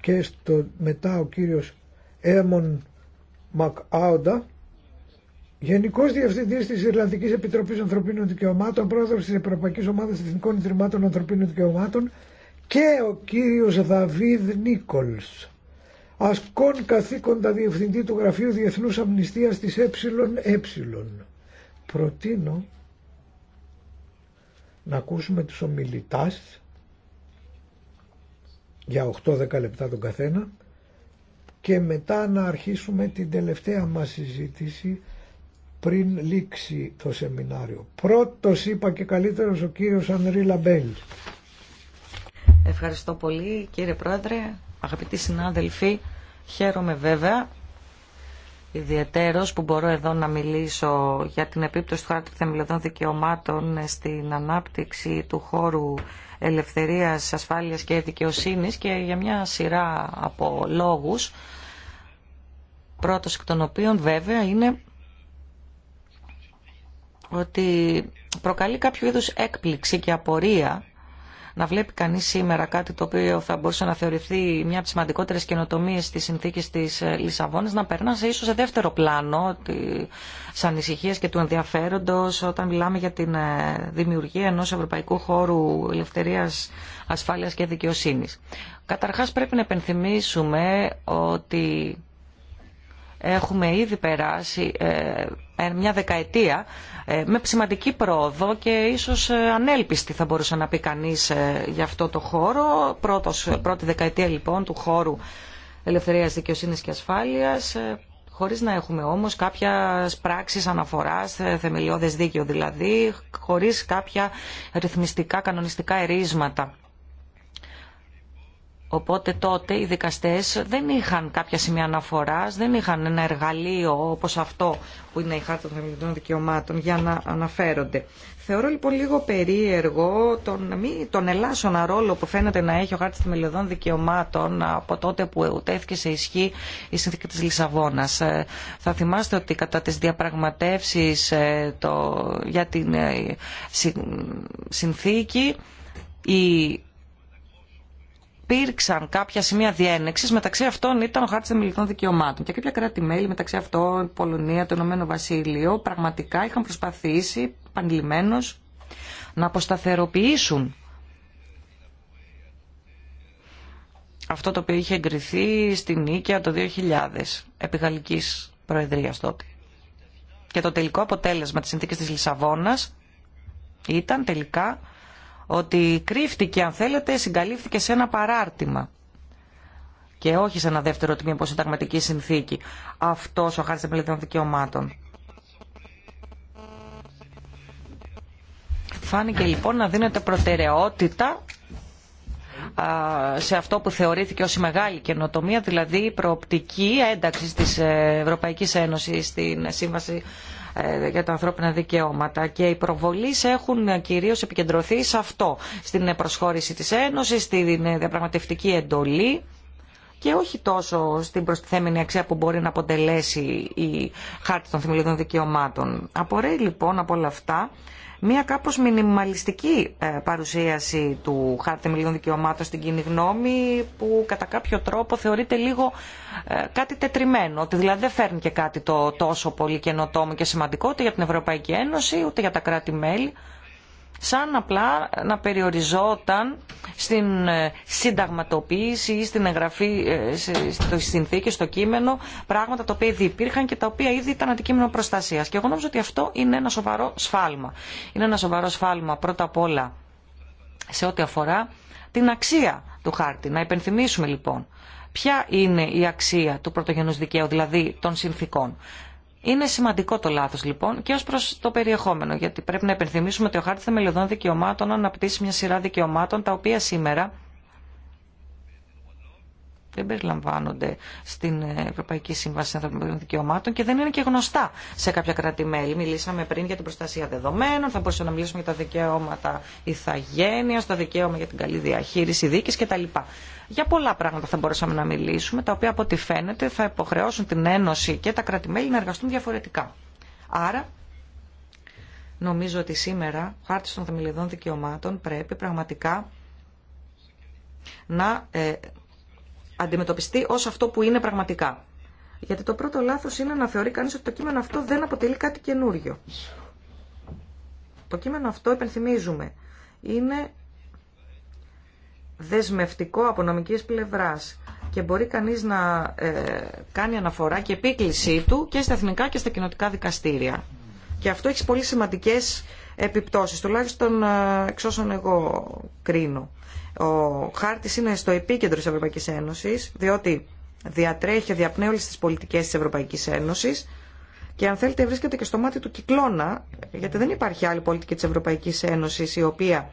και στο, μετά ο κύριος Έμον Άοντα, Γενικό Διευθυντή τη Ιρλανδική Επιτροπή Ανθρωπίνων Δικαιωμάτων, πρόεδρο τη Ευρωπαϊκή Ομάδα Εθνικών Ιδρυμάτων Ανθρωπίνων Δικαιωμάτων και ο κύριο Δαβίδ Νίκολς ασκών καθήκοντα διευθυντή του Γραφείου Διεθνούς Αμνηστίας της ΕΕ. Προτείνω να ακούσουμε τους ομιλητάς για 8-10 λεπτά τον καθένα και μετά να αρχίσουμε την τελευταία μας συζήτηση πριν λήξει το σεμινάριο. Πρώτος είπα και καλύτερος ο κύριος Ανρί Λαμπέλ. Ευχαριστώ πολύ κύριε Πρόεδρε, Αγαπητοί συνάδελφοι, χαίρομαι βέβαια ιδιαιτέρως που μπορώ εδώ να μιλήσω για την επίπτωση του χάρτη θεμελιωδών δικαιωμάτων στην ανάπτυξη του χώρου ελευθερίας, ασφάλειας και δικαιοσύνης και για μια σειρά από λόγους, πρώτος εκ των οποίων βέβαια είναι ότι προκαλεί κάποιο είδους έκπληξη και απορία να βλέπει κανείς σήμερα κάτι το οποίο θα μπορούσε να θεωρηθεί μια από τις σημαντικότερες καινοτομίες της συνθήκης της ε, Λισαβόνας να περνά σε ίσως σε δεύτερο πλάνο τη ανησυχία και του ενδιαφέροντος όταν μιλάμε για την ε, δημιουργία ενός ευρωπαϊκού χώρου ελευθερίας, ασφάλειας και δικαιοσύνης. Καταρχάς πρέπει να επενθυμίσουμε ότι Έχουμε ήδη περάσει ε, ε, μια δεκαετία ε, με σημαντική πρόοδο και ίσως ανέλπιστη θα μπορούσε να πει κανείς για αυτό το χώρο. Πρώτος, πρώτη δεκαετία λοιπόν του χώρου ελευθερίας δικαιοσύνης και ασφάλειας χωρίς να έχουμε όμως κάποια πράξεις αναφοράς, θεμελιώδες δίκαιο δηλαδή, χωρίς κάποια ρυθμιστικά, κανονιστικά ερίσματα. Οπότε τότε οι δικαστές δεν είχαν κάποια σημεία αναφοράς, δεν είχαν ένα εργαλείο όπως αυτό που είναι η Χάρτα των Θεμελιωδών Δικαιωμάτων για να αναφέρονται. Θεωρώ λοιπόν λίγο περίεργο τον, μη, τον ελάσσονα ρόλο που φαίνεται να έχει ο Χάρτης Θεμελιωδών Δικαιωμάτων από τότε που ουτέθηκε σε ισχύ η Συνθήκη της Λισαβόνας. Ε, θα θυμάστε ότι κατά τις διαπραγματεύσεις ε, για την ε, συνθήκη η υπήρξαν κάποια σημεία διένεξη, μεταξύ αυτών ήταν ο χάρτη μιλητών δικαιωμάτων. Και κάποια κράτη-μέλη, μεταξύ αυτών Πολωνία, το Ηνωμένο Βασίλειο, πραγματικά είχαν προσπαθήσει επανειλημμένω να αποσταθεροποιήσουν αυτό το οποίο είχε εγκριθεί στην Νίκαια το 2000, επί Γαλλικής Προεδρίας τότε. Και το τελικό αποτέλεσμα της συνθήκης της Λισαβόνας ήταν τελικά ότι κρύφτηκε, αν θέλετε, συγκαλύφθηκε σε ένα παράρτημα και όχι σε ένα δεύτερο τμήμα συνταγματική συνθήκη Αυτό, ο χάρη των δικαιωμάτων. Φάνηκε λοιπόν να δίνεται προτεραιότητα σε αυτό που θεωρήθηκε ως η μεγάλη καινοτομία, δηλαδή η προοπτική ένταξη της ε, Ευρωπαϊκής Ένωσης στην Σύμβαση ε, για τα ανθρώπινα δικαιώματα και οι προβολείς έχουν κυρίως επικεντρωθεί σε αυτό, στην προσχώρηση της Ένωσης, στην ε, διαπραγματευτική εντολή και όχι τόσο στην προστιθέμενη αξία που μπορεί να αποτελέσει η χάρτη των θεμελιωδών δικαιωμάτων. Απορρέει λοιπόν από όλα αυτά Μία κάπως μινιμαλιστική ε, παρουσίαση του χάρτη μελίων δικαιωμάτων στην κοινή γνώμη που κατά κάποιο τρόπο θεωρείται λίγο ε, κάτι τετριμένο. Ότι δηλαδή δεν φέρνει και κάτι το τόσο πολύ καινοτόμο και σημαντικό ούτε για την Ευρωπαϊκή Ένωση ούτε για τα κράτη-μέλη σαν απλά να περιοριζόταν στην ε, συνταγματοποίηση ή στην εγγραφή ε, στο συνθήκη, στο κείμενο, πράγματα τα οποία ήδη υπήρχαν και τα οποία ήδη ήταν αντικείμενο προστασίας. Και εγώ νομίζω ότι αυτό είναι ένα σοβαρό σφάλμα. Είναι ένα σοβαρό σφάλμα πρώτα απ' όλα σε ό,τι αφορά την αξία του χάρτη. Να υπενθυμίσουμε λοιπόν ποια είναι η αξία του πρωτογενούς δικαίου, δηλαδή των συνθήκων. Είναι σημαντικό το λάθο λοιπόν και ω προ το περιεχόμενο, γιατί πρέπει να υπενθυμίσουμε ότι ο Χάρτη Θεμελιωδών Δικαιωμάτων αναπτύσσει μια σειρά δικαιωμάτων τα οποία σήμερα δεν περιλαμβάνονται στην Ευρωπαϊκή Σύμβαση Ανθρωπίνων Δικαιωμάτων και δεν είναι και γνωστά σε κάποια κράτη-μέλη. Μιλήσαμε πριν για την προστασία δεδομένων, θα μπορούσαμε να μιλήσουμε για τα δικαιώματα ηθαγένεια, το δικαίωμα για την καλή διαχείριση δίκη κτλ. Για πολλά πράγματα θα μπορούσαμε να μιλήσουμε, τα οποία από ό,τι φαίνεται θα υποχρεώσουν την Ένωση και τα κράτη-μέλη να εργαστούν διαφορετικά. Άρα, νομίζω ότι σήμερα ο χάρτη των θεμελιωδών δικαιωμάτων πρέπει πραγματικά να ε, αντιμετωπιστεί ως αυτό που είναι πραγματικά. Γιατί το πρώτο λάθος είναι να θεωρεί κανείς ότι το κείμενο αυτό δεν αποτελεί κάτι καινούριο. Το κείμενο αυτό, επενθυμίζουμε, είναι δεσμευτικό από νομικής πλευράς και μπορεί κανείς να ε, κάνει αναφορά και επίκλησή του και στα εθνικά και στα κοινοτικά δικαστήρια. Και αυτό έχει πολύ σημαντικές επιπτώσεις, τουλάχιστον ε, εξ όσων εγώ κρίνω. Ο χάρτης είναι στο επίκεντρο της Ευρωπαϊκής Ένωσης, διότι διατρέχει και διαπνέει όλες τις πολιτικές της Ευρωπαϊκής Ένωσης και αν θέλετε βρίσκεται και στο μάτι του κυκλώνα, γιατί δεν υπάρχει άλλη πολιτική της Ευρωπαϊκής Ένωσης η οποία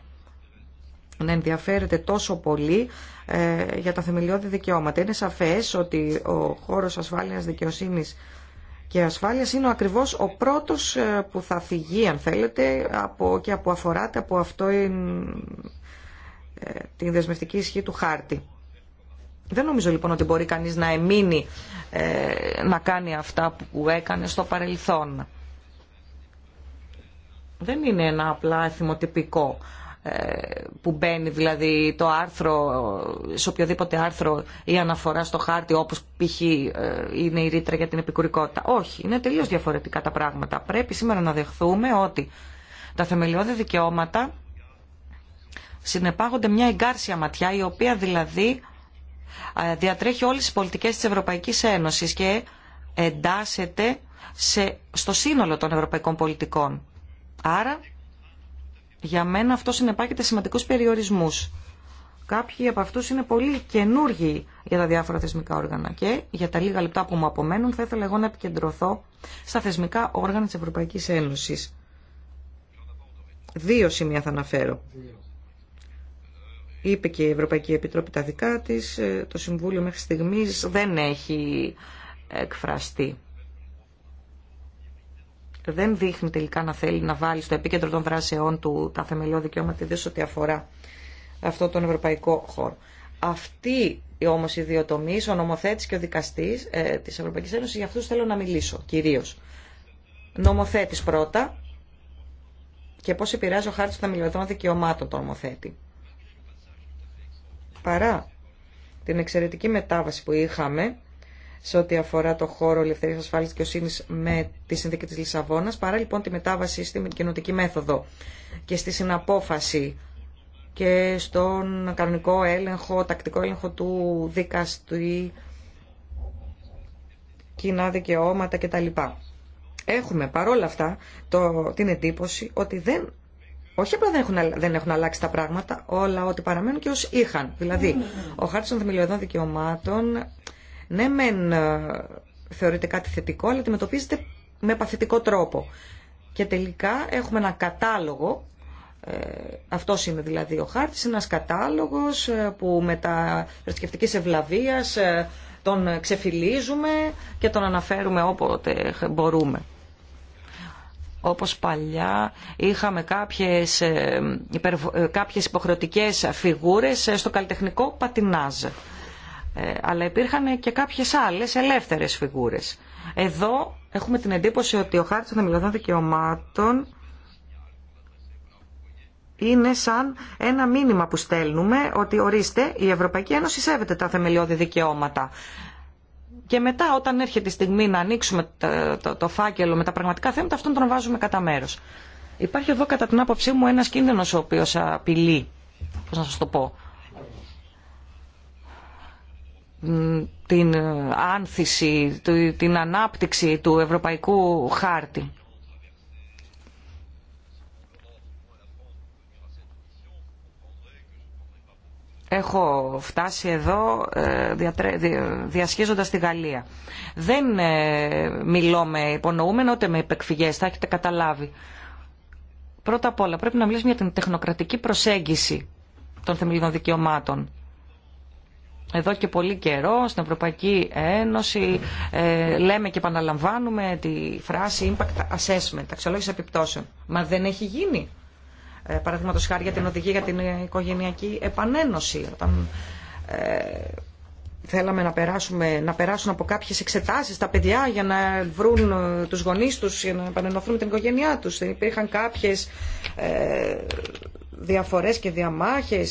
να ενδιαφέρεται τόσο πολύ ε, για τα θεμελιώδη δικαιώματα. Είναι σαφέ ότι ο χώρο ασφάλεια, δικαιοσύνη και ασφάλεια είναι ακριβώ ο πρώτος ε, που θα φυγεί, αν θέλετε, από, και που αφοράται από αυτό ε, την δεσμευτική ισχύ του χάρτη. Δεν νομίζω λοιπόν ότι μπορεί κανείς να εμείνει ε, να κάνει αυτά που έκανε στο παρελθόν. Δεν είναι ένα απλά θυμοτυπικό ε, που μπαίνει δηλαδή το άρθρο, σε οποιοδήποτε άρθρο ή αναφορά στο χάρτη όπως π.χ. Ε, είναι η ρήτρα για την επικουρικότητα. Όχι, είναι τελείως διαφορετικά τα πράγματα. Πρέπει σήμερα να δεχθούμε ότι τα θεμελιώδη δικαιώματα συνεπάγονται μια εγκάρσια ματιά η οποία δηλαδή διατρέχει όλες τις πολιτικές της Ευρωπαϊκής Ένωσης και εντάσσεται σε, στο σύνολο των ευρωπαϊκών πολιτικών. Άρα, για μένα αυτό συνεπάγεται σημαντικούς περιορισμούς. Κάποιοι από αυτούς είναι πολύ καινούργοι για τα διάφορα θεσμικά όργανα και για τα λίγα λεπτά που μου απομένουν θα ήθελα εγώ να επικεντρωθώ στα θεσμικά όργανα της Ευρωπαϊκής Ένωσης. Δύο σημεία θα αναφέρω είπε και η Ευρωπαϊκή Επιτροπή τα δικά της, ε, το Συμβούλιο μέχρι στιγμής δεν έχει εκφραστεί. Δεν δείχνει τελικά να θέλει να βάλει στο επίκεντρο των δράσεών του τα θεμελιώδη δικαιώματα, ιδίως ό,τι αφορά αυτό τον ευρωπαϊκό χώρο. Αυτή όμω οι δύο τομεί, ο νομοθέτης και ο δικαστή ε, της Ευρωπαϊκής για αυτού θέλω να μιλήσω κυρίω. Νομοθέτη πρώτα και πώ επηρεάζει ο χάρτη των θεμελιωδών δικαιωμάτων τον νομοθέτη παρά την εξαιρετική μετάβαση που είχαμε σε ό,τι αφορά το χώρο ελευθερία ασφάλεια δικαιοσύνη με τη συνθήκη τη Λισαβόνα, παρά λοιπόν τη μετάβαση στην κοινοτική μέθοδο και στη συναπόφαση και στον κανονικό έλεγχο, τακτικό έλεγχο του δικαστή, κοινά δικαιώματα κτλ. Έχουμε παρόλα αυτά το, την εντύπωση ότι δεν όχι απλά δεν έχουν, δεν αλλάξει τα πράγματα, όλα ότι παραμένουν και ω είχαν. Δηλαδή, ο χάρτης των θεμελιωδών δικαιωμάτων, ναι μεν ε, θεωρείται κάτι θετικό, αλλά αντιμετωπίζεται με παθητικό τρόπο. Και τελικά έχουμε ένα κατάλογο, ε, αυτός είναι δηλαδή ο χάρτης, ένας κατάλογος ε, που με τα ευλαβία ευλαβία ε, τον ξεφυλίζουμε και τον αναφέρουμε όποτε μπορούμε όπως παλιά είχαμε κάποιες, ε, ε, κάποιες υποχρεωτικές φιγούρες ε, στο καλλιτεχνικό πατινάζ. Αλλά υπήρχαν και κάποιες άλλες ελεύθερες φιγούρες. Εδώ έχουμε την εντύπωση ότι ο χάρτης των θεμελιωδών δικαιωμάτων είναι σαν ένα μήνυμα που στέλνουμε ότι ορίστε η Ευρωπαϊκή Ένωση σέβεται τα θεμελιώδη δικαιώματα. Και μετά όταν έρχεται η στιγμή να ανοίξουμε το φάκελο με τα πραγματικά θέματα, αυτόν τον βάζουμε κατά μέρο. Υπάρχει εδώ κατά την άποψή μου ένας κίνδυνος ο οποίος απειλεί, πώς να σας το πω, την ε, άνθηση, την ανάπτυξη του ευρωπαϊκού χάρτη. έχω φτάσει εδώ ε, διασχίζοντας τη Γαλλία. Δεν ε, μιλώ με υπονοούμενο ούτε με υπεκφυγές, θα έχετε καταλάβει. Πρώτα απ' όλα πρέπει να μιλήσουμε για την τεχνοκρατική προσέγγιση των θεμελιδών δικαιωμάτων. Εδώ και πολύ καιρό στην Ευρωπαϊκή Ένωση ε, λέμε και επαναλαμβάνουμε τη φράση impact assessment, αξιολόγηση επιπτώσεων. Μα δεν έχει γίνει. Ε, Παραδείγματο χάρη για την οδηγία για την οικογενειακή επανένωση. Όταν ε, θέλαμε να, περάσουμε, να περάσουν από κάποιε εξετάσει τα παιδιά για να βρουν ε, του γονεί του, για να επανενωθούν την οικογένειά του. Δεν υπήρχαν κάποιε ε, διαφορέ και διαμάχε.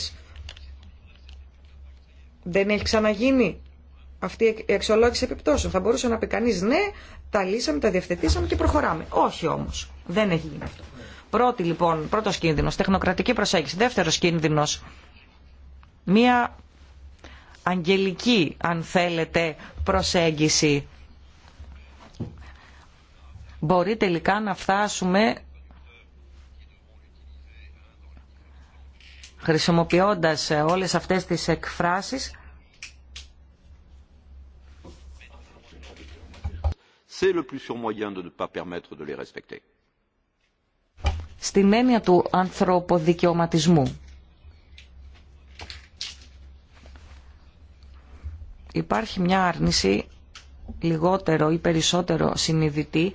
Δεν έχει ξαναγίνει αυτή η αξιολόγηση επιπτώσεων. Θα μπορούσε να πει κανεί ναι, τα λύσαμε, τα διευθετήσαμε και προχωράμε. Όχι όμω. Δεν έχει γίνει αυτό. Πρώτη λοιπόν, πρώτος κίνδυνος, τεχνοκρατική προσέγγιση. Δεύτερος κίνδυνος, μία αγγελική, αν θέλετε, προσέγγιση. Μπορεί τελικά να φτάσουμε χρησιμοποιώντας όλες αυτές τις εκφράσεις c'est le plus sûr moyen de ne pas permettre de les respecter στην έννοια του ανθρωποδικαιωματισμού. Υπάρχει μια άρνηση λιγότερο ή περισσότερο συνειδητή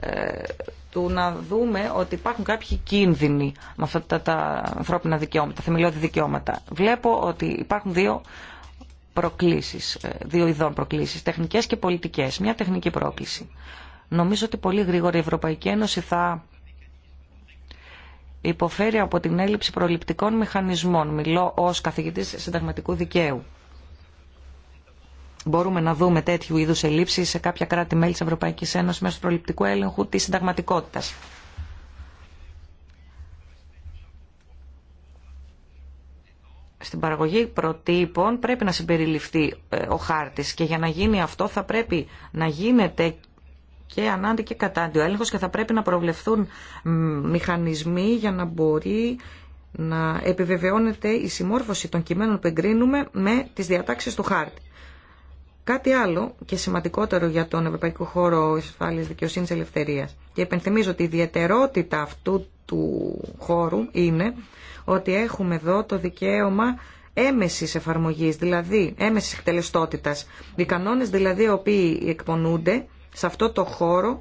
ε, του να δούμε ότι υπάρχουν κάποιοι κίνδυνοι με αυτά τα, τα ανθρώπινα δικαιώματα, θεμελιώδη δικαιώματα. Βλέπω ότι υπάρχουν δύο προκλήσεις, ε, δύο ειδών προκλήσεις, τεχνικές και πολιτικές. Μια τεχνική πρόκληση. Νομίζω ότι πολύ γρήγορα η Ευρωπαϊκή Ένωση θα υποφέρει από την έλλειψη προληπτικών μηχανισμών. Μιλώ ως καθηγητής συνταγματικού δικαίου. Μπορούμε να δούμε τέτοιου είδους ελλείψεις σε κάποια κράτη-μέλη της Ευρωπαϊκής Ένωσης μέσω προληπτικού έλεγχου της συνταγματικότητας. στην παραγωγή προτύπων πρέπει να συμπεριληφθεί ε, ο χάρτης και για να γίνει αυτό θα πρέπει να γίνεται και ανάντι και κατάντι ο έλεγχος και θα πρέπει να προβλεφθούν μηχανισμοί για να μπορεί να επιβεβαιώνεται η συμμόρφωση των κειμένων που εγκρίνουμε με τις διατάξεις του χάρτη. Κάτι άλλο και σημαντικότερο για τον Ευρωπαϊκό Χώρο Ασφάλεια Δικαιοσύνη Ελευθερία. Και επενθυμίζω ότι η ιδιαιτερότητα αυτού του χώρου είναι ότι έχουμε εδώ το δικαίωμα έμεσης εφαρμογής, δηλαδή έμεσης εκτελεστότητας. Οι κανόνες δηλαδή οι οποίοι εκπονούνται σε αυτό το χώρο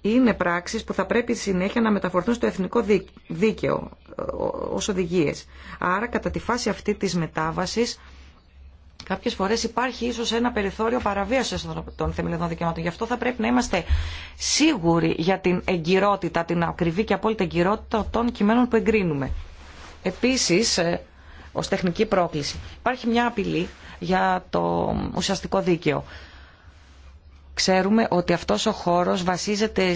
είναι πράξεις που θα πρέπει συνέχεια να μεταφορθούν στο εθνικό δίκαιο ως οδηγίες. Άρα κατά τη φάση αυτή της μετάβασης κάποιες φορές υπάρχει ίσως ένα περιθώριο παραβίασης των θεμελιωδών δικαιωμάτων. Γι' αυτό θα πρέπει να είμαστε σίγουροι για την εγκυρότητα, την ακριβή και απόλυτη εγκυρότητα των κειμένων που εγκρίνουμε. Επίσης, ε, ως τεχνική πρόκληση, υπάρχει μια απειλή για το ουσιαστικό δίκαιο ξέρουμε ότι αυτός ο χώρος βασίζεται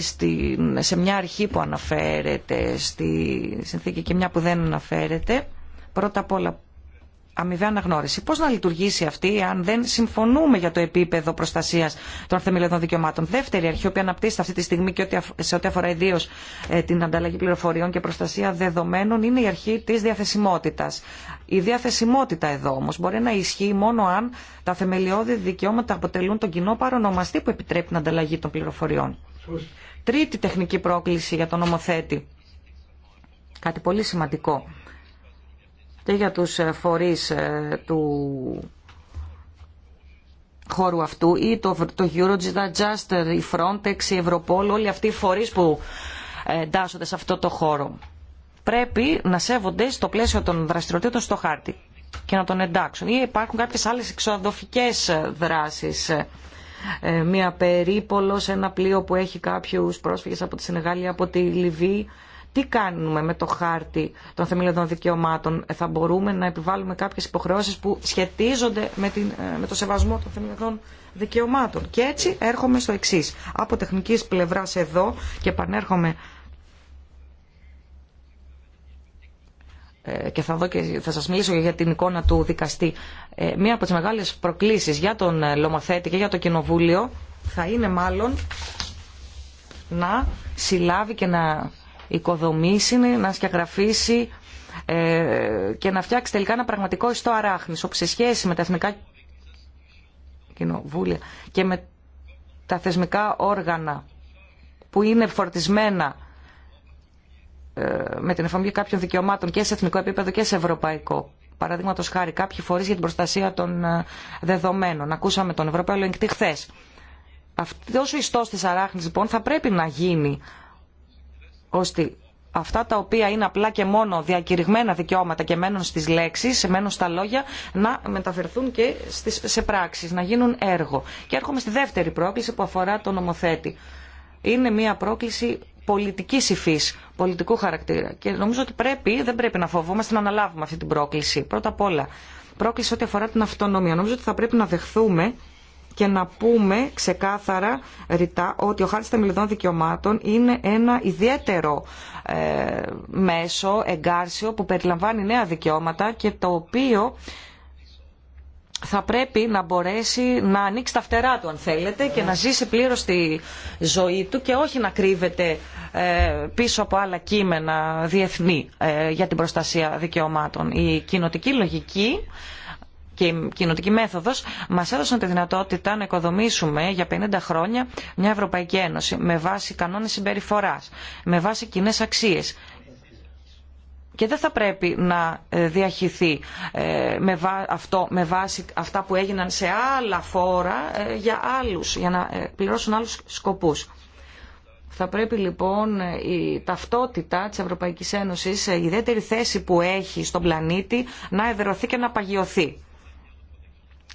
σε μια αρχή που αναφέρεται στη συνθήκη και μια που δεν αναφέρεται. Πρώτα απ' όλα αμοιβαία αναγνώριση. Πώ να λειτουργήσει αυτή, αν δεν συμφωνούμε για το επίπεδο προστασία των θεμελιωδών δικαιωμάτων. Δεύτερη αρχή, που αναπτύσσεται αυτή τη στιγμή και σε ό,τι αφορά ιδίω ε, την ανταλλαγή πληροφοριών και προστασία δεδομένων, είναι η αρχή τη διαθεσιμότητα. Η διαθεσιμότητα εδώ όμω μπορεί να ισχύει μόνο αν τα θεμελιώδη δικαιώματα αποτελούν τον κοινό παρονομαστή που επιτρέπει την ανταλλαγή των πληροφοριών. Τρίτη τεχνική πρόκληση για τον νομοθέτη. Κάτι πολύ σημαντικό και για τους ε, φορείς ε, του χώρου αυτού ή το, το Eurojust, Just, ε, η Frontex, η Europol, όλοι αυτοί οι φορείς που εντάσσονται σε αυτό το χώρο. Πρέπει να σέβονται στο πλαίσιο των δραστηριοτήτων στο χάρτη και να τον εντάξουν. Ή υπάρχουν κάποιες άλλες εξοδοφικές δράσεις. μία περίπολος, ένα πλοίο που έχει κάποιους πρόσφυγες από τη Σενεγάλη, από τη Λιβύη τι κάνουμε με το χάρτη των θεμελιωδών δικαιωμάτων. Ε, θα μπορούμε να επιβάλλουμε κάποιες υποχρεώσεις που σχετίζονται με, την, ε, με το σεβασμό των θεμελιωδών δικαιωμάτων. Και έτσι έρχομαι στο εξή. Από τεχνική πλευράς εδώ και επανέρχομαι ε, και θα, δω και θα σας μιλήσω για την εικόνα του δικαστή. μία από τις μεγάλες προκλήσεις για τον Λομοθέτη και για το Κοινοβούλιο θα είναι μάλλον να συλλάβει και να οικοδομήσει, να σκιαγραφίσει ε, και να φτιάξει τελικά ένα πραγματικό ιστό αράχνης, όπου σε σχέση με τα εθνικά κοινοβούλια και με τα θεσμικά όργανα που είναι φορτισμένα ε, με την εφαρμογή κάποιων δικαιωμάτων και σε εθνικό επίπεδο και σε ευρωπαϊκό. Παραδείγματο χάρη, κάποιοι φορεί για την προστασία των ε, δεδομένων. Ακούσαμε τον Ευρωπαϊκό Ελεγκτή χθε. Αυτό ο ιστό τη αράχνη λοιπόν θα πρέπει να γίνει ώστε αυτά τα οποία είναι απλά και μόνο διακηρυγμένα δικαιώματα και μένουν στις λέξεις, μένουν στα λόγια, να μεταφερθούν και στις, σε πράξεις, να γίνουν έργο. Και έρχομαι στη δεύτερη πρόκληση που αφορά τον νομοθέτη. Είναι μια πρόκληση πολιτική υφή, πολιτικού χαρακτήρα. Και νομίζω ότι πρέπει, δεν πρέπει να φοβόμαστε να αναλάβουμε αυτή την πρόκληση. Πρώτα απ' όλα, πρόκληση ό,τι αφορά την αυτονομία. Νομίζω ότι θα πρέπει να δεχθούμε και να πούμε ξεκάθαρα, ρητά, ότι ο χάρτης θεμελιωδών δικαιωμάτων είναι ένα ιδιαίτερο ε, μέσο εγκάρσιο που περιλαμβάνει νέα δικαιώματα και το οποίο θα πρέπει να μπορέσει να ανοίξει τα φτερά του αν θέλετε και να ζήσει πλήρως τη ζωή του και όχι να κρύβεται ε, πίσω από άλλα κείμενα διεθνή ε, για την προστασία δικαιωμάτων. Η κοινοτική λογική και η κοινοτική μέθοδο, μα έδωσαν τη δυνατότητα να οικοδομήσουμε για 50 χρόνια μια Ευρωπαϊκή Ένωση με βάση κανόνε συμπεριφορά, με βάση κοινέ αξίε. και δεν θα πρέπει να ε, διαχυθεί ε, με αυτό με βάση αυτά που έγιναν σε άλλα φόρα ε, για άλλους, για να πληρώσουν άλλους σκοπούς. Θα πρέπει λοιπόν η ταυτότητα της Ευρωπαϊκής Ένωσης, η ιδιαίτερη θέση που έχει στον πλανήτη, να εδρωθεί και να παγιωθεί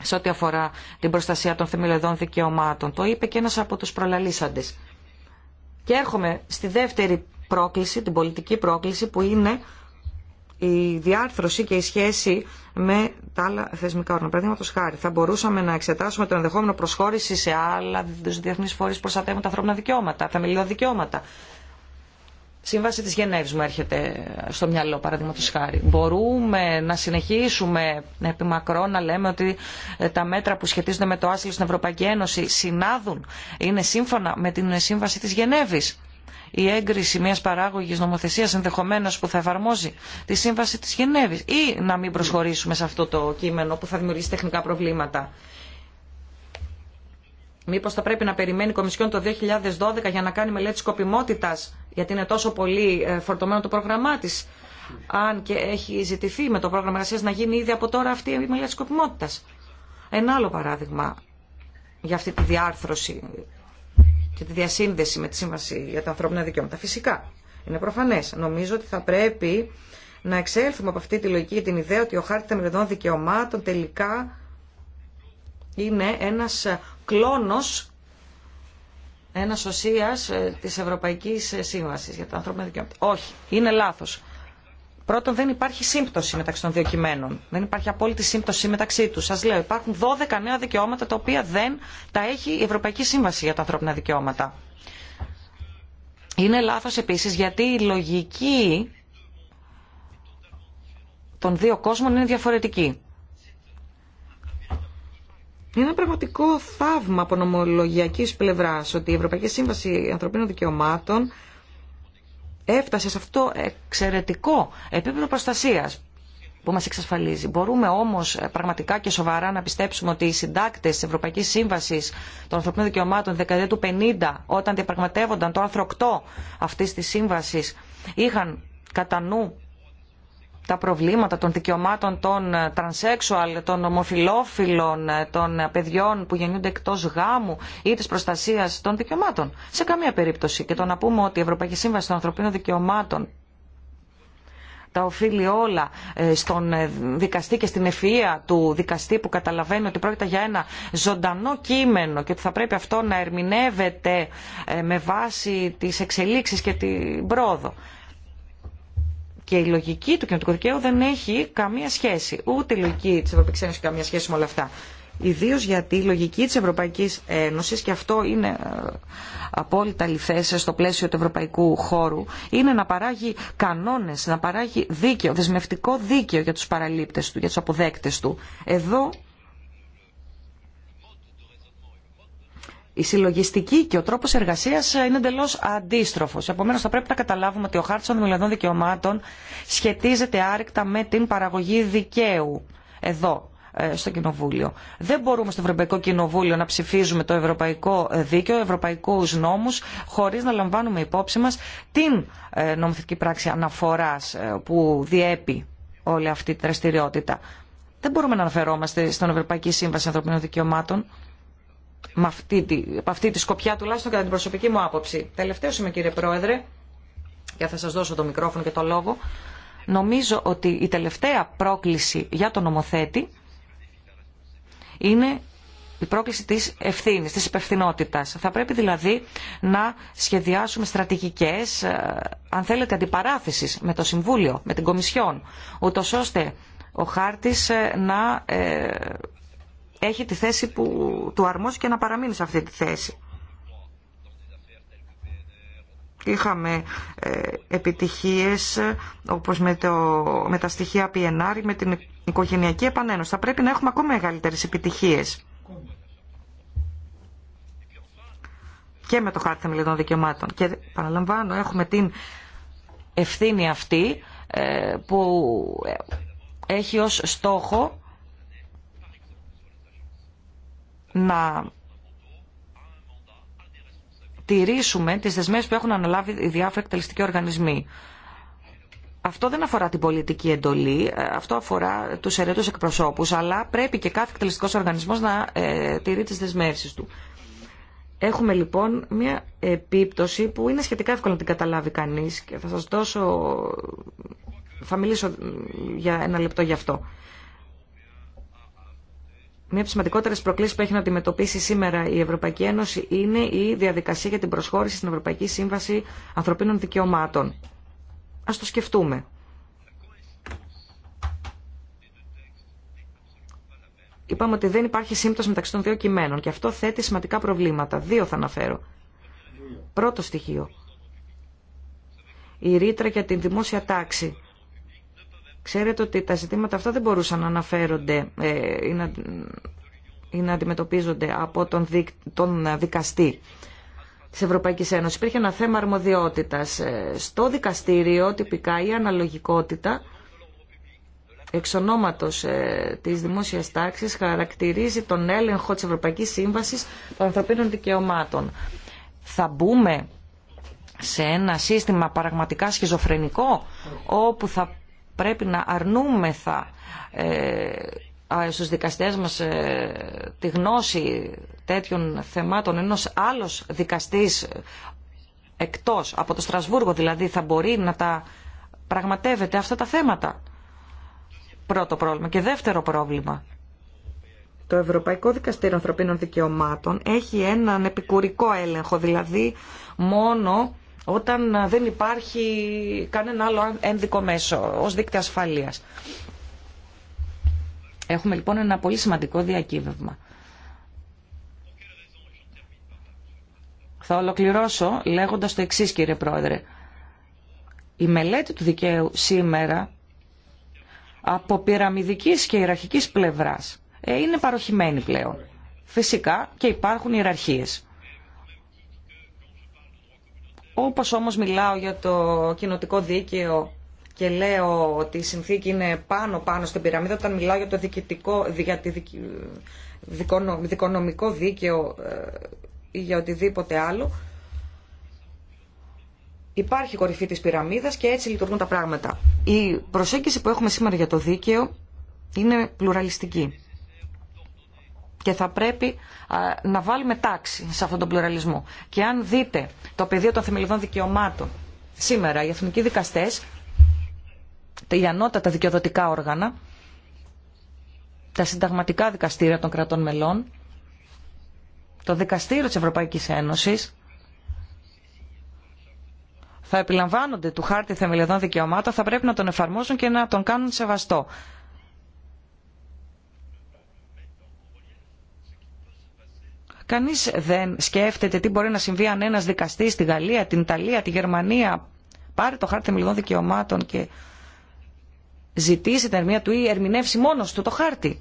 σε ό,τι αφορά την προστασία των θεμελιωδών δικαιωμάτων. Το είπε και ένας από τους προλαλήσαντες. Και έρχομαι στη δεύτερη πρόκληση, την πολιτική πρόκληση που είναι η διάρθρωση και η σχέση με τα άλλα θεσμικά όργανα. Παραδείγματο χάρη, θα μπορούσαμε να εξετάσουμε το ενδεχόμενο προσχώρηση σε άλλα διεθνεί φορεί προστατεύουν τα ανθρώπινα δικαιώματα, θεμελιώδη δικαιώματα. Σύμβαση της Γενέβης μου έρχεται στο μυαλό, παραδείγματος χάρη. Μπορούμε να συνεχίσουμε επιμακρό να λέμε ότι ε, τα μέτρα που σχετίζονται με το άσυλο στην Ευρωπαϊκή Ένωση συνάδουν, είναι σύμφωνα με την Σύμβαση της Γενέβης. Η έγκριση μια παράγωγη νομοθεσία ενδεχομένω που θα εφαρμόζει τη Σύμβαση τη Γενέβη ή να μην προσχωρήσουμε σε αυτό το κείμενο που θα δημιουργήσει τεχνικά προβλήματα. Μήπω θα πρέπει να περιμένει η Κομισιόν το 2012 για να κάνει μελέτη σκοπιμότητα γιατί είναι τόσο πολύ ε, φορτωμένο το πρόγραμμά τη, αν και έχει ζητηθεί με το πρόγραμμα εργασία να γίνει ήδη από τώρα αυτή η μελέτη τη σκοπιμότητα. Ένα άλλο παράδειγμα για αυτή τη διάρθρωση και τη διασύνδεση με τη Σύμβαση για τα Ανθρώπινα Δικαιώματα. Φυσικά, είναι προφανέ. Νομίζω ότι θα πρέπει να εξέλθουμε από αυτή τη λογική την ιδέα ότι ο χάρτη των δικαιωμάτων τελικά είναι ένα κλόνος ένα οσία ε, τη Ευρωπαϊκή Σύμβαση για τα ανθρώπινα δικαιώματα. Όχι, είναι λάθο. Πρώτον, δεν υπάρχει σύμπτωση μεταξύ των δύο κειμένων. Δεν υπάρχει απόλυτη σύμπτωση μεταξύ του. Σα λέω, υπάρχουν 12 νέα δικαιώματα τα οποία δεν τα έχει η Ευρωπαϊκή Σύμβαση για τα ανθρώπινα δικαιώματα. Είναι λάθος επίσης γιατί η λογική των δύο κόσμων είναι διαφορετική. Είναι ένα πραγματικό θαύμα από νομολογιακή πλευρά ότι η Ευρωπαϊκή Σύμβαση Ανθρωπίνων Δικαιωμάτων έφτασε σε αυτό εξαιρετικό επίπεδο προστασία που μας εξασφαλίζει. Μπορούμε όμως πραγματικά και σοβαρά να πιστέψουμε ότι οι συντάκτες τη Ευρωπαϊκής Σύμβασης των Ανθρωπίνων Δικαιωμάτων δεκαετία του 50 όταν διαπραγματεύονταν το άρθρο 8 αυτή τη σύμβαση, είχαν κατά νου τα προβλήματα των δικαιωμάτων των ε, τρανσέξουαλ, των ομοφιλόφιλων, ε, των ε, παιδιών που γεννιούνται εκτός γάμου ή της προστασίας των δικαιωμάτων. Σε καμία περίπτωση. Και το να πούμε ότι η Ευρωπαϊκή Σύμβαση των Ανθρωπίνων Δικαιωμάτων τα οφείλει όλα στον δικαστή και στην ευφυΐα του δικαστή που καταλαβαίνει ότι πρόκειται για ένα ζωντανό κείμενο και ότι θα πρέπει αυτό να ερμηνεύεται με βάση τις εξελίξεις και την πρόοδο. Και η λογική του κοινωτικού δικαίου δεν έχει καμία σχέση. Ούτε η λογική τη Ευρωπαϊκή Ένωση καμία σχέση με όλα αυτά. Ιδίω γιατί η λογική τη Ευρωπαϊκή Ένωση, και αυτό είναι ε, απόλυτα αληθέ στο πλαίσιο του ευρωπαϊκού χώρου, είναι να παράγει κανόνε, να παράγει δίκαιο, δεσμευτικό δίκαιο για του παραλήπτε του, για του αποδέκτε του. Εδώ η συλλογιστική και ο τρόπο εργασία είναι εντελώ αντίστροφο. Επομένω, θα πρέπει να καταλάβουμε ότι ο χάρτη των δημιουργικών δικαιωμάτων σχετίζεται άρρηκτα με την παραγωγή δικαίου εδώ, ε, στο Κοινοβούλιο. Δεν μπορούμε στο Ευρωπαϊκό Κοινοβούλιο να ψηφίζουμε το ευρωπαϊκό δίκαιο, ευρωπαϊκού νόμου, χωρί να λαμβάνουμε υπόψη μα την ε, νομοθετική πράξη αναφορά ε, που διέπει όλη αυτή τη δραστηριότητα. Δεν μπορούμε να αναφερόμαστε στον Ευρωπαϊκή Σύμβαση Ανθρωπίνων Δικαιωμάτων με αυτή, από αυτή τη σκοπιά τουλάχιστον κατά την προσωπική μου άποψη. Τελευταίο είμαι κύριε Πρόεδρε και θα σας δώσω το μικρόφωνο και το λόγο. Νομίζω ότι η τελευταία πρόκληση για τον νομοθέτη είναι η πρόκληση της ευθύνης, της υπευθυνότητας. Θα πρέπει δηλαδή να σχεδιάσουμε στρατηγικές, ε, αν θέλετε, αντιπαράθεσης με το Συμβούλιο, με την Κομισιόν, ούτως ώστε ο χάρτης ε, να ε, έχει τη θέση που του αρμόζει και να παραμείνει σε αυτή τη θέση. Είχαμε ε, επιτυχίες όπως με, το, τα στοιχεία PNR, με την οικογενειακή επανένωση. Θα πρέπει να έχουμε ακόμα μεγαλύτερες επιτυχίες. Και με το χάρτη των δικαιωμάτων. Και παραλαμβάνω, έχουμε την ευθύνη αυτή ε, που έχει ως στόχο να τηρήσουμε τις δεσμές που έχουν αναλάβει οι διάφοροι εκτελεστικοί οργανισμοί. Αυτό δεν αφορά την πολιτική εντολή, ε, αυτό αφορά τους αιρετούς εκπροσώπους, αλλά πρέπει και κάθε εκτελεστικός οργανισμός να ε, τηρεί τις δεσμεύσεις του. Έχουμε λοιπόν μια επίπτωση που είναι σχετικά εύκολο να την καταλάβει κανείς και θα σας δώσω, θα μιλήσω για ένα λεπτό γι' αυτό. Μία από τι σημαντικότερε προκλήσει που έχει να αντιμετωπίσει σήμερα η Ευρωπαϊκή Ένωση είναι η διαδικασία για την προσχώρηση στην Ευρωπαϊκή Σύμβαση Ανθρωπίνων Δικαιωμάτων. Ας το σκεφτούμε. Είπαμε ότι δεν υπάρχει σύμπτωση μεταξύ των δύο κειμένων και αυτό θέτει σημαντικά προβλήματα. Δύο θα αναφέρω. Πρώτο στοιχείο. Η ρήτρα για την δημόσια τάξη Ξέρετε ότι τα ζητήματα αυτά δεν μπορούσαν να αναφέρονται ε, ή να, να αντιμετωπίζονται από τον, τον δικαστή της Ευρωπαϊκής Ένωσης. Υπήρχε ένα θέμα αρμοδιότητας. Ε, στο δικαστήριο τυπικά η αναλογικότητα εξ ονόματος ε, της δημόσιας τάξης χαρακτηρίζει τον έλεγχο της Ευρωπαϊκής Σύμβασης των Ανθρωπίνων Δικαιωμάτων. Θα μπούμε σε ένα σύστημα πραγματικά σχιζοφρενικό όπου θα πρέπει να αρνούμεθα ε, στους δικαστές μας ε, τη γνώση τέτοιων θεμάτων ενός άλλος δικαστής ε, εκτός από το Στρασβούργο δηλαδή θα μπορεί να τα πραγματεύεται αυτά τα θέματα. Πρώτο πρόβλημα. Και δεύτερο πρόβλημα. Το Ευρωπαϊκό Δικαστήριο Ανθρωπίνων Δικαιωμάτων έχει έναν επικουρικό έλεγχο, δηλαδή μόνο όταν ε, δεν υπάρχει κανένα άλλο ένδικο μέσο ως δίκτυα ασφαλείας. Έχουμε λοιπόν ένα πολύ σημαντικό διακύβευμα. Θα ολοκληρώσω λέγοντας το εξής κύριε Πρόεδρε. Η μελέτη του δικαίου σήμερα από πυραμιδικής και ιεραρχικής πλευράς ε, είναι παροχημένη πλέον. Φυσικά και υπάρχουν ιεραρχίες. Όπως όμως μιλάω για το κοινοτικό δίκαιο και λέω ότι η συνθήκη είναι πάνω-πάνω στην πυραμίδα, όταν μιλάω για το για δικονομικό δίκαιο ε, ή για οτιδήποτε άλλο, υπάρχει κορυφή της πυραμίδας και έτσι λειτουργούν τα πράγματα. Η προσέγγιση που έχουμε σήμερα για το δίκαιο είναι πλουραλιστική και θα πρέπει να βάλουμε τάξη σε αυτόν τον πλουραλισμό. Και αν δείτε το πεδίο των θεμελιωδών δικαιωμάτων σήμερα, οι εθνικοί δικαστές, οι ανώτατα δικαιοδοτικά όργανα, τα συνταγματικά δικαστήρια των κρατών μελών, το δικαστήριο της Ευρωπαϊκής Ένωσης, θα επιλαμβάνονται του χάρτη θεμελιωδών δικαιωμάτων, θα πρέπει να τον εφαρμόσουν και να τον κάνουν σεβαστό. Κανείς δεν σκέφτεται τι μπορεί να συμβεί αν ένας δικαστής στη Γαλλία, την Ιταλία, τη Γερμανία πάρει το χάρτη θεμελιωδών δικαιωμάτων και ζητήσει την ερμηνεία του ή ερμηνεύσει μόνος του το χάρτη.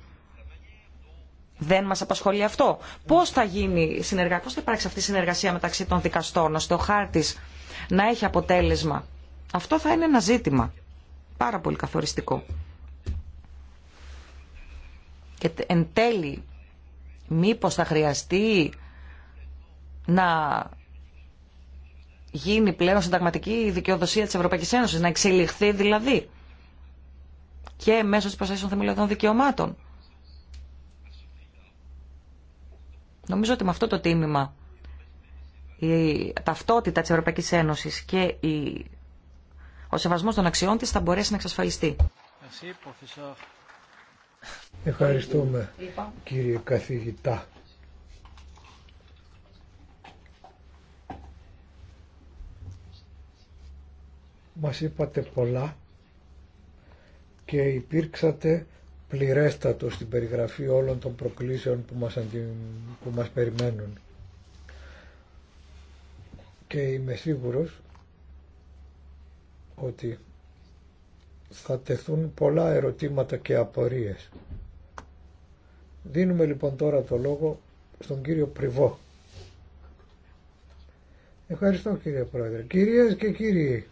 Δεν μας απασχολεί αυτό. Πώς θα γίνει συνεργά, πώς θα υπάρξει αυτή η συνεργασία μεταξύ των δικαστών ώστε ο χάρτη να έχει αποτέλεσμα. Αυτό θα είναι ένα ζήτημα πάρα πολύ καθοριστικό. Και εν τέλει μήπως θα χρειαστεί να γίνει πλέον συνταγματική δικαιοδοσία της Ευρωπαϊκής Ένωσης, να εξελιχθεί δηλαδή και μέσω της προστασίας των θεμελιωδών δικαιωμάτων. Νομίζω ότι με αυτό το τίμημα η ταυτότητα της Ευρωπαϊκής Ένωσης και η... ο σεβασμός των αξιών της θα μπορέσει να εξασφαλιστεί. Ευχαριστούμε κύριε καθηγητά. Μας είπατε πολλά και υπήρξατε πληρέστατο στην περιγραφή όλων των προκλήσεων που μας, που μας περιμένουν. Και είμαι σίγουρος ότι θα τεθούν πολλά ερωτήματα και απορίες. Δίνουμε λοιπόν τώρα το λόγο στον κύριο Πριβό. Ευχαριστώ κύριε Πρόεδρε. Κυρίες και κύριοι,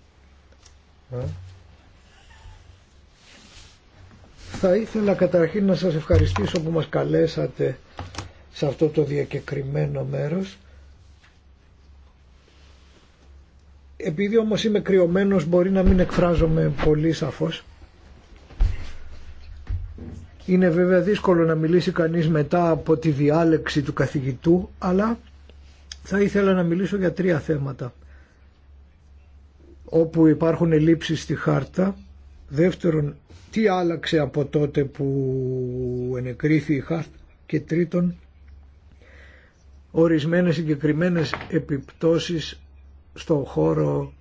θα ήθελα καταρχήν να σας ευχαριστήσω που μας καλέσατε σε αυτό το διακεκριμένο μέρος Επειδή όμως είμαι κρυωμένος μπορεί να μην εκφράζομαι πολύ σαφώς. Είναι βέβαια δύσκολο να μιλήσει κανείς μετά από τη διάλεξη του καθηγητού, αλλά θα ήθελα να μιλήσω για τρία θέματα. Όπου υπάρχουν ελλείψεις στη χάρτα. Δεύτερον, τι άλλαξε από τότε που ενεκρίθη η χάρτα. Και τρίτον, ορισμένες συγκεκριμένες επιπτώσεις στον χώρο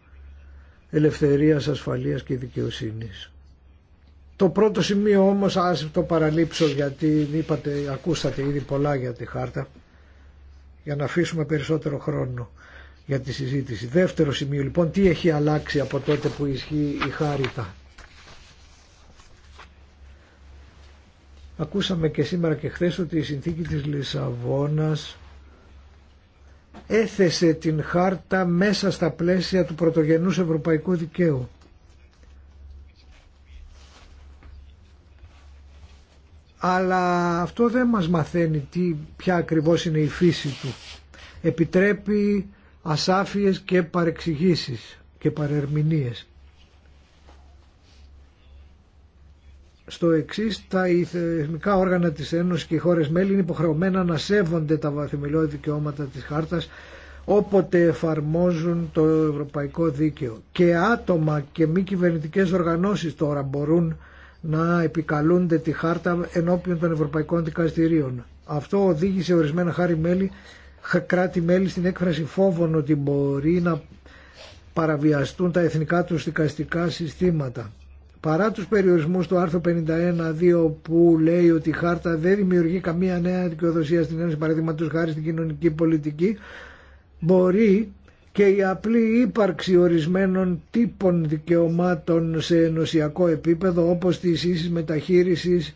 ελευθερίας, ασφαλείας και δικαιοσύνης. Το πρώτο σημείο όμως, ας το παραλείψω γιατί είπατε, ακούσατε ήδη πολλά για τη χάρτα, για να αφήσουμε περισσότερο χρόνο για τη συζήτηση. Δεύτερο σημείο λοιπόν, τι έχει αλλάξει από τότε που ισχύει η χάρτα. Ακούσαμε και σήμερα και χθες ότι η συνθήκη της Λισαβόνας έθεσε την χάρτα μέσα στα πλαίσια του πρωτογενούς ευρωπαϊκού δικαίου. Αλλά αυτό δεν μας μαθαίνει τι, ποια ακριβώς είναι η φύση του. Επιτρέπει ασάφειες και παρεξηγήσεις και παρερμηνίες. στο εξή τα εθνικά όργανα της Ένωσης και οι χώρες μέλη είναι υποχρεωμένα να σέβονται τα θεμελιώδη δικαιώματα της χάρτας όποτε εφαρμόζουν το ευρωπαϊκό δίκαιο. Και άτομα και μη κυβερνητικέ οργανώσεις τώρα μπορούν να επικαλούνται τη χάρτα ενώπιον των ευρωπαϊκών δικαστηρίων. Αυτό οδήγησε ορισμένα χάρη μέλη, κράτη-μέλη στην έκφραση φόβων ότι μπορεί να παραβιαστούν τα εθνικά του δικαστικά συστήματα. Παρά τους περιορισμούς του άρθρου 51.2 που λέει ότι η χάρτα δεν δημιουργεί καμία νέα δικαιοδοσία στην Ένωση παραδείγματος χάρη στην κοινωνική πολιτική, μπορεί και η απλή ύπαρξη ορισμένων τύπων δικαιωμάτων σε ενωσιακό επίπεδο όπως τις ίσεις μεταχείρισης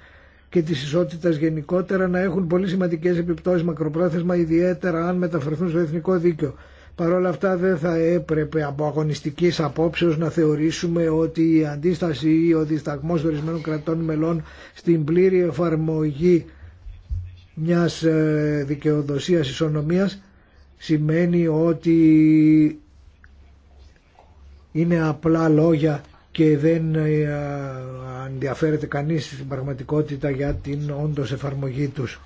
και της ισότητας γενικότερα να έχουν πολύ σημαντικές επιπτώσεις μακροπρόθεσμα ιδιαίτερα αν μεταφερθούν στο εθνικό δίκαιο. Παρ' όλα αυτά δεν θα έπρεπε από αγωνιστικής απόψεως να θεωρήσουμε ότι η αντίσταση ή ο δισταγμός ορισμένων κρατών μελών στην πλήρη εφαρμογή μιας ε, δικαιοδοσίας ισονομίας σημαίνει ότι είναι απλά λόγια και δεν ε, ενδιαφέρεται κανείς στην πραγματικότητα για την όντως εφαρμογή τους.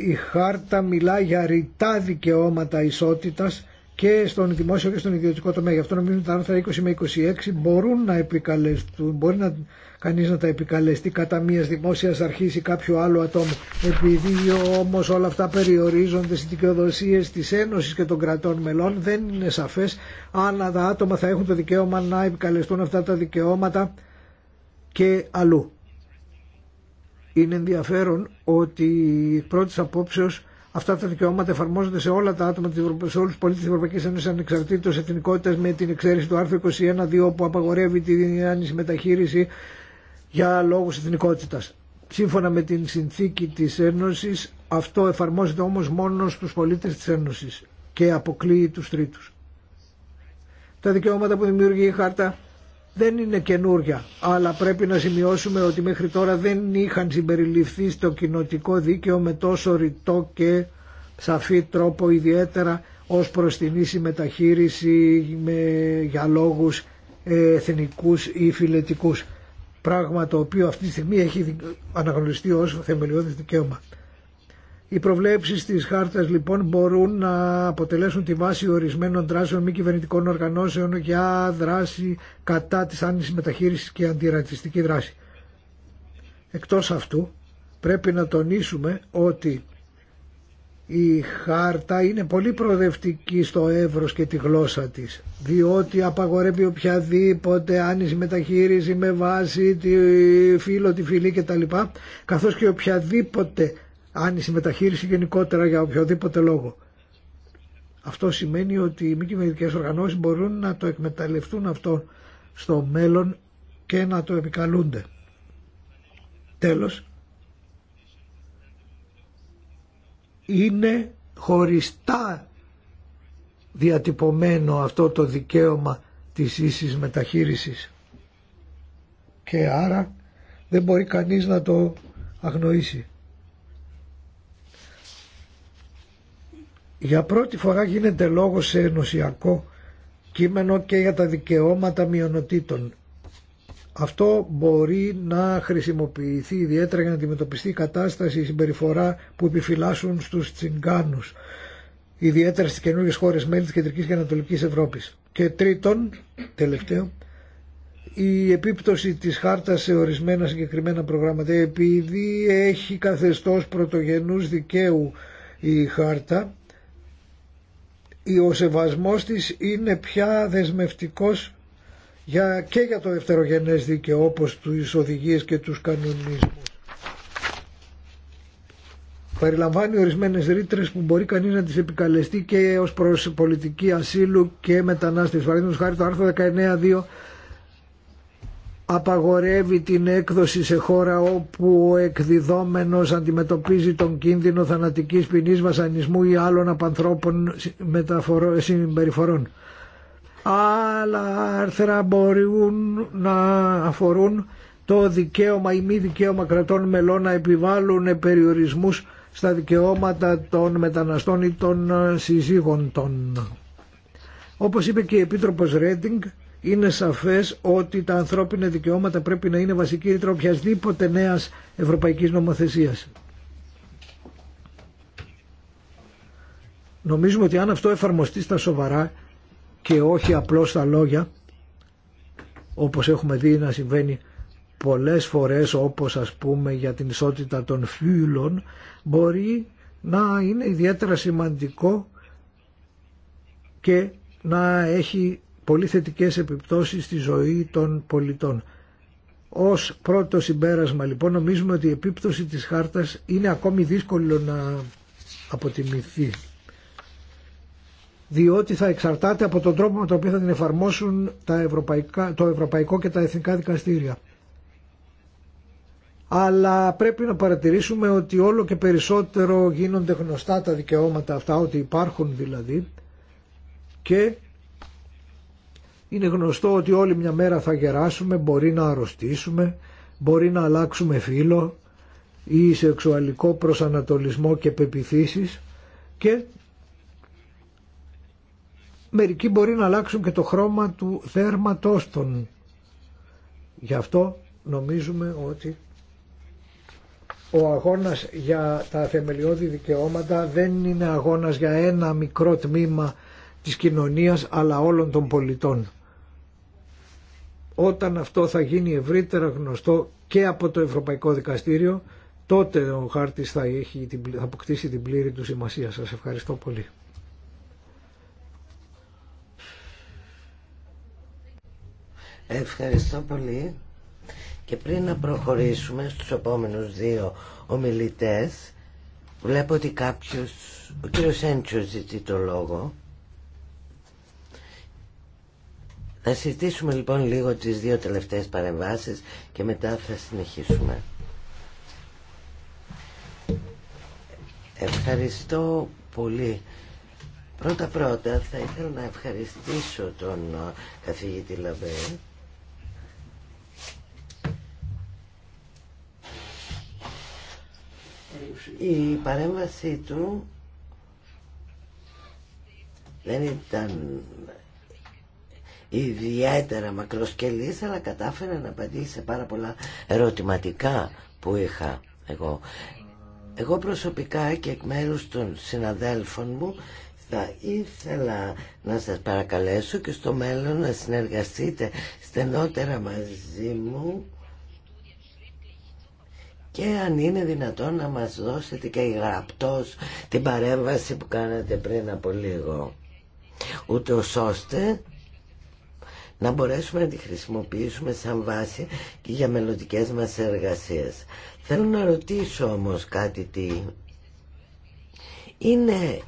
η χάρτα μιλά για ρητά δικαιώματα ισότητας και στον δημόσιο και στον ιδιωτικό τομέα. Γι' αυτό νομίζω ότι τα άρθρα 20 με 26 μπορούν να επικαλεστούν, μπορεί να, κανείς να τα επικαλεστεί κατά μια δημόσια αρχή ή κάποιο άλλο ατόμο. Επειδή όμω όλα αυτά περιορίζονται στι δικαιοδοσίε τη Ένωση και των κρατών μελών, δεν είναι σαφέ αν τα άτομα θα έχουν το δικαίωμα να επικαλεστούν αυτά τα δικαιώματα και αλλού. Είναι ενδιαφέρον ότι πρώτη απόψεως αυτά τα δικαιώματα εφαρμόζονται σε όλα τα άτομα, σε όλου του πολίτε τη Ευρωπαϊκή Ένωση ανεξαρτήτω εθνικότητα με την εξαίρεση του άρθρου 21.2 που απαγορεύει τη διάνυση μεταχείριση για λόγου εθνικότητα. Σύμφωνα με την συνθήκη τη Ένωση, αυτό εφαρμόζεται όμω μόνο στου πολίτε τη Ένωση και αποκλείει του τρίτου. Τα δικαιώματα που δημιουργεί η Χάρτα δεν είναι καινούρια, αλλά πρέπει να σημειώσουμε ότι μέχρι τώρα δεν είχαν συμπεριληφθεί στο κοινοτικό δίκαιο με τόσο ρητό και σαφή τρόπο ιδιαίτερα ως προς την ίση μεταχείριση με, για λόγους ε, εθνικούς ή φιλετικούς πράγμα το οποίο αυτή τη στιγμή έχει αναγνωριστεί ως θεμελιώδη δικαίωμα. Οι προβλέψεις της χάρτας λοιπόν μπορούν να αποτελέσουν τη βάση ορισμένων δράσεων μη κυβερνητικών οργανώσεων για δράση κατά της άνησης μεταχείρισης και αντιρατσιστική δράση. Εκτός αυτού πρέπει να τονίσουμε ότι η χάρτα είναι πολύ προοδευτική στο εύρος και τη γλώσσα της διότι απαγορεύει οποιαδήποτε άνηση μεταχείριση με βάση τη φίλο, τη φιλή κτλ καθώς και οποιαδήποτε η μεταχείριση γενικότερα για οποιοδήποτε λόγο. Αυτό σημαίνει ότι οι μη κυβερνητικέ οργανώσει μπορούν να το εκμεταλλευτούν αυτό στο μέλλον και να το επικαλούνται. Τέλος, είναι χωριστά διατυπωμένο αυτό το δικαίωμα της ίσης μεταχείρισης και άρα δεν μπορεί κανείς να το αγνοήσει. Για πρώτη φορά γίνεται λόγος σε ενωσιακό κείμενο και για τα δικαιώματα μειονοτήτων. Αυτό μπορεί να χρησιμοποιηθεί ιδιαίτερα για να αντιμετωπιστεί η κατάσταση, η συμπεριφορά που επιφυλάσσουν στους τσιγκάνους, ιδιαίτερα στις καινούριε χώρες μέλη της Κεντρικής και Ανατολικής Ευρώπης. Και τρίτον, τελευταίο, η επίπτωση της χάρτας σε ορισμένα συγκεκριμένα προγράμματα, επειδή έχει καθεστώς πρωτογενούς δικαίου η χάρτα, ο σεβασμός της είναι πια δεσμευτικός για, και για το δευτερογενές δίκαιο όπως τις οδηγίες και τους κανονισμούς. Περιλαμβάνει ορισμένες ρήτρε που μπορεί κανείς να τις επικαλεστεί και ως προς πολιτική ασύλου και μετανάστευση. Παραδείγματος χάρη το άρθρο 19.2 απαγορεύει την έκδοση σε χώρα όπου ο εκδιδόμενος αντιμετωπίζει τον κίνδυνο θανατικής ποινής βασανισμού ή άλλων απανθρώπων συμπεριφορών. Άλλα άρθρα μπορούν να αφορούν το δικαίωμα ή μη δικαίωμα κρατών μελών να επιβάλλουν περιορισμούς στα δικαιώματα των μεταναστών ή των συζύγων των. Όπως είπε και η Επίτροπος Ρέντινγκ, είναι σαφές ότι τα ανθρώπινα δικαιώματα πρέπει να είναι βασική ρήτρα οποιασδήποτε νέας ευρωπαϊκής νομοθεσίας. Νομίζουμε ότι αν αυτό εφαρμοστεί στα σοβαρά και όχι απλώς στα λόγια, όπως έχουμε δει να συμβαίνει πολλές φορές όπως ας πούμε για την ισότητα των φύλων, μπορεί να είναι ιδιαίτερα σημαντικό και να έχει πολύ θετικές επιπτώσεις στη ζωή των πολιτών. Ως πρώτο συμπέρασμα λοιπόν νομίζουμε ότι η επίπτωση της χάρτας είναι ακόμη δύσκολο να αποτιμηθεί διότι θα εξαρτάται από τον τρόπο με τον οποίο θα την εφαρμόσουν τα το Ευρωπαϊκό και τα Εθνικά Δικαστήρια. Αλλά πρέπει να παρατηρήσουμε ότι όλο και περισσότερο γίνονται γνωστά τα δικαιώματα αυτά, ότι υπάρχουν δηλαδή και είναι γνωστό ότι όλη μια μέρα θα γεράσουμε, μπορεί να αρρωστήσουμε, μπορεί να αλλάξουμε φίλο ή σεξουαλικό προσανατολισμό και πεπιθήσεις και μερικοί μπορεί να αλλάξουν και το χρώμα του θέρματός των. Γι' αυτό νομίζουμε ότι ο αγώνας για τα θεμελιώδη δικαιώματα δεν είναι αγώνας για ένα μικρό τμήμα της κοινωνίας αλλά όλων των πολιτών. Όταν αυτό θα γίνει ευρύτερα γνωστό και από το Ευρωπαϊκό Δικαστήριο, τότε ο χάρτης θα, έχει, θα αποκτήσει την πλήρη του σημασία. Σας ευχαριστώ πολύ. Ευχαριστώ πολύ. Και πριν να προχωρήσουμε στους επόμενους δύο ομιλητές, βλέπω ότι κάποιος, ο κύριος Έντσιος ζητεί το λόγο. Θα συζητήσουμε λοιπόν λίγο τις δύο τελευταίες παρεμβάσεις και μετά θα συνεχίσουμε. Ευχαριστώ πολύ. Πρώτα πρώτα θα ήθελα να ευχαριστήσω τον καθηγητή Λαβέ. Η παρέμβασή του δεν ήταν ιδιαίτερα μακροσκελής αλλά κατάφερα να απαντήσει σε πάρα πολλά ερωτηματικά που είχα εγώ. Εγώ προσωπικά και εκ μέρους των συναδέλφων μου θα ήθελα να σας παρακαλέσω και στο μέλλον να συνεργαστείτε στενότερα μαζί μου και αν είναι δυνατόν να μας δώσετε και γραπτός την παρέμβαση που κάνατε πριν από λίγο Ούτε ώστε να μπορέσουμε να τη χρησιμοποιήσουμε σαν βάση και για μελλοντικέ μας εργασίες. Θέλω να ρωτήσω όμως κάτι τι είναι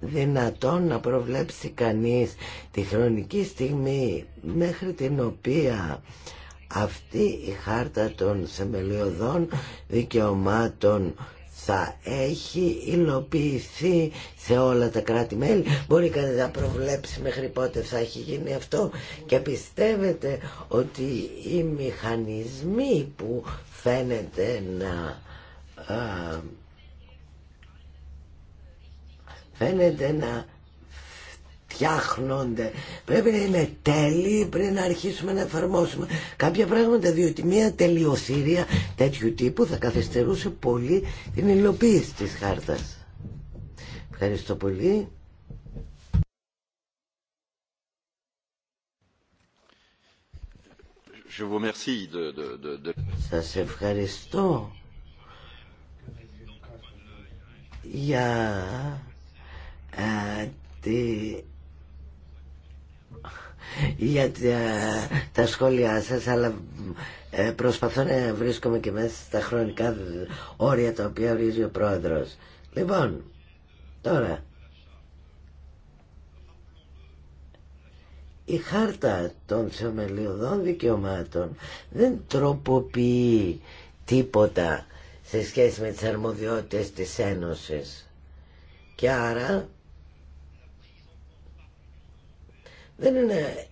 δυνατόν να προβλέψει κανείς τη χρονική στιγμή μέχρι την οποία αυτή η χάρτα των σεμελιωδών δικαιωμάτων θα έχει υλοποιηθεί σε όλα τα κράτη-μέλη. Μπορεί κανεί να προβλέψει μέχρι πότε θα έχει γίνει αυτό και πιστεύετε ότι οι μηχανισμοί που φαίνεται να φαίνεται να φτιάχνονται. Πρέπει να είναι τέλειοι πριν να αρχίσουμε να εφαρμόσουμε κάποια πράγματα, διότι μια τελειοθυρία τέτοιου τύπου θα καθυστερούσε πολύ την υλοποίηση της χάρτας. Ευχαριστώ πολύ. Σας ευχαριστώ για την ε, τη για τα σχόλιά σας αλλά ε, προσπαθώ να βρίσκομαι και μέσα στα χρονικά όρια τα οποία ορίζει ο πρόεδρος λοιπόν τώρα η χάρτα των θεμελιωδών δικαιωμάτων δεν τροποποιεί τίποτα σε σχέση με τις αρμοδιότητες της Ένωσης και άρα δεν είναι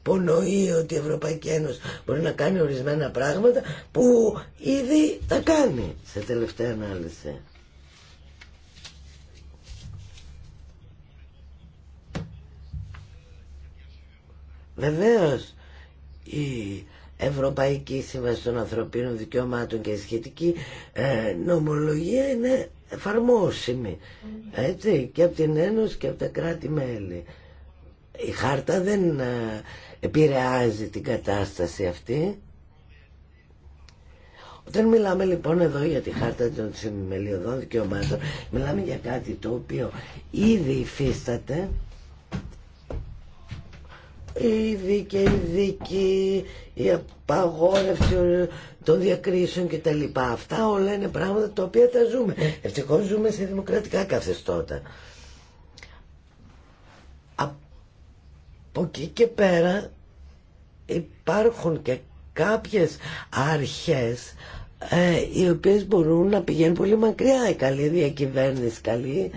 υπονοεί ότι η Ευρωπαϊκή Ένωση μπορεί να κάνει ορισμένα πράγματα που ήδη τα κάνει σε τελευταία ανάλυση. Βεβαίως η Ευρωπαϊκή Σύμβαση των Ανθρωπίνων Δικαιωμάτων και η σχετική ε, νομολογία είναι εφαρμόσιμη mm. έτσι, και από την Ένωση και από τα κράτη-μέλη η χάρτα δεν επηρεάζει την κατάσταση αυτή. Όταν μιλάμε λοιπόν εδώ για τη χάρτα των συμμελιωδών δικαιωμάτων, μιλάμε για κάτι το οποίο ήδη υφίσταται, η δίκη, η δίκη, η απαγόρευση των διακρίσεων κτλ. Αυτά όλα είναι πράγματα τα οποία τα ζούμε. Ευτυχώς ζούμε σε δημοκρατικά καθεστώτα. Από εκεί και πέρα υπάρχουν και κάποιες αρχές ε, οι οποίες μπορούν να πηγαίνουν πολύ μακριά η καλή διακυβέρνηση, καλή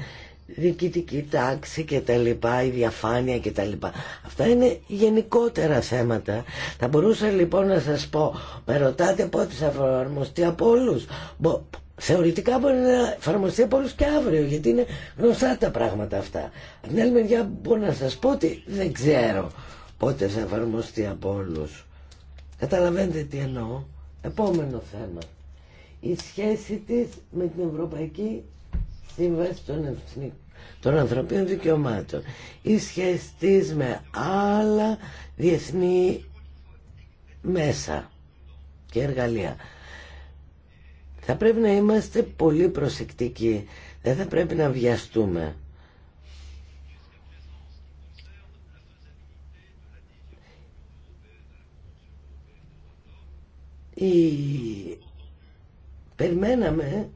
διοικητική τάξη και τα λοιπά, η διαφάνεια και τα λοιπά. Αυτά είναι γενικότερα θέματα. Θα μπορούσα λοιπόν να σας πω, με ρωτάτε πότε θα εφαρμοστεί από όλους θεωρητικά μπορεί να εφαρμοστεί από όλους και αύριο γιατί είναι γνωστά τα πράγματα αυτά. Από την άλλη μεριά μπορώ να σας πω ότι δεν ξέρω πότε θα εφαρμοστεί από όλους. Καταλαβαίνετε τι εννοώ. Επόμενο θέμα. Η σχέση της με την Ευρωπαϊκή Σύμβαση των, των Ανθρωπίνων Δικαιωμάτων. Η σχέση της με άλλα διεθνή μέσα και εργαλεία. Θα πρέπει να είμαστε πολύ προσεκτικοί. Δεν θα πρέπει να βιαστούμε. Η... Περιμέναμε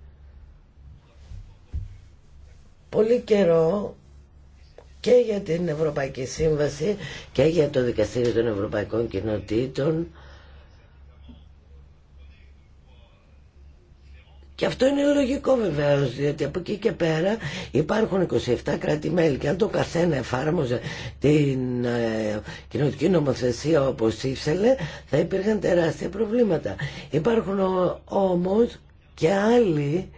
πολύ καιρό και για την Ευρωπαϊκή Σύμβαση και για το Δικαστήριο των Ευρωπαϊκών Κοινοτήτων Και αυτό είναι λογικό βεβαίω, διότι από εκεί και πέρα υπάρχουν 27 κράτη-μέλη και αν το καθένα εφάρμοζε την ε, κοινωτική νομοθεσία όπω ήθελε, θα υπήρχαν τεράστια προβλήματα. Υπάρχουν όμω και άλλοι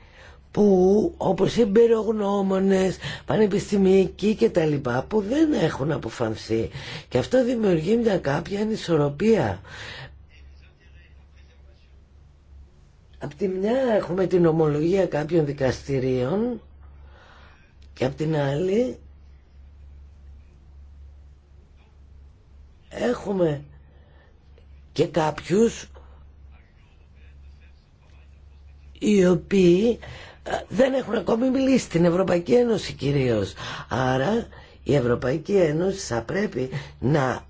που όπως οι εμπειρογνώμονες, πανεπιστημιακοί και τα λοιπά που δεν έχουν αποφανθεί και αυτό δημιουργεί μια κάποια ανισορροπία Απ' τη μια έχουμε την ομολογία κάποιων δικαστηρίων και απ' την άλλη έχουμε και κάποιους οι οποίοι ε, δεν έχουν ακόμη μιλήσει στην Ευρωπαϊκή Ένωση κυρίως. Άρα η Ευρωπαϊκή Ένωση θα πρέπει να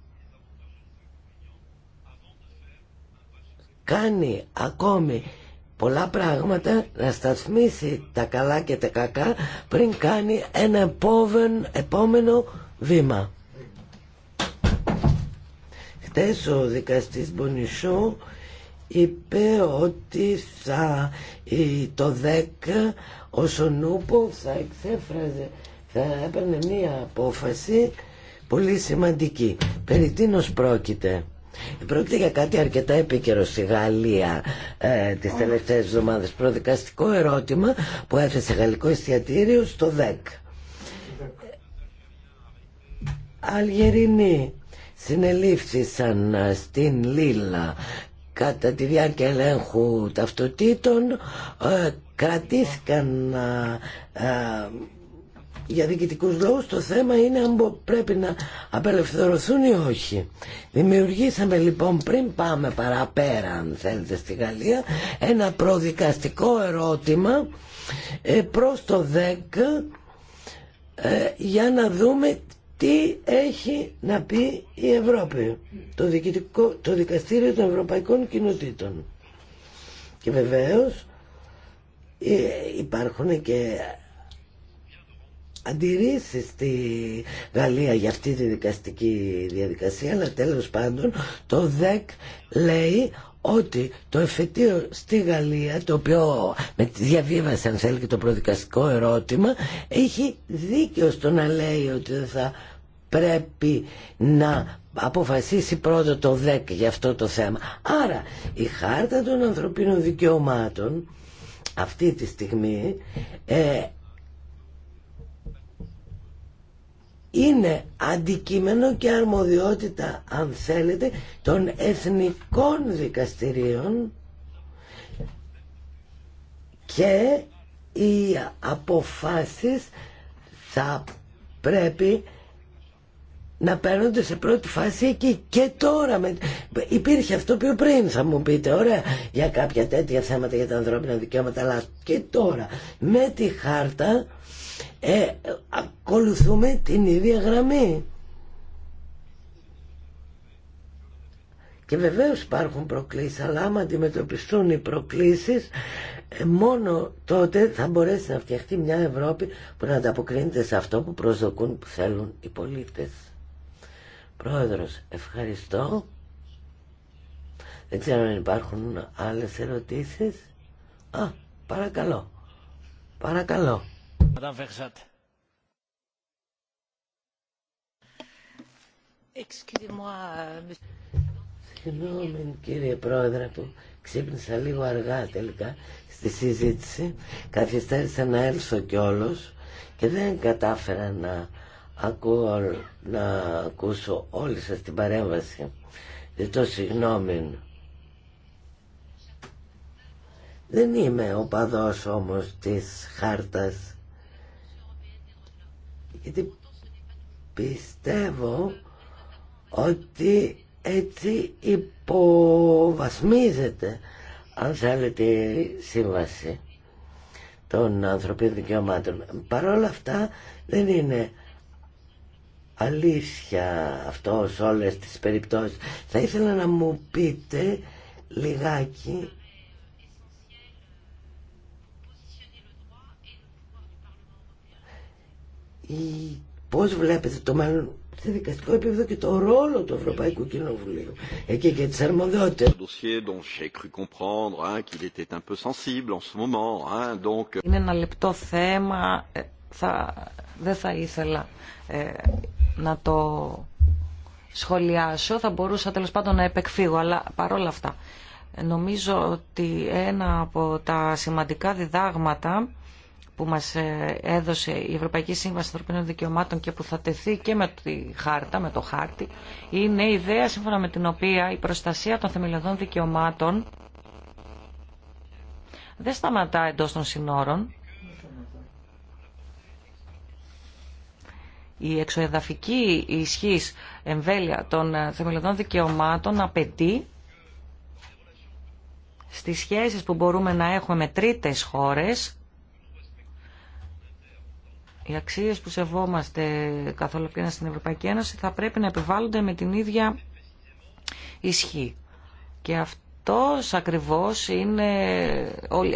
κάνει ακόμη πολλά πράγματα να σταθμίσει τα καλά και τα κακά πριν κάνει ένα επόμενο, επόμενο βήμα. Χτες ο δικαστής Μπονισό είπε ότι θα, το 10 ο Σονούπο θα εξέφραζε, θα έπαιρνε μία απόφαση πολύ σημαντική. Περί πρόκειται. Πρόκειται για κάτι αρκετά επίκαιρο στη Γαλλία ε, τις τελευταίες εβδομάδες. Προδικαστικό ερώτημα που έφεσε γαλλικό εστιατήριο στο ΔΕΚ. Αλγερινοί συνελήφθησαν ε, στην Λίλα κατά τη διάρκεια ελέγχου ταυτοτήτων ε, κρατήθηκαν ε, για διοικητικούς λόγους το θέμα είναι αν πρέπει να απελευθερωθούν ή όχι. Δημιουργήσαμε λοιπόν πριν πάμε παραπέρα αν θέλετε στη Γαλλία ένα προδικαστικό ερώτημα ε, προς το ΔΕΚ ε, για να δούμε τι έχει να πει η Ευρώπη, το, διοικητικό, το Δικαστήριο των Ευρωπαϊκών Κοινοτήτων. Και βεβαίως ε, υπάρχουν και αντιρρήσει στη Γαλλία για αυτή τη δικαστική διαδικασία αλλά τέλος πάντων το ΔΕΚ λέει ότι το εφετείο στη Γαλλία το οποίο με τη διαβίβαση αν θέλει και το προδικαστικό ερώτημα έχει δίκιο στο να λέει ότι θα πρέπει να αποφασίσει πρώτα το ΔΕΚ για αυτό το θέμα. Άρα η χάρτα των ανθρωπίνων δικαιωμάτων αυτή τη στιγμή ε, είναι αντικείμενο και αρμοδιότητα αν θέλετε των εθνικών δικαστηρίων και οι αποφάσεις θα πρέπει να παίρνονται σε πρώτη φάση εκεί και τώρα. Με... Υπήρχε αυτό πιο πριν, θα μου πείτε, ωραία, για κάποια τέτοια θέματα για τα ανθρώπινα δικαιώματα, αλλά και τώρα με τη χάρτα ε, ακολουθούμε την ίδια γραμμή. Και βεβαίως υπάρχουν προκλήσεις, αλλά άμα αντιμετωπιστούν οι προκλήσεις, ε, μόνο τότε θα μπορέσει να φτιαχτεί μια Ευρώπη που να ανταποκρίνεται σε αυτό που προσδοκούν, που θέλουν οι πολίτες. Πρόεδρος, ευχαριστώ. Δεν ξέρω αν υπάρχουν άλλες ερωτήσεις. Α, παρακαλώ. Παρακαλώ. Συγγνώμη κύριε Πρόεδρε που ξύπνησα λίγο αργά τελικά στη συζήτηση. Καθυστέρησα να έλθω κιόλος και δεν κατάφερα να, ακούω, να ακούσω όλη σας την παρέμβαση. Ζητώ συγγνώμη. Δεν είμαι ο παδός όμως της χάρτας γιατί πιστεύω ότι έτσι υποβασμίζεται, αν θέλετε η σύμβαση των ανθρωπίνων δικαιωμάτων. Παρ' όλα αυτά δεν είναι αλήθεια αυτό σε όλες τις περιπτώσεις. Θα ήθελα να μου πείτε λιγάκι ή πώς βλέπετε το μέλλον σε δικαστικό επίπεδο και το ρόλο του Ευρωπαϊκού Κοινοβουλίου εκεί και τι αρμοδιότητε. Euh, Είναι ένα λεπτό θέμα, ε, θα, δεν θα ήθελα ε, να το σχολιάσω, θα μπορούσα τέλος πάντων να επεκφύγω, αλλά παρόλα αυτά. Νομίζω ότι ένα από τα σημαντικά διδάγματα που μας ε, έδωσε η Ευρωπαϊκή Σύμβαση Ανθρωπίνων Δικαιωμάτων και που θα τεθεί και με τη χάρτα, με το χάρτη, είναι η ιδέα σύμφωνα με την οποία η προστασία των θεμελιωδών δικαιωμάτων δεν σταματά εντός των συνόρων. Η εξοεδαφική ισχύς εμβέλεια των ε, θεμελιωδών δικαιωμάτων απαιτεί στις σχέσεις που μπορούμε να έχουμε με τρίτες χώρες οι αξίες που σεβόμαστε καθ' ολοκλήρα στην Ευρωπαϊκή Ένωση θα πρέπει να επιβάλλονται με την ίδια ισχύ. Και αυτό ακριβώς είναι,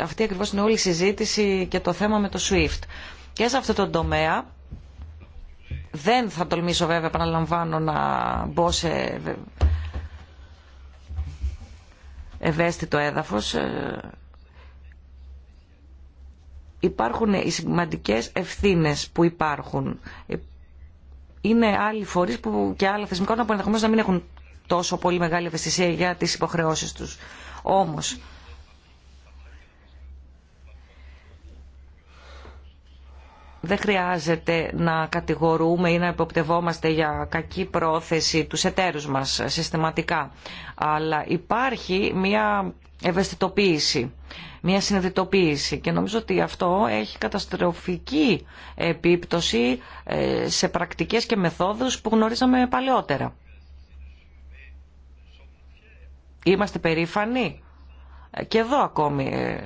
αυτή ακριβώς είναι όλη η συζήτηση και το θέμα με το SWIFT. Και σε αυτό το τομέα δεν θα τολμήσω βέβαια, επαναλαμβάνω, να μπω σε ευαίσθητο έδαφος ε, υπάρχουν οι σημαντικές ευθύνες που υπάρχουν. Είναι άλλοι φορείς που και άλλα θεσμικά που ενδεχομένω να μην έχουν τόσο πολύ μεγάλη ευαισθησία για τις υποχρεώσεις τους. Όμως, δεν χρειάζεται να κατηγορούμε ή να υποπτευόμαστε για κακή πρόθεση τους εταίρους μας συστηματικά. Αλλά υπάρχει μια ευαισθητοποίηση, μια συνειδητοποίηση και νομίζω ότι αυτό έχει καταστροφική επίπτωση ε, σε πρακτικές και μεθόδους που γνωρίζαμε παλαιότερα. Είμαστε περήφανοι και εδώ ακόμη ε,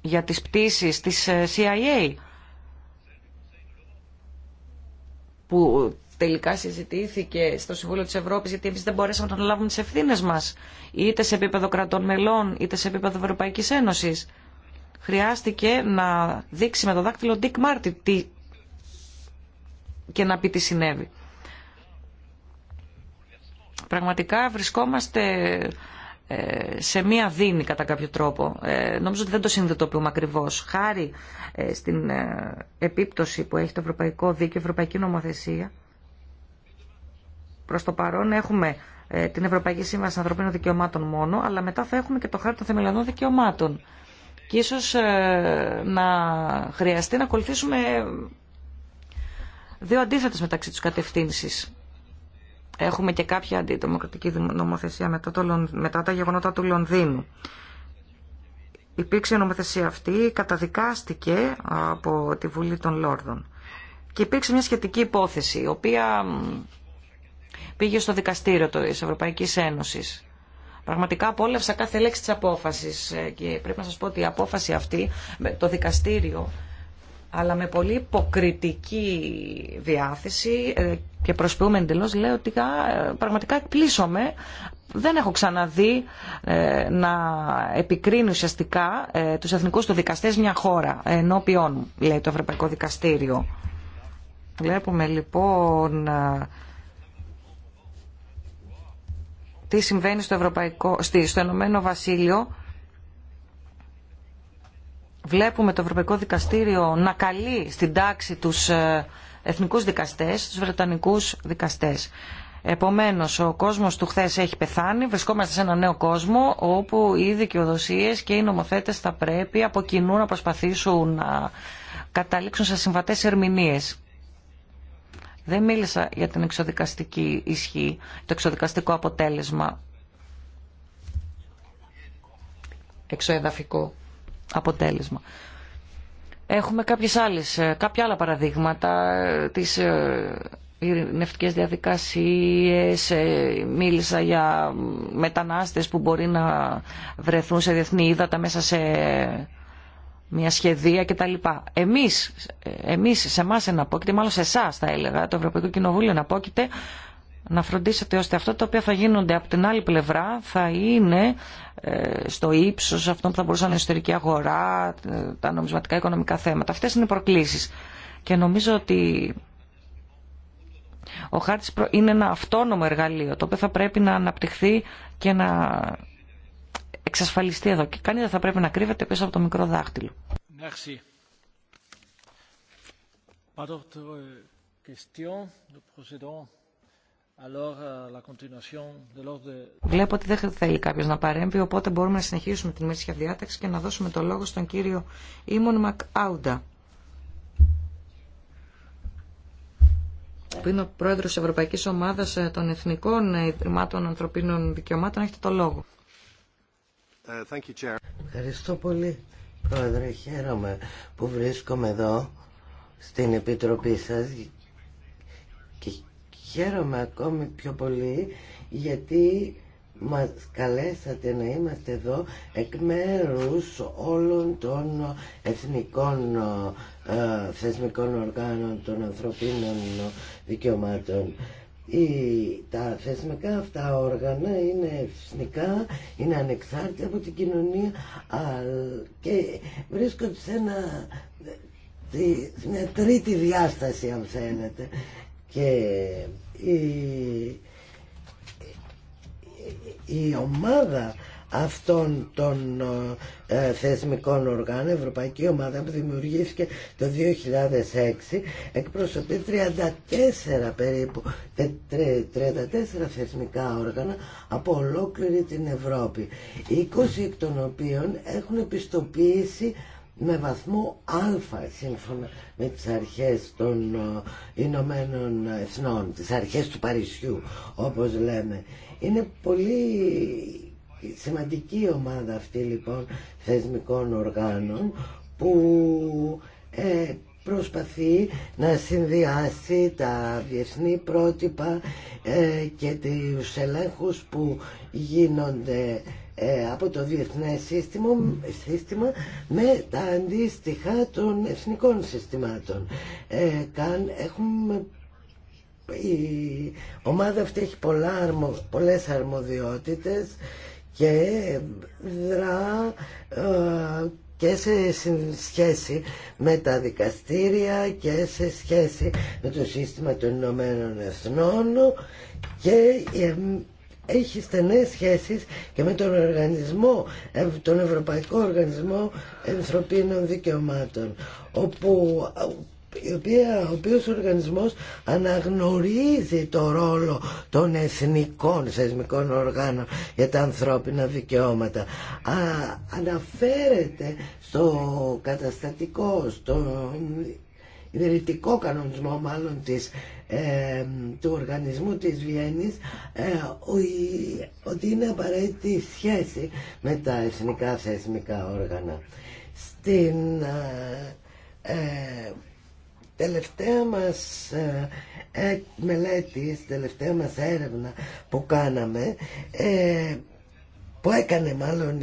για τις πτήσεις της ε, CIA που τελικά συζητήθηκε στο Συμβούλιο της Ευρώπης γιατί εμείς δεν μπορέσαμε να αναλάβουμε τις ευθύνες μας είτε σε επίπεδο κρατών μελών είτε σε επίπεδο Ευρωπαϊκής Ένωσης. Χρειάστηκε να δείξει με το δάκτυλο Dick Μάρτι τι... και να πει τι συνέβη. Πραγματικά βρισκόμαστε ε, σε μία δίνη κατά κάποιο τρόπο. Ε, νομίζω ότι δεν το συνειδητοποιούμε ακριβώ. Χάρη ε, στην επίπτωση που έχει το Ευρωπαϊκό Δίκαιο, η Ευρωπαϊκή Νομοθεσία, προ το παρόν έχουμε την Ευρωπαϊκή Σύμβαση Ανθρωπίνων Δικαιωμάτων μόνο, αλλά μετά θα έχουμε και το χάρτη των θεμελιωδών δικαιωμάτων. Και ίσως να χρειαστεί να ακολουθήσουμε δύο αντίθετε μεταξύ του κατευθύνσεις. Έχουμε και κάποια αντιδημοκρατική νομοθεσία μετά, το, μετά τα γεγονότα του Λονδίνου. Υπήρξε η νομοθεσία αυτή, καταδικάστηκε από τη Βουλή των Λόρδων. Και υπήρξε μια σχετική υπόθεση, η οποία πήγε στο δικαστήριο τη Ευρωπαϊκής Ένωσης. Πραγματικά απόλαυσα κάθε λέξη τη απόφασης ε, και πρέπει να σας πω ότι η απόφαση αυτή, το δικαστήριο αλλά με πολύ υποκριτική διάθεση ε, και προσποιούμε εντελώ, λέω ότι πραγματικά εκπλήσωμαι. Δεν έχω ξαναδεί ε, να επικρίνει ουσιαστικά ε, τους εθνικούς του δικαστές μια χώρα ενώπιόν λέει το Ευρωπαϊκό Δικαστήριο. Βλέπουμε λοιπόν τι συμβαίνει στο, Ευρωπαϊκό, στο Ενωμένο Βασίλειο βλέπουμε το Ευρωπαϊκό Δικαστήριο να καλεί στην τάξη τους ε, εθνικούς δικαστές, τους βρετανικούς δικαστές. Επομένως, ο κόσμος του χθες έχει πεθάνει, βρισκόμαστε σε ένα νέο κόσμο όπου οι δικαιοδοσίε και οι νομοθέτες θα πρέπει από κοινού να προσπαθήσουν να καταλήξουν σε συμβατές ερμηνείες. Δεν μίλησα για την εξοδικαστική ισχύ, το εξοδικαστικό αποτέλεσμα εξοεδαφικό αποτέλεσμα. Έχουμε κάποιες άλλες, ε, κάποια άλλα παραδείγματα ε, της ειρηνευτικές διαδικασίες, ε, μίλησα για μετανάστες που μπορεί να βρεθούν σε διεθνή ύδατα μέσα σε μια σχεδία κτλ. Εμείς, εμείς σε εμάς εναπόκειται, μάλλον σε εσά θα έλεγα, το Ευρωπαϊκό Κοινοβούλιο εναπόκειται να φροντίσετε ώστε αυτό τα οποία θα γίνονται από την άλλη πλευρά θα είναι ε, στο ύψος αυτό που θα μπορούσαν να εσωτερική αγορά, ε, τα νομισματικά οικονομικά θέματα. Αυτές είναι οι προκλήσεις. Και νομίζω ότι ο χάρτης είναι ένα αυτόνομο εργαλείο το οποίο θα πρέπει να αναπτυχθεί και να εξασφαλιστεί εδώ. Και κανεί δεν θα πρέπει να κρύβεται πίσω από το μικρό δάχτυλο. Merci. Euh, Βλέπω ότι δεν θέλει κάποιος να παρέμβει, οπότε μπορούμε να συνεχίσουμε την για διάταξη και να δώσουμε το λόγο στον κύριο Ήμον Μακάουντα, που είναι ο πρόεδρος της Ευρωπαϊκής Ομάδας ε, των Εθνικών Ιδρυμάτων Ανθρωπίνων Δικαιωμάτων. Έχετε το λόγο. Ε, Ευχαριστώ πολύ, πρόεδρε. Χαίρομαι που βρίσκομαι εδώ στην Επιτροπή σας Χαίρομαι ακόμη πιο πολύ γιατί μας καλέσατε να είμαστε εδώ εκ μέρους όλων των εθνικών ε, θεσμικών οργάνων των ανθρωπίνων δικαιωμάτων. Η, τα θεσμικά αυτά όργανα είναι εθνικά, είναι ανεξάρτητα από την κοινωνία και βρίσκονται σε ένα σε μια τρίτη διάσταση αν θέλετε και η, ομάδα αυτών των ε, θεσμικών οργάνων, Ευρωπαϊκή Ομάδα που δημιουργήθηκε το 2006, εκπροσωπεί 34 περίπου, 34 θεσμικά όργανα από ολόκληρη την Ευρώπη, 20 εκ των οποίων έχουν επιστοποιήσει με βαθμό α σύμφωνα με τις αρχές των ε, Ηνωμένων Εθνών, τις αρχές του Παρισιού όπως λέμε. Είναι πολύ σημαντική ομάδα αυτή λοιπόν θεσμικών οργάνων που ε, προσπαθεί να συνδυάσει τα διεθνή πρότυπα ε, και τους ελέγχους που γίνονται ε, από το διεθνές σύστημα, σύστημα με τα αντίστοιχα των εθνικών συστημάτων. Ε, καν έχουμε η ομάδα αυτή έχει πολλά πολλές αρμοδιότητες και δρά ε, και σε σχέση με τα δικαστήρια και σε σχέση με το σύστημα των Ηνωμένων Εθνών και ε, έχει στενές σχέσεις και με τον οργανισμό, ε, τον Ευρωπαϊκό Οργανισμό Ανθρωπίνων Δικαιωμάτων, όπου ο οποίος οργανισμός αναγνωρίζει το ρόλο των εθνικών θεσμικών οργάνων για τα ανθρώπινα δικαιώματα. Α, αναφέρεται στο καταστατικό, στο ιδρυτικό κανονισμό μάλλον της του οργανισμού της Βιέννης ε, ότι είναι απαραίτητη σχέση με τα εθνικά θεσμικά όργανα. Στην ε, ε, τελευταία μας μελέτη, στην τελευταία μας έρευνα που κάναμε που έκανε μάλλον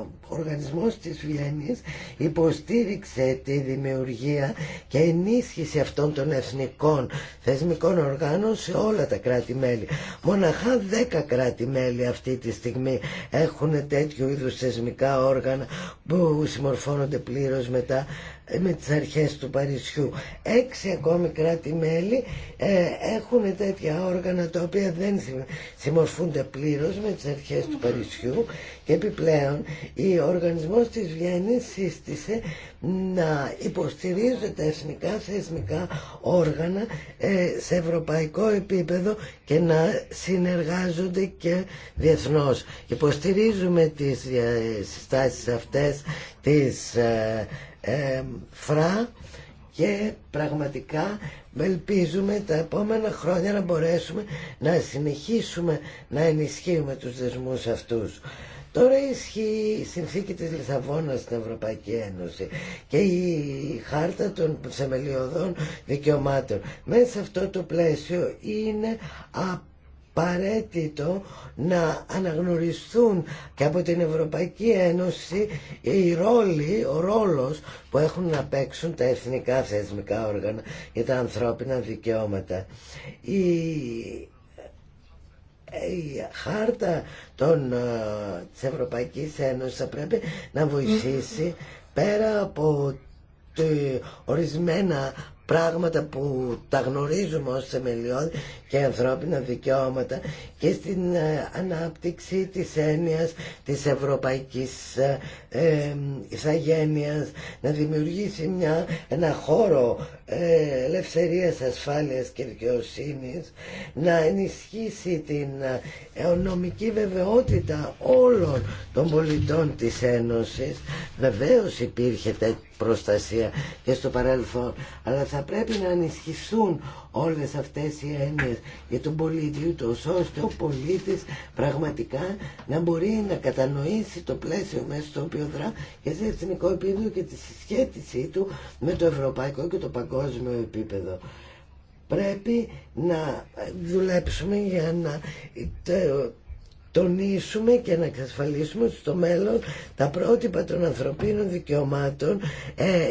ο οργανισμός της Βιέννης υποστήριξε τη δημιουργία και ενίσχυση αυτών των εθνικών θεσμικών οργάνων σε όλα τα κράτη-μέλη. Μοναχά δεκα κράτη-μέλη αυτή τη στιγμή έχουν τέτοιου είδους θεσμικά όργανα που συμμορφώνονται πλήρως μετά. Ε, με τις αρχές του Παρισιού. Έξι ακόμη κράτη-μέλη ε, έχουν τέτοια όργανα τα οποία δεν συμμορφούνται πλήρως με τις αρχές του Παρισιού και επιπλέον ο οργανισμός της Βιέννης σύστησε να υποστηρίζονται τα εθνικά θεσμικά όργανα ε, σε ευρωπαϊκό επίπεδο και να συνεργάζονται και διεθνώς. Υποστηρίζουμε τις συστάσεις αυτές της φρά και πραγματικά ελπίζουμε τα επόμενα χρόνια να μπορέσουμε να συνεχίσουμε να ενισχύουμε τους δεσμούς αυτούς. Τώρα ισχύει η συνθήκη της Λισαβόνας στην Ευρωπαϊκή Ένωση και η χάρτα των θεμελιωδών δικαιωμάτων. Μέσα σε αυτό το πλαίσιο είναι απαραίτητο να αναγνωριστούν και από την Ευρωπαϊκή Ένωση οι ρόλοι, ο ρόλος που έχουν να παίξουν τα εθνικά θεσμικά όργανα για τα ανθρώπινα δικαιώματα. Η, η χάρτα των, ε, της Ευρωπαϊκής Ένωσης θα πρέπει να βοηθήσει πέρα από ορισμένα πράγματα που τα γνωρίζουμε ως θεμελιώδη και ανθρώπινα δικαιώματα και στην ε, ανάπτυξη της έννοιας της ευρωπαϊκής ε, να δημιουργήσει μια, ένα χώρο ε, ελευθερίας, ασφάλειας και δικαιοσύνης να ενισχύσει την ε, νομική βεβαιότητα όλων των πολιτών της Ένωσης βεβαίως υπήρχε τέτοια προστασία και στο παρελθόν αλλά θα πρέπει να ενισχυθούν όλες αυτές οι έννοιες για τον πολίτη ούτως ώστε ο πολίτης πραγματικά να μπορεί να κατανοήσει το πλαίσιο μέσα στο οποίο δρά και σε εθνικό επίπεδο και τη συσχέτισή του με το ευρωπαϊκό και το παγκόσμιο επίπεδο. Πρέπει να δουλέψουμε για να τονίσουμε και να εξασφαλίσουμε στο μέλλον τα πρότυπα των ανθρωπίνων δικαιωμάτων ε,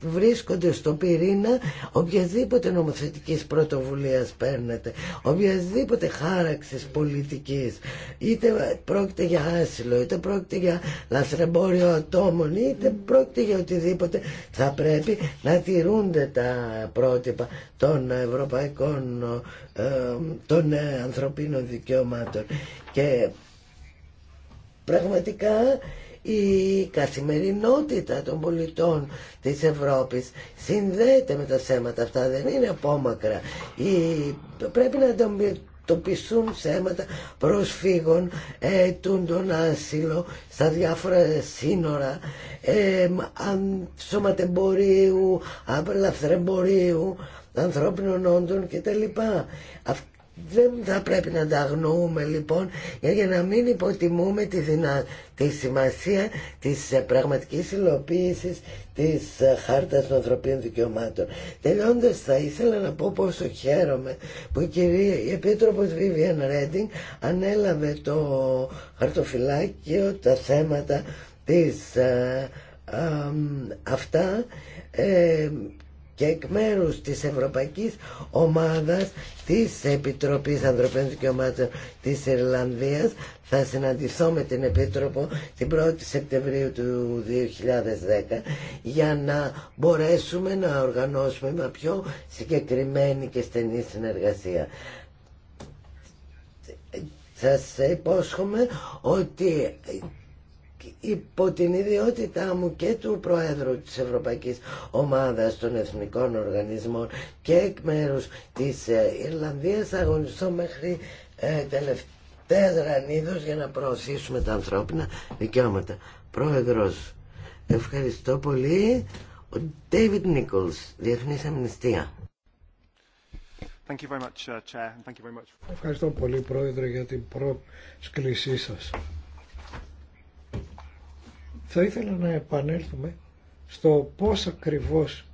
βρίσκονται στο πυρήνα οποιασδήποτε νομοθετικής πρωτοβουλίας παίρνετε, οποιασδήποτε χάραξης πολιτικής, είτε πρόκειται για άσυλο, είτε πρόκειται για λαθρεμπόριο ατόμων, είτε πρόκειται για οτιδήποτε, θα πρέπει να τηρούνται τα πρότυπα των ευρωπαϊκών, ε, των ε, ανθρωπίνων δικαιωμάτων. Και πραγματικά η καθημερινότητα των πολιτών της Ευρώπης συνδέεται με τα θέματα αυτά, δεν είναι απόμακρα. Η... Πρέπει να αντιμετωπιστούν θέματα προσφύγων, τουν τον άσυλο στα διάφορα σύνορα, ε, σωματεμπορίου, απελαθρεμπορίου, ανθρώπινων όντων κτλ δεν θα πρέπει να τα αγνοούμε λοιπόν για να μην υποτιμούμε τη, δυνα... τη σημασία της ε, πραγματικής υλοποίησης της ε, Χάρτας των Ανθρωπίνων Δικαιωμάτων. Τελειώντας θα ήθελα να πω πόσο χαίρομαι που η κυρία η Επίτροπος Vivian Redding ανέλαβε το χαρτοφυλάκιο τα θέματα της ε, αυτά και εκ μέρους της Ευρωπαϊκής Ομάδας της Επιτροπής Ανθρωπίνων Δικαιωμάτων της Ιρλανδίας θα συναντηθώ με την Επίτροπο την 1η Σεπτεμβρίου του 2010 για να μπορέσουμε να οργανώσουμε με πιο συγκεκριμένη και στενή συνεργασία. Σας υπόσχομαι ότι υπό την ιδιότητά μου και του Προέδρου της Ευρωπαϊκής Ομάδας των Εθνικών Οργανισμών και εκ μέρους της ε, Ιρλανδίας αγωνιστώ μέχρι ε, τελευταία δρανίδος για να προωθήσουμε τα ανθρώπινα δικαιώματα. Πρόεδρος, ευχαριστώ πολύ. Ο David Nichols, Διεθνής Αμνηστία. Ευχαριστώ πολύ, Πρόεδρε, για την πρόσκλησή σας. Θα ήθελα να επανέλθουμε στο πώς ακριβώς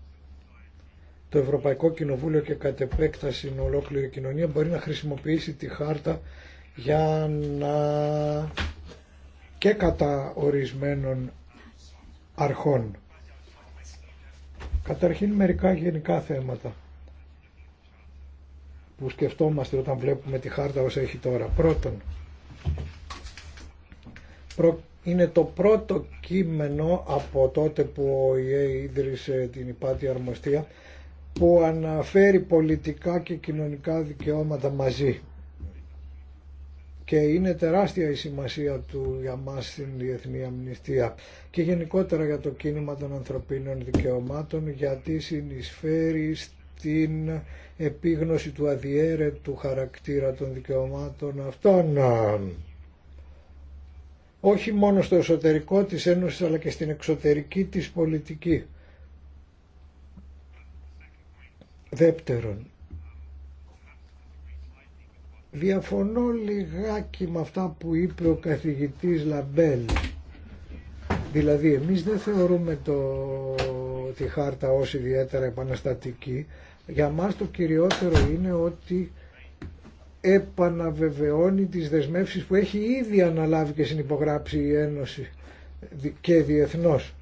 το Ευρωπαϊκό Κοινοβούλιο και κατ' επέκταση η ολόκληρη κοινωνία μπορεί να χρησιμοποιήσει τη χάρτα για να και κατά ορισμένων αρχών. Καταρχήν μερικά γενικά θέματα που σκεφτόμαστε όταν βλέπουμε τη χάρτα όσα έχει τώρα. Πρώτον, είναι το πρώτο κείμενο από τότε που ο ΙΕ ίδρυσε την υπάτη αρμοστία που αναφέρει πολιτικά και κοινωνικά δικαιώματα μαζί. Και είναι τεράστια η σημασία του για μας στην Διεθνή Αμνηστία και γενικότερα για το κίνημα των ανθρωπίνων δικαιωμάτων γιατί συνεισφέρει στην επίγνωση του αδιέρετου χαρακτήρα των δικαιωμάτων αυτών όχι μόνο στο εσωτερικό της Ένωσης αλλά και στην εξωτερική της πολιτική. Δεύτερον, διαφωνώ λιγάκι με αυτά που είπε ο καθηγητής Λαμπέλ. Δηλαδή εμείς δεν θεωρούμε το, τη χάρτα ως ιδιαίτερα επαναστατική. Για μας το κυριότερο είναι ότι επαναβεβαιώνει τις δεσμεύσεις που έχει ήδη αναλάβει και συνυπογράψει η Ένωση και διεθνώς.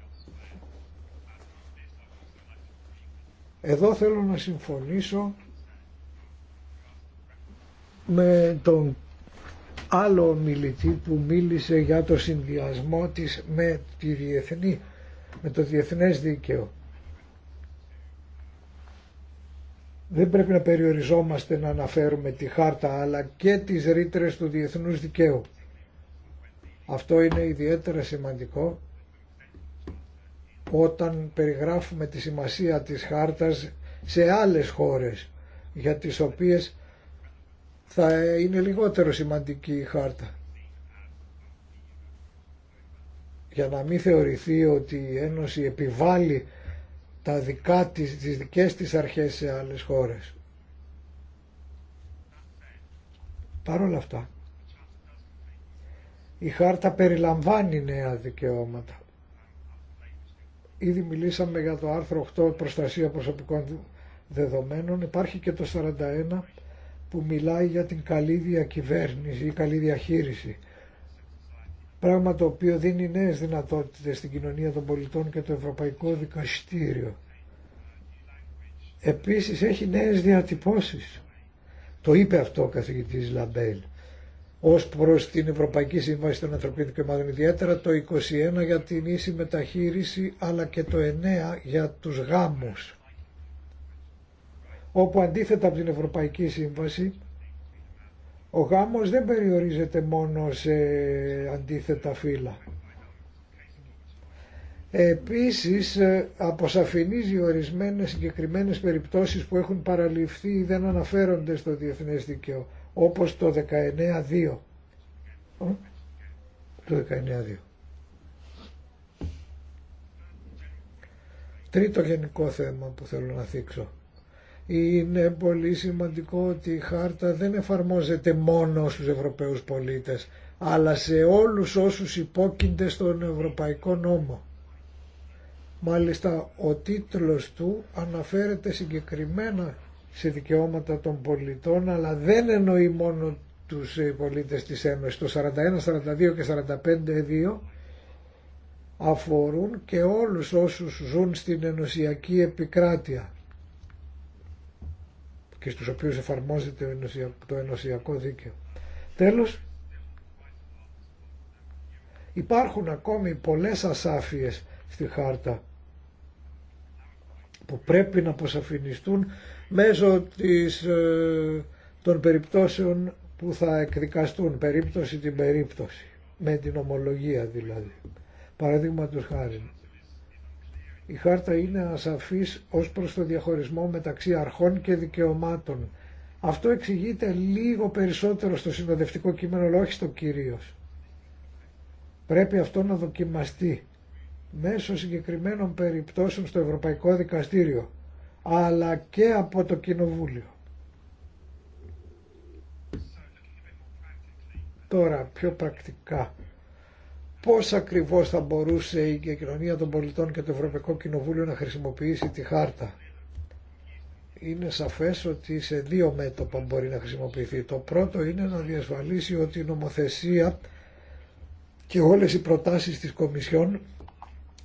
Εδώ θέλω να συμφωνήσω με τον άλλο μιλητή που μίλησε για το συνδυασμό της με, τη διεθνή, με το διεθνές δίκαιο. Δεν πρέπει να περιοριζόμαστε να αναφέρουμε τη χάρτα αλλά και τις ρήτρε του διεθνούς δικαίου. Αυτό είναι ιδιαίτερα σημαντικό όταν περιγράφουμε τη σημασία της χάρτας σε άλλες χώρες για τις οποίες θα είναι λιγότερο σημαντική η χάρτα. Για να μην θεωρηθεί ότι η Ένωση επιβάλλει τα δικά της, τις δικές της αρχές σε άλλες χώρες. Παρ' όλα αυτά, η χάρτα περιλαμβάνει νέα δικαιώματα. Ήδη μιλήσαμε για το άρθρο 8 προστασία προσωπικών δεδομένων. Υπάρχει και το 41 που μιλάει για την καλή διακυβέρνηση ή καλή διαχείριση πράγμα το οποίο δίνει νέες δυνατότητες στην κοινωνία των πολιτών και το Ευρωπαϊκό Δικαστήριο. Επίσης έχει νέες διατυπώσεις. Το είπε αυτό ο καθηγητής Λαμπέλ. Ως προς την Ευρωπαϊκή Σύμβαση των Ανθρωπίνων Δικαιωμάτων, ιδιαίτερα το 21 για την ίση μεταχείριση, αλλά και το 9 για τους γάμους. Όπου αντίθετα από την Ευρωπαϊκή Σύμβαση, ο γάμος δεν περιορίζεται μόνο σε αντίθετα φύλλα. Επίσης ε, αποσαφηνίζει ορισμένες συγκεκριμένες περιπτώσεις που έχουν παραλυφθεί ή δεν αναφέρονται στο διεθνές δίκαιο, όπως το 19.2. Το 19.2. Τρίτο γενικό θέμα που θέλω να θίξω. Είναι πολύ σημαντικό ότι η χάρτα δεν εφαρμόζεται μόνο στους Ευρωπαίους πολίτες, αλλά σε όλους όσους υπόκεινται στον Ευρωπαϊκό νόμο. Μάλιστα ο τίτλος του αναφέρεται συγκεκριμένα σε δικαιώματα των πολιτών, αλλά δεν εννοεί μόνο τους ε, πολίτες της Ένωσης. Το 41, 42 και 45 2 αφορούν και όλους όσους ζουν στην ενωσιακή επικράτεια και στους οποίους εφαρμόζεται το ενωσιακό δίκαιο. Τέλος, υπάρχουν ακόμη πολλές ασάφειες στη χάρτα που πρέπει να αποσαφινιστούν μέσω της, ε, των περιπτώσεων που θα εκδικαστούν περίπτωση την περίπτωση με την ομολογία δηλαδή παραδείγματος χάρη η χάρτα είναι ασαφής ως προς το διαχωρισμό μεταξύ αρχών και δικαιωμάτων. Αυτό εξηγείται λίγο περισσότερο στο συνοδευτικό κείμενο, αλλά όχι στο κυρίως. Πρέπει αυτό να δοκιμαστεί μέσω συγκεκριμένων περιπτώσεων στο Ευρωπαϊκό Δικαστήριο, αλλά και από το Κοινοβούλιο. Τώρα, πιο πρακτικά, πώς ακριβώς θα μπορούσε η κοινωνία των πολιτών και το Ευρωπαϊκό Κοινοβούλιο να χρησιμοποιήσει τη χάρτα. Είναι σαφές ότι σε δύο μέτωπα μπορεί να χρησιμοποιηθεί. Το πρώτο είναι να διασφαλίσει ότι η νομοθεσία και όλες οι προτάσεις της Κομισιόν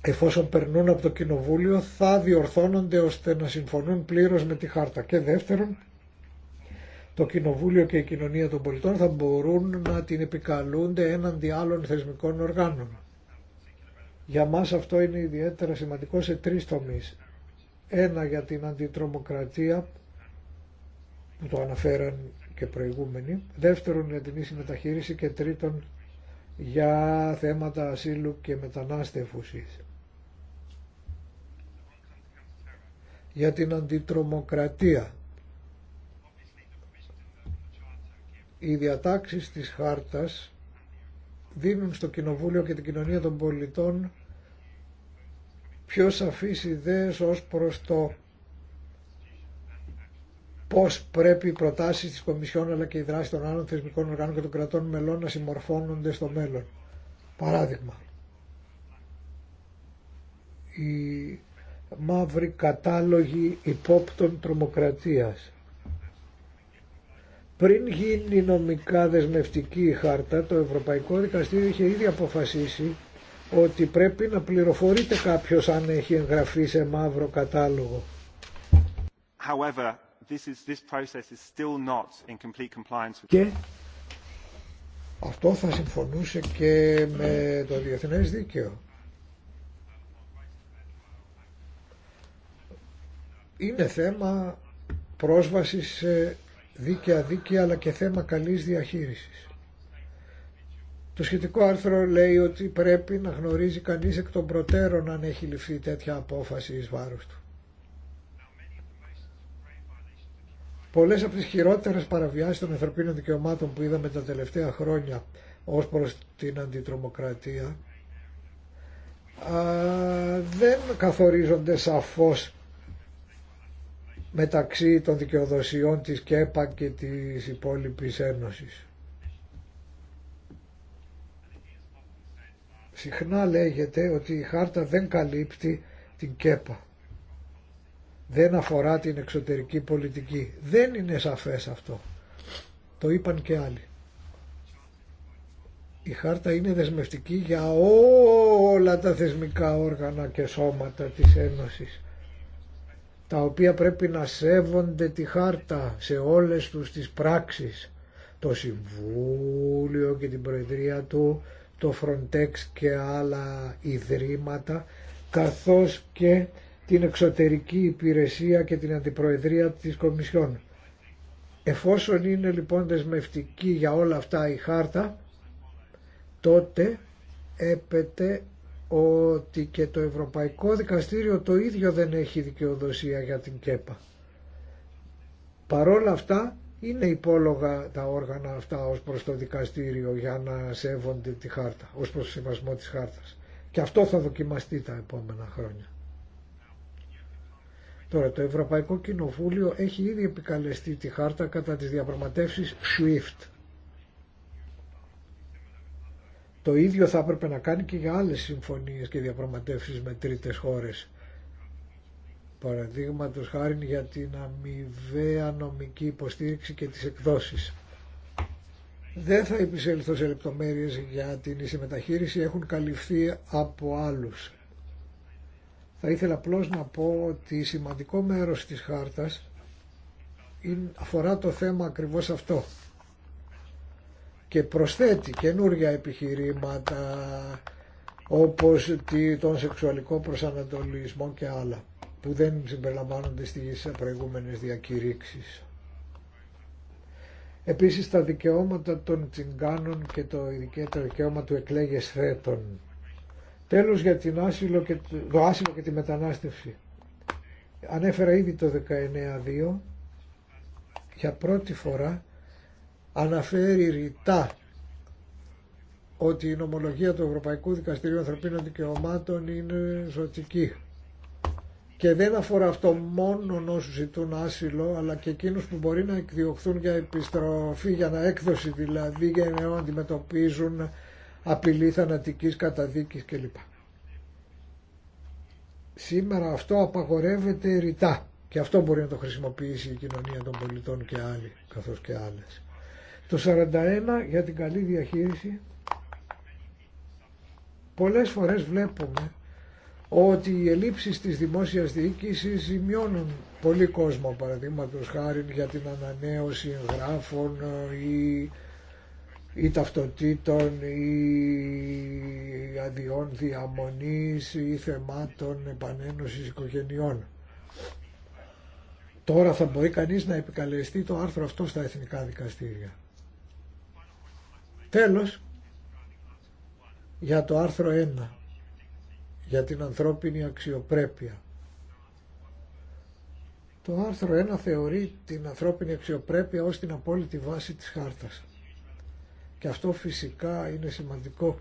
εφόσον περνούν από το Κοινοβούλιο θα διορθώνονται ώστε να συμφωνούν πλήρως με τη χάρτα. Και δεύτερον το Κοινοβούλιο και η Κοινωνία των Πολιτών θα μπορούν να την επικαλούνται έναντι άλλων θεσμικών οργάνων. Για μας αυτό είναι ιδιαίτερα σημαντικό σε τρεις τομείς. Ένα για την αντιτρομοκρατία που το αναφέραν και προηγούμενοι. Δεύτερον για την ίση μεταχείριση και τρίτον για θέματα ασύλου και μετανάστευσης. Για την αντιτρομοκρατία Οι διατάξεις της χάρτας δίνουν στο Κοινοβούλιο και την κοινωνία των πολιτών πιο σαφείς ιδέες ως προς το πώς πρέπει οι προτάσεις της Κομισιόν αλλά και η δράση των άλλων θεσμικών οργάνων και των κρατών μελών να συμμορφώνονται στο μέλλον. Παράδειγμα, η μαύρη κατάλογη υπόπτων τρομοκρατίας πριν γίνει νομικά δεσμευτική η χάρτα, το Ευρωπαϊκό Δικαστήριο είχε ήδη αποφασίσει ότι πρέπει να πληροφορείται κάποιος αν έχει εγγραφεί σε μαύρο κατάλογο. However, this is, this is still not in with... Και αυτό θα συμφωνούσε και με το διεθνές δίκαιο. Είναι θέμα πρόσβασης σε δίκαια δίκαια αλλά και θέμα καλής διαχείρισης. Το σχετικό άρθρο λέει ότι πρέπει να γνωρίζει κανείς εκ των προτέρων αν έχει ληφθεί τέτοια απόφαση εις βάρος του. Πολλές από τις χειρότερες παραβιάσεις των ανθρωπίνων δικαιωμάτων που είδαμε τα τελευταία χρόνια ως προς την αντιτρομοκρατία δεν καθορίζονται σαφώς μεταξύ των δικαιοδοσιών της ΚΕΠΑ και της υπόλοιπης Ένωσης. Συχνά λέγεται ότι η χάρτα δεν καλύπτει την ΚΕΠΑ. Δεν αφορά την εξωτερική πολιτική. Δεν είναι σαφές αυτό. Το είπαν και άλλοι. Η χάρτα είναι δεσμευτική για όλα τα θεσμικά όργανα και σώματα της Ένωσης τα οποία πρέπει να σέβονται τη χάρτα σε όλες τους τις πράξεις. Το Συμβούλιο και την Προεδρία του, το Frontex και άλλα ιδρύματα, καθώς και την εξωτερική υπηρεσία και την αντιπροεδρία της Κομισιόν. Εφόσον είναι λοιπόν δεσμευτική για όλα αυτά η χάρτα, τότε έπεται ότι και το Ευρωπαϊκό Δικαστήριο το ίδιο δεν έχει δικαιοδοσία για την ΚΕΠΑ. Παρόλα αυτά είναι υπόλογα τα όργανα αυτά ως προς το δικαστήριο για να σέβονται τη χάρτα, ως προς το σεβασμό της χάρτας. Και αυτό θα δοκιμαστεί τα επόμενα χρόνια. Τώρα το Ευρωπαϊκό Κοινοβούλιο έχει ήδη επικαλεστεί τη χάρτα κατά τις διαπραγματεύσεις SWIFT. Το ίδιο θα έπρεπε να κάνει και για άλλες συμφωνίες και διαπραγματεύσεις με τρίτες χώρες. Παραδείγματος χάρη για την αμοιβαία νομική υποστήριξη και τις εκδόσεις. Δεν θα επισέλθω σε λεπτομέρειες για την συμμεταχείριση, έχουν καλυφθεί από άλλους. Θα ήθελα απλώ να πω ότι σημαντικό μέρος της χάρτας αφορά το θέμα ακριβώς αυτό και προσθέτει καινούργια επιχειρήματα όπως τον σεξουαλικό προσανατολισμό και άλλα που δεν συμπεριλαμβάνονται στις προηγούμενες διακηρύξεις. Επίσης τα δικαιώματα των τσιγκάνων και το, το δικαίωμα του εκλέγες θέτων. Τέλος για την άσυλο και, το άσυλο και τη μετανάστευση. Ανέφερα ήδη το 19.2 για πρώτη φορά αναφέρει ρητά ότι η νομολογία του Ευρωπαϊκού Δικαστηρίου Ανθρωπίνων Δικαιωμάτων είναι ζωτική. Και δεν αφορά αυτό μόνο όσου ζητούν άσυλο, αλλά και εκείνου που μπορεί να εκδιωχθούν για επιστροφή, για να έκδοση δηλαδή, για να αντιμετωπίζουν απειλή θανατικής καταδίκης κλπ. Σήμερα αυτό απαγορεύεται ρητά και αυτό μπορεί να το χρησιμοποιήσει η κοινωνία των πολιτών και άλλοι, καθώς και άλλες. Το 41 για την καλή διαχείριση. Πολλές φορές βλέπουμε ότι οι ελλείψεις της δημόσιας διοίκησης ζημιώνουν πολύ κόσμο παραδείγματος χάρη για την ανανέωση εγγράφων ή, ή ταυτοτήτων ή αδειών διαμονής ή θεμάτων επανένωσης οικογενειών. Τώρα θα μπορεί κανείς να επικαλεστεί το άρθρο αυτό στα εθνικά δικαστήρια. Τέλος, για το άρθρο 1, για την ανθρώπινη αξιοπρέπεια. Το άρθρο 1 θεωρεί την ανθρώπινη αξιοπρέπεια ως την απόλυτη βάση της χάρτας. Και αυτό φυσικά είναι σημαντικό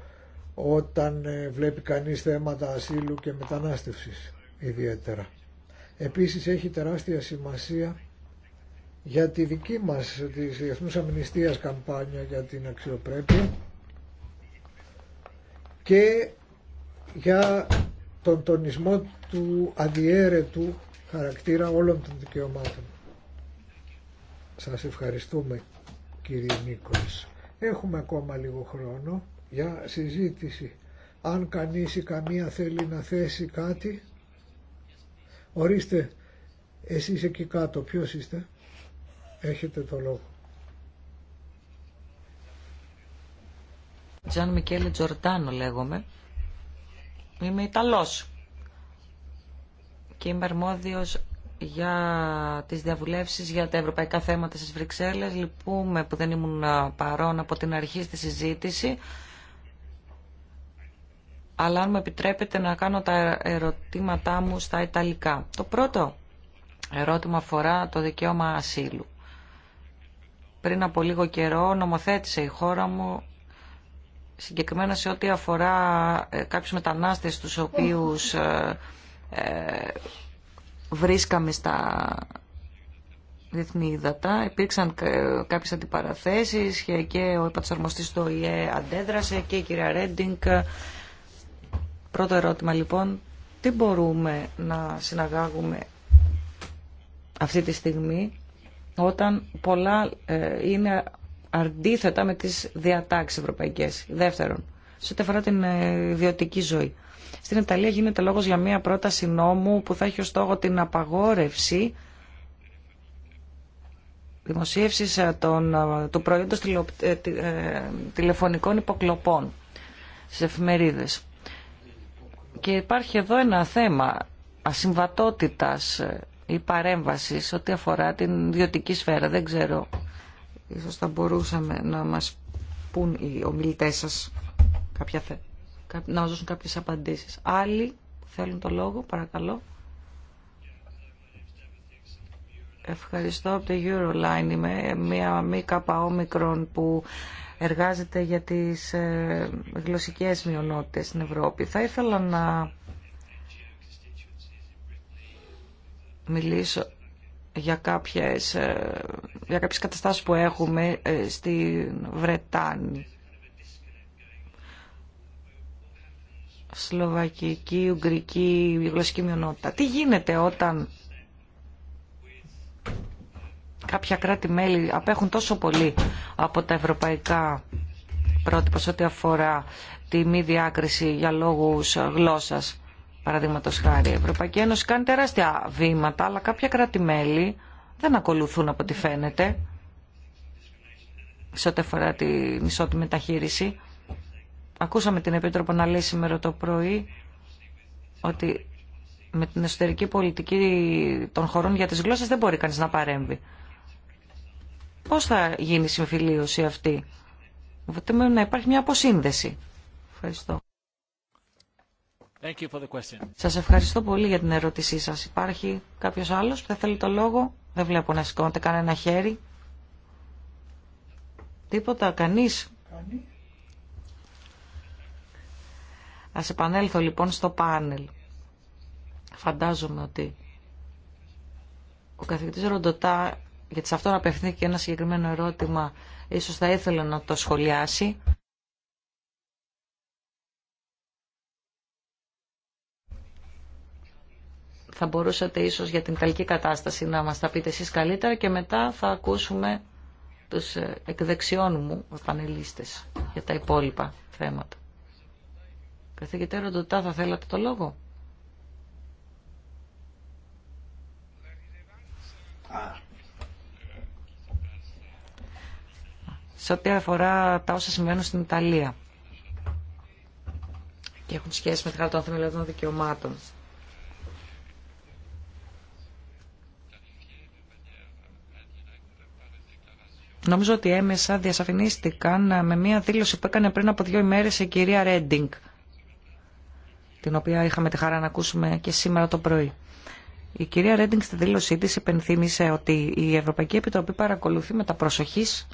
όταν ε, βλέπει κανείς θέματα ασύλου και μετανάστευσης ιδιαίτερα. Επίσης έχει τεράστια σημασία για τη δική μας της Διεθνούς Αμνηστίας καμπάνια για την αξιοπρέπεια και για τον τονισμό του αδιέρετου χαρακτήρα όλων των δικαιωμάτων. Σας ευχαριστούμε κύριε Νίκος. Έχουμε ακόμα λίγο χρόνο για συζήτηση. Αν κανείς ή καμία θέλει να θέσει κάτι, ορίστε εσείς εκεί κάτω ποιος είστε. Έχετε το λόγο. Τζαν Μικέλη Τζορτάνο λέγομαι. Είμαι Ιταλός και είμαι αρμόδιος για τις διαβουλεύσεις για τα ευρωπαϊκά θέματα στις Βρυξέλλες. Λυπούμε που δεν ήμουν παρόν από την αρχή στη συζήτηση. Αλλά αν μου επιτρέπετε να κάνω τα ερωτήματά μου στα Ιταλικά. Το πρώτο ερώτημα αφορά το δικαίωμα ασύλου πριν από λίγο καιρό νομοθέτησε η χώρα μου συγκεκριμένα σε ό,τι αφορά ε, κάποιους μετανάστες τους οποίους ε, ε, βρίσκαμε στα διεθνή ύδατα. Υπήρξαν κάποιες αντιπαραθέσεις και ο επατσαρμοστής του ΙΕ αντέδρασε και η κυρία Ρέντινγκ. Πρώτο ερώτημα λοιπόν, τι μπορούμε να συναγάγουμε αυτή τη στιγμή όταν πολλά ε, είναι αντίθετα με τις διατάξεις ευρωπαϊκές. Δεύτερον, σε ό,τι αφορά την ε, ιδιωτική ζωή. Στην Ιταλία γίνεται λόγος για μια πρόταση νόμου που θα έχει ως στόχο την απαγόρευση δημοσίευσης ε, των, του προϊόντος τηλεφωνικών υποκλοπών στις εφημερίδες. Και υπάρχει εδώ ένα θέμα ασυμβατότητας ή σε ό,τι αφορά την ιδιωτική σφαίρα. Δεν ξέρω. Ίσως θα μπορούσαμε να μας πούν οι ομιλητές σας κάποια θε... να μας δώσουν κάποιες απαντήσεις. Άλλοι θέλουν το λόγο, παρακαλώ. Ευχαριστώ από το Euroline. Είμαι μια μη καπαόμικρον που εργάζεται για τις ε, γλωσσικές μειονότητες στην Ευρώπη. Θα ήθελα να μιλήσω για κάποιες, ε, για κάποιες καταστάσεις που έχουμε ε, στη Βρετάνη. Σλοβακική, Ουγγρική, γλωσσική μειονότητα. Τι γίνεται όταν κάποια κράτη-μέλη απέχουν τόσο πολύ από τα ευρωπαϊκά πρότυπα σε ό,τι αφορά τη μη διάκριση για λόγους γλώσσας. Παραδείγματο χάρη, η Ευρωπαϊκή Ένωση κάνει τεράστια βήματα, αλλά κάποια κράτη-μέλη δεν ακολουθούν από ό,τι φαίνεται σε ό,τι αφορά την ισότιμη μεταχείριση. Ακούσαμε την Επίτροπο να λέει σήμερα το πρωί ότι με την εσωτερική πολιτική των χωρών για τις γλώσσες δεν μπορεί κανείς να παρέμβει. Πώς θα γίνει η συμφιλίωση αυτή. Βοηθούμε να υπάρχει μια αποσύνδεση. Ευχαριστώ. Σας ευχαριστώ πολύ για την ερώτησή σας. Υπάρχει κάποιος άλλος που θα θέλει το λόγο. Δεν βλέπω να σηκώνεται κανένα χέρι. Τίποτα, κανείς. Κανείς. Ας επανέλθω λοιπόν στο πάνελ. Φαντάζομαι ότι ο καθηγητής Ροντοτά, γιατί σε αυτόν και ένα συγκεκριμένο ερώτημα, ίσως θα ήθελε να το σχολιάσει. Θα μπορούσατε ίσως για την Ιταλική κατάσταση να μας τα πείτε εσείς καλύτερα και μετά θα ακούσουμε τους ε, εκδεξιών μου πανελίστες για τα υπόλοιπα θέματα. Καθηγητέ Ροντοτά, θα θέλατε το λόγο. Σε ό,τι αφορά τα όσα συμβαίνουν στην Ιταλία και έχουν σχέση με τη χαρά των θεμελιωδών δικαιωμάτων. Νομίζω ότι έμεσα διασαφηνίστηκαν με μία δήλωση που έκανε πριν από δύο ημέρες η κυρία Ρέντινγκ, την οποία είχαμε τη χαρά να ακούσουμε και σήμερα το πρωί. Η κυρία Ρέντινγκ στη δήλωσή της υπενθύμησε ότι η Ευρωπαϊκή Επιτροπή παρακολουθεί με τα προσοχής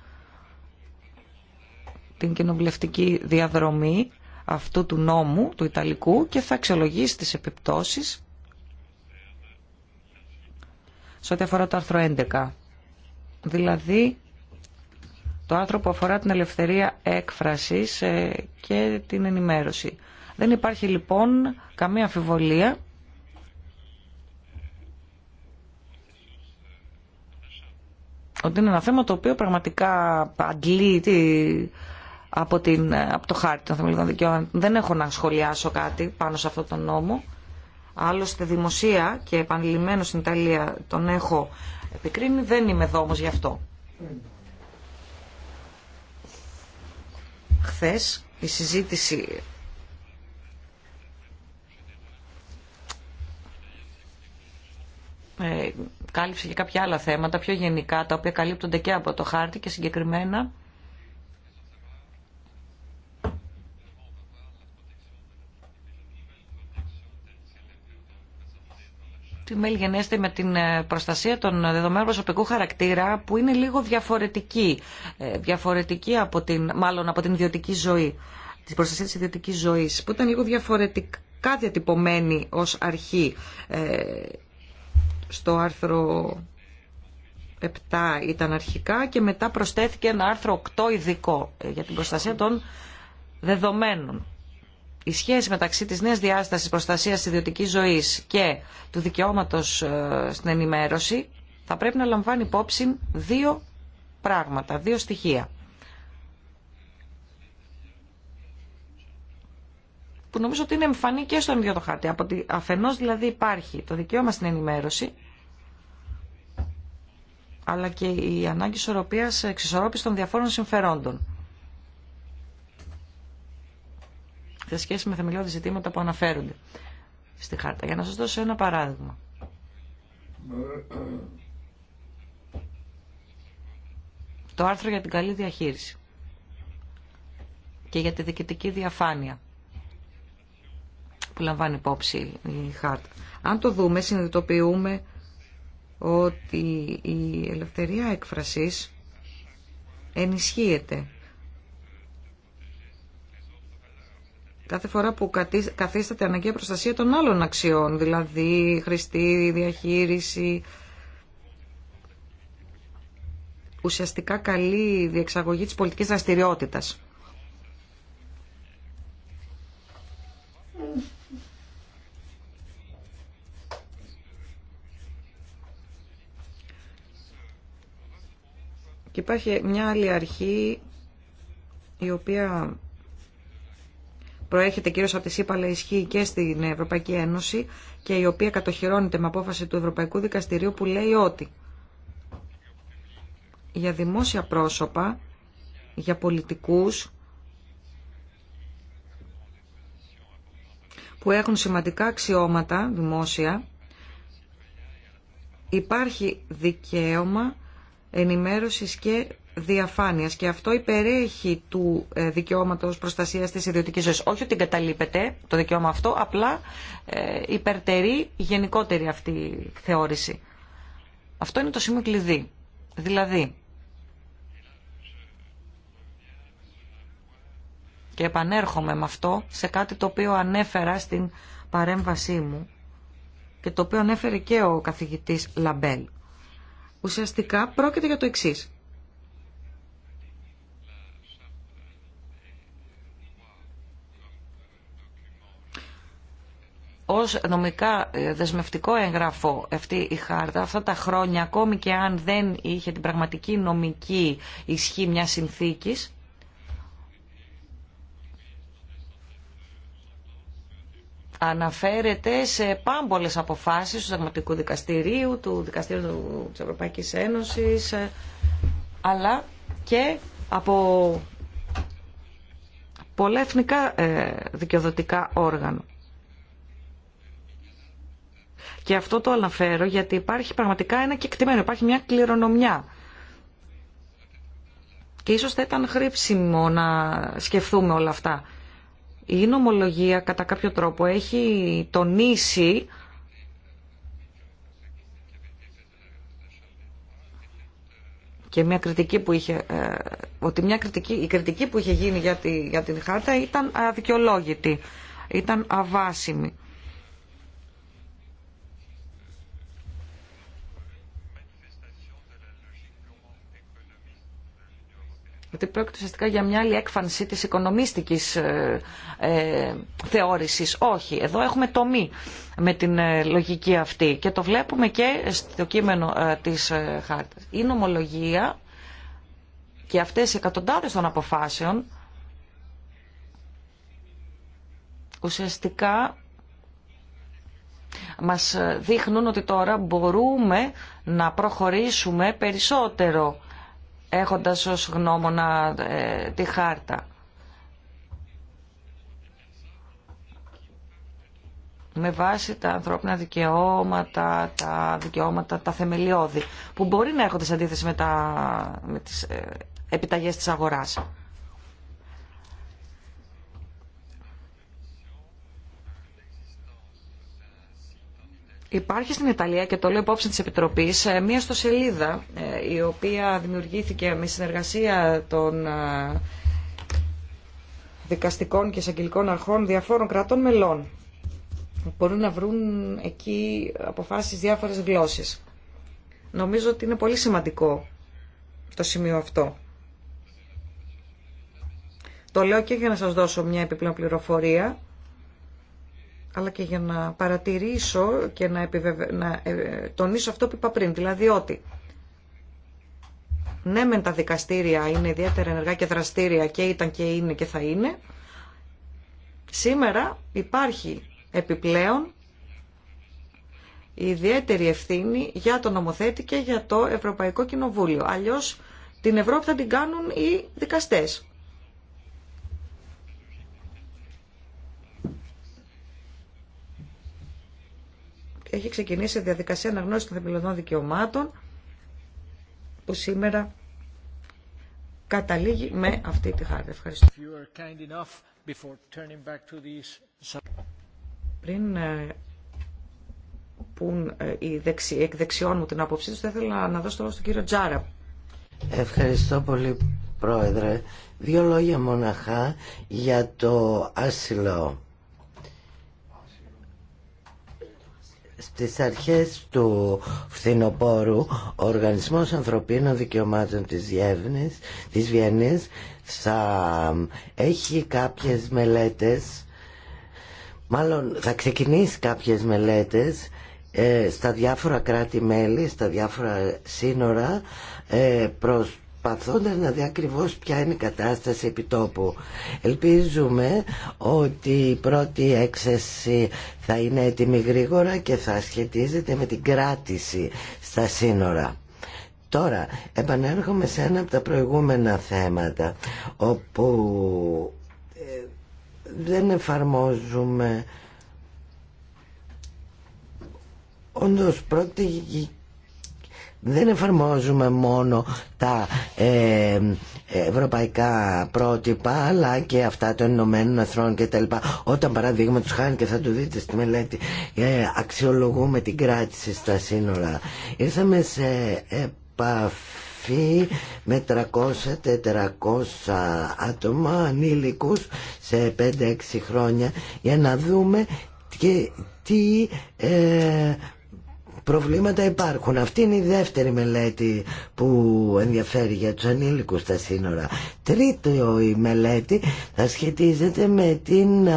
την κοινοβουλευτική διαδρομή αυτού του νόμου, του Ιταλικού, και θα αξιολογήσει τις επιπτώσεις σε ό,τι αφορά το άρθρο 11. Δηλαδή, το άνθρωπο που αφορά την ελευθερία έκφρασης ε, και την ενημέρωση. Δεν υπάρχει λοιπόν καμία αμφιβολία ότι είναι ένα θέμα το οποίο πραγματικά αντλεί από, την, από το χάρτη των θεμελιωδών δικαιών. Δεν έχω να σχολιάσω κάτι πάνω σε αυτό τον νόμο. Άλλωστε δημοσία και επανειλημμένο στην Ιταλία τον έχω επικρίνει. Δεν είμαι εδώ όμως γι' αυτό. χθες η συζήτηση ε, κάλυψε και κάποια άλλα θέματα πιο γενικά τα οποία καλύπτονται και από το χάρτη και συγκεκριμένα Τι μέλη με την ε, προστασία των ε, δεδομένων προσωπικού χαρακτήρα που είναι λίγο διαφορετική, ε, διαφορετική από την, μάλλον από την ιδιωτική ζωή, τη προστασία της ιδιωτικής ζωής, που ήταν λίγο διαφορετικά διατυπωμένη ως αρχή στο άρθρο 7 ήταν αρχικά και μετά προσθέθηκε ένα άρθρο 8 ειδικό για την προστασία των δεδομένων η σχέση μεταξύ της νέας διάστασης προστασίας της ιδιωτικής ζωής και του δικαιώματος ε, στην ενημέρωση θα πρέπει να λαμβάνει υπόψη δύο πράγματα, δύο στοιχεία. Που νομίζω ότι είναι εμφανή και στον ίδιο το χάρτη. Από αφενός δηλαδή υπάρχει το δικαίωμα στην ενημέρωση, αλλά και η ανάγκη ισορροπίας εξισορρόπησης των διαφόρων συμφερόντων. σε σχέση με θεμελιώδη ζητήματα που αναφέρονται στη χάρτα. Για να σας δώσω ένα παράδειγμα. Το άρθρο για την καλή διαχείριση και για τη διοικητική διαφάνεια που λαμβάνει υπόψη η χάρτα. Αν το δούμε, συνειδητοποιούμε ότι η ελευθερία έκφρασης ενισχύεται κάθε φορά που καθίσταται αναγκαία προστασία των άλλων αξιών, δηλαδή χρηστή διαχείριση, ουσιαστικά καλή διεξαγωγή της πολιτικής δραστηριότητα. Και υπάρχει μια άλλη αρχή η οποία προέρχεται κυρίω από τη ΣΥΠΑ αλλά ισχύει και στην Ευρωπαϊκή Ένωση και η οποία κατοχυρώνεται με απόφαση του Ευρωπαϊκού Δικαστηρίου που λέει ότι για δημόσια πρόσωπα, για πολιτικούς που έχουν σημαντικά αξιώματα δημόσια υπάρχει δικαίωμα ενημέρωσης και διαφάνειας και αυτό υπερέχει του ε, δικαιώματος προστασίας της ιδιωτικής ζωής. Όχι ότι εγκαταλείπεται το δικαίωμα αυτό, απλά ε, υπερτερεί γενικότερη αυτή η θεώρηση. Αυτό είναι το σημείο κλειδί. Δηλαδή, και επανέρχομαι με αυτό σε κάτι το οποίο ανέφερα στην παρέμβασή μου και το οποίο ανέφερε και ο καθηγητής Λαμπέλ. Ουσιαστικά πρόκειται για το εξής. ως νομικά ε, δεσμευτικό έγγραφο αυτή η χάρτα αυτά τα χρόνια ακόμη και αν δεν είχε την πραγματική νομική ισχύ μιας συνθήκης αναφέρεται σε πάμπολες αποφάσεις του Συνταγματικού Δικαστηρίου, του Δικαστήριου της Ευρωπαϊκής Ένωσης, ε, αλλά και από πολλά εθνικά ε, δικαιοδοτικά όργανα. Και αυτό το αναφέρω γιατί υπάρχει πραγματικά ένα κεκτημένο, υπάρχει μια κληρονομιά. Και ίσως θα ήταν χρήψιμο να σκεφτούμε όλα αυτά. Η νομολογία κατά κάποιο τρόπο έχει τονίσει και μια κριτική που είχε, ε, ότι μια κριτική, η κριτική που είχε γίνει για, τη, για την χάρτα ήταν αδικαιολόγητη, ήταν αβάσιμη. γιατί πρόκειται ουσιαστικά για μια άλλη έκφανση της οικονομίστικης ε, ε, θεώρησης. Όχι, εδώ έχουμε μη με την ε, λογική αυτή και το βλέπουμε και στο κείμενο της χάρτας. Η νομολογία και αυτές οι εκατοντάδες των αποφάσεων ουσιαστικά μας δείχνουν ότι τώρα μπορούμε να προχωρήσουμε περισσότερο έχοντας ως γνώμονα ε, τη χάρτα. με βάση τα ανθρώπινα δικαιώματα, τα δικαιώματα, τα θεμελιώδη, που μπορεί να έχονται σε αντίθεση με, τα, με τις ε, επιταγές της αγοράς. Υπάρχει στην Ιταλία και το λέω υπόψη της Επιτροπής ε, μία στοσελίδα ε, η οποία δημιουργήθηκε με συνεργασία των ε, δικαστικών και εισαγγελικών αρχών διαφόρων κρατών μελών. Μπορούν να βρουν εκεί αποφάσεις διάφορες γλώσσες. Νομίζω ότι είναι πολύ σημαντικό το σημείο αυτό. Το λέω και για να σας δώσω μια επιπλέον πληροφορία αλλά και για να παρατηρήσω και να, επιβεβαι... να ε, τονίσω αυτό που είπα πριν, δηλαδή ότι ναι μεν τα δικαστήρια είναι ιδιαίτερα ενεργά και δραστήρια και ήταν και είναι και θα είναι, σήμερα υπάρχει επιπλέον η ιδιαίτερη ευθύνη για το νομοθέτη και για το Ευρωπαϊκό Κοινοβούλιο. Αλλιώς την Ευρώπη θα την κάνουν οι δικαστές. έχει ξεκινήσει διαδικασία αναγνώρισης των θεμελιωδών δικαιωμάτων που σήμερα καταλήγει με αυτή τη χάρη. Ευχαριστώ. Πριν ε, πουν ε, οι δεξι, εκ δεξιών μου την άποψή του, θα ήθελα να δώσω το λόγο στον κύριο Τζάρα. Ευχαριστώ πολύ, Πρόεδρε. Δύο λόγια μοναχά για το άσυλο. Στις αρχές του φθινοπόρου ο Οργανισμός Ανθρωπίνων Δικαιωμάτων της, Βιέννης, της Βιέννης θα έχει κάποιες μελέτες μάλλον θα ξεκινήσει κάποιες μελέτες ε, στα διάφορα κράτη-μέλη, στα διάφορα σύνορα ε, προς να δει ακριβώ ποια είναι η κατάσταση επιτόπου. Ελπίζουμε ότι η πρώτη έξεση θα είναι έτοιμη γρήγορα και θα σχετίζεται με την κράτηση στα σύνορα. Τώρα, επανέρχομαι σε ένα από τα προηγούμενα θέματα, όπου ε, δεν εφαρμόζουμε... Όντως, πρώτη δεν εφαρμόζουμε μόνο τα ε, ευρωπαϊκά πρότυπα αλλά και αυτά των Ηνωμένων Εθνών κτλ. Όταν παραδείγμα παραδείγματο χάνει και θα το δείτε στη μελέτη ε, αξιολογούμε την κράτηση στα σύνορα. Ήρθαμε σε επαφή με 300-400 άτομα ανήλικους σε 5-6 χρόνια για να δούμε και τι ε, Προβλήματα υπάρχουν. Αυτή είναι η δεύτερη μελέτη που ενδιαφέρει για τους ανήλικους στα σύνορα. Τρίτη η μελέτη θα σχετίζεται με την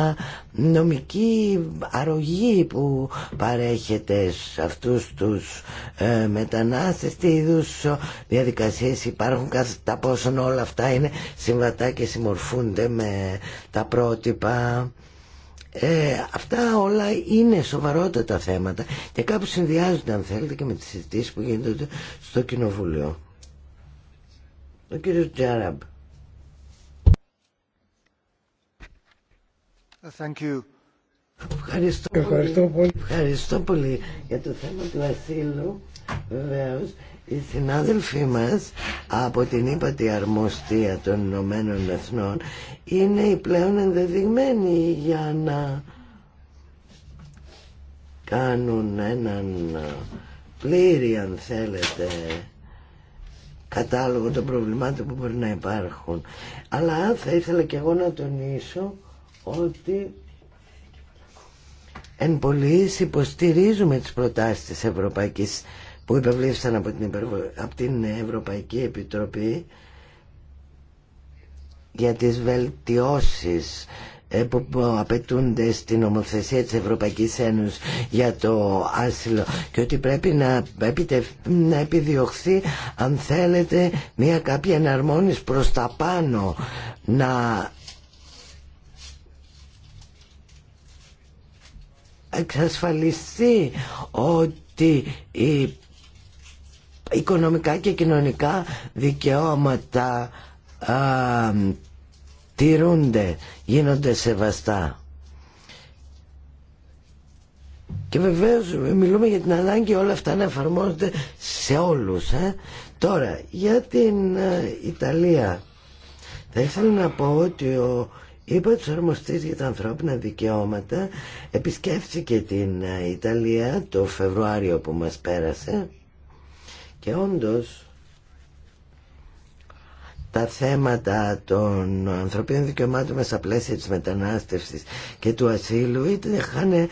νομική αρρωγή που παρέχεται σε αυτούς τους ε, μετανάστες τι είδους ε, διαδικασίες υπάρχουν κατά πόσον όλα αυτά είναι συμβατά και συμμορφούνται με τα πρότυπα ε, αυτά όλα είναι σοβαρότατα θέματα και κάπου συνδυάζονται αν θέλετε και με τις συζητήσεις που γίνονται στο Κοινοβούλιο. Ο κύριος Τζάραμπ. Thank you. Ευχαριστώ, πολύ. πολύ. Ευχαριστώ πολύ για το θέμα του ασύλου βεβαίως οι συνάδελφοί μας από την ύπατη αρμοστία των Ηνωμένων Εθνών είναι οι πλέον ενδεδειγμένοι για να κάνουν έναν πλήρη αν θέλετε κατάλογο των προβλημάτων που μπορεί να υπάρχουν αλλά θα ήθελα και εγώ να τονίσω ότι εν πολλοίς υποστηρίζουμε τις προτάσεις της Ευρωπαϊκής που υπευλήφθησαν από την, από την Ευρωπαϊκή Επιτροπή για τις βελτιώσεις ε, που απαιτούνται στην ομοθεσία της Ευρωπαϊκής Ένωσης για το άσυλο και ότι πρέπει να, να επιδιωχθεί αν θέλετε μια κάποια εναρμόνιση προς τα πάνω να εξασφαλιστεί ότι η οικονομικά και κοινωνικά δικαιώματα α, τηρούνται, γίνονται σεβαστά. Και βεβαίως μιλούμε για την ανάγκη όλα αυτά να εφαρμόζονται σε όλους. Ε. Τώρα, για την ε, Ιταλία. Θα ήθελα να πω ότι ο είπα αρμοστής για τα ανθρώπινα δικαιώματα επισκέφθηκε την ε, Ιταλία το Φεβρουάριο που μας πέρασε και όντως τα θέματα των ανθρωπίνων δικαιωμάτων μέσα στα πλαίσια της μετανάστευσης και του ασύλου είτε είχαν ε,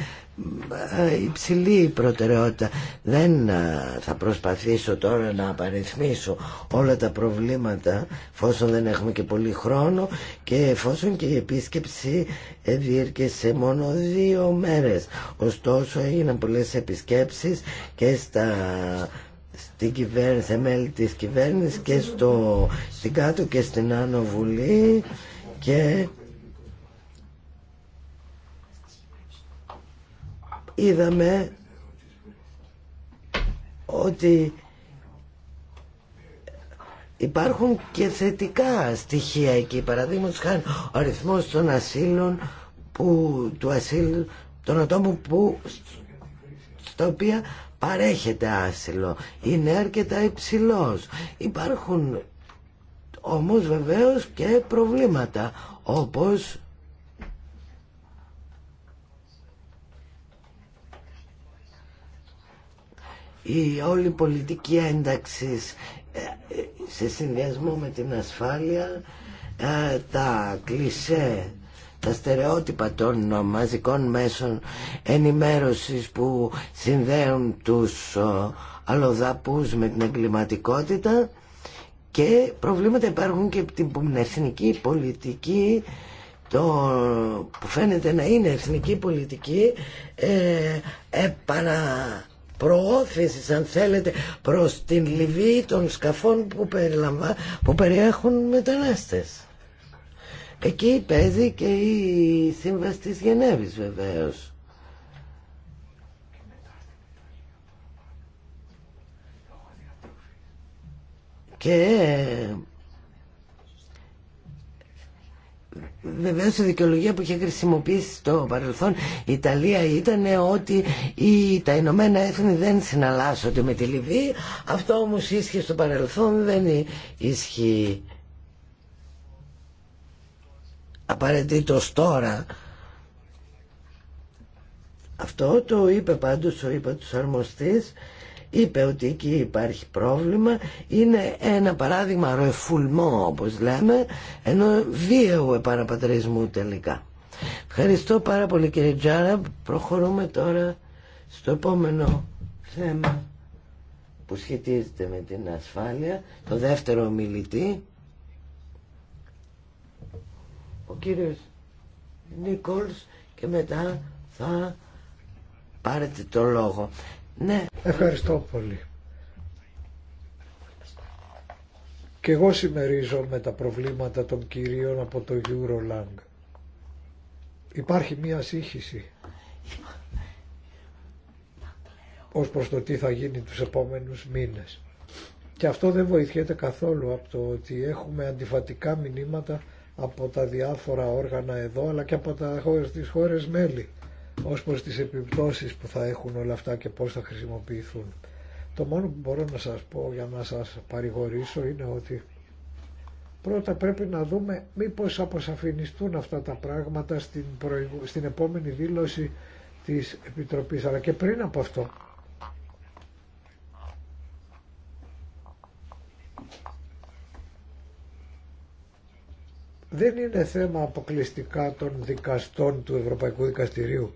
υψηλή προτεραιότητα. Δεν ε, θα προσπαθήσω τώρα να απαριθμίσω όλα τα προβλήματα εφόσον δεν έχουμε και πολύ χρόνο και φόσον και η επίσκεψη διήρκεσε μόνο δύο μέρες. Ωστόσο έγιναν πολλές επισκέψεις και στα στην κυβέρνηση, σε μέλη της κυβέρνησης και στο, στην κάτω και στην άνω βουλή και είδαμε ότι υπάρχουν και θετικά στοιχεία εκεί. Παραδείγματος χάρη ο αριθμός των ασύλων που, του των ατόμων που στα οποία παρέχεται άσυλο, είναι αρκετά υψηλός. Υπάρχουν όμως βεβαίως και προβλήματα όπως η όλη πολιτική ένταξη ε, σε συνδυασμό με την ασφάλεια ε, τα κλισέ τα στερεότυπα των μαζικών μέσων ενημέρωσης που συνδέουν τους ε, αλλοδαπούς με την εγκληματικότητα και προβλήματα υπάρχουν και την εθνική πολιτική το που φαίνεται να είναι εθνική πολιτική ε, αν θέλετε προς την Λιβύη των σκαφών που, που περιέχουν μετανάστες. Εκεί παίζει και η σύμβαση της Γενέβης βεβαίως. Και Βεβαίω η δικαιολογία που είχε χρησιμοποιήσει στο παρελθόν η Ιταλία ήταν ότι οι, τα Ηνωμένα Έθνη δεν συναλλάσσονται με τη Λιβύη. Αυτό όμω ίσχυε στο παρελθόν, δεν ισχύει απαραίτητο τώρα. Αυτό το είπε πάντως ο είπα αρμοστής, είπε ότι εκεί υπάρχει πρόβλημα, είναι ένα παράδειγμα ρεφουλμό όπως λέμε, ενώ βίαιου επαναπατρισμού τελικά. Ευχαριστώ πάρα πολύ κύριε Τζάρα, προχωρούμε τώρα στο επόμενο θέμα που σχετίζεται με την ασφάλεια, το δεύτερο μιλητή ο κύριος και μετά θα πάρετε το λόγο. Ναι. Ευχαριστώ πολύ. Και εγώ με τα προβλήματα των κυρίων από το Eurolang. Υπάρχει μία σύγχυση ως προς το τι θα γίνει τους επόμενους μήνες. Και αυτό δεν βοηθιέται καθόλου από το ότι έχουμε αντιφατικά μηνύματα από τα διάφορα όργανα εδώ αλλά και από τα, τις χώρες μέλη ως προς τις επιπτώσεις που θα έχουν όλα αυτά και πώς θα χρησιμοποιηθούν. Το μόνο που μπορώ να σας πω για να σας παρηγορήσω είναι ότι πρώτα πρέπει να δούμε μήπως αποσαφινιστούν αυτά τα πράγματα στην, στην επόμενη δήλωση της Επιτροπής αλλά και πριν από αυτό δεν είναι θέμα αποκλειστικά των δικαστών του Ευρωπαϊκού Δικαστηρίου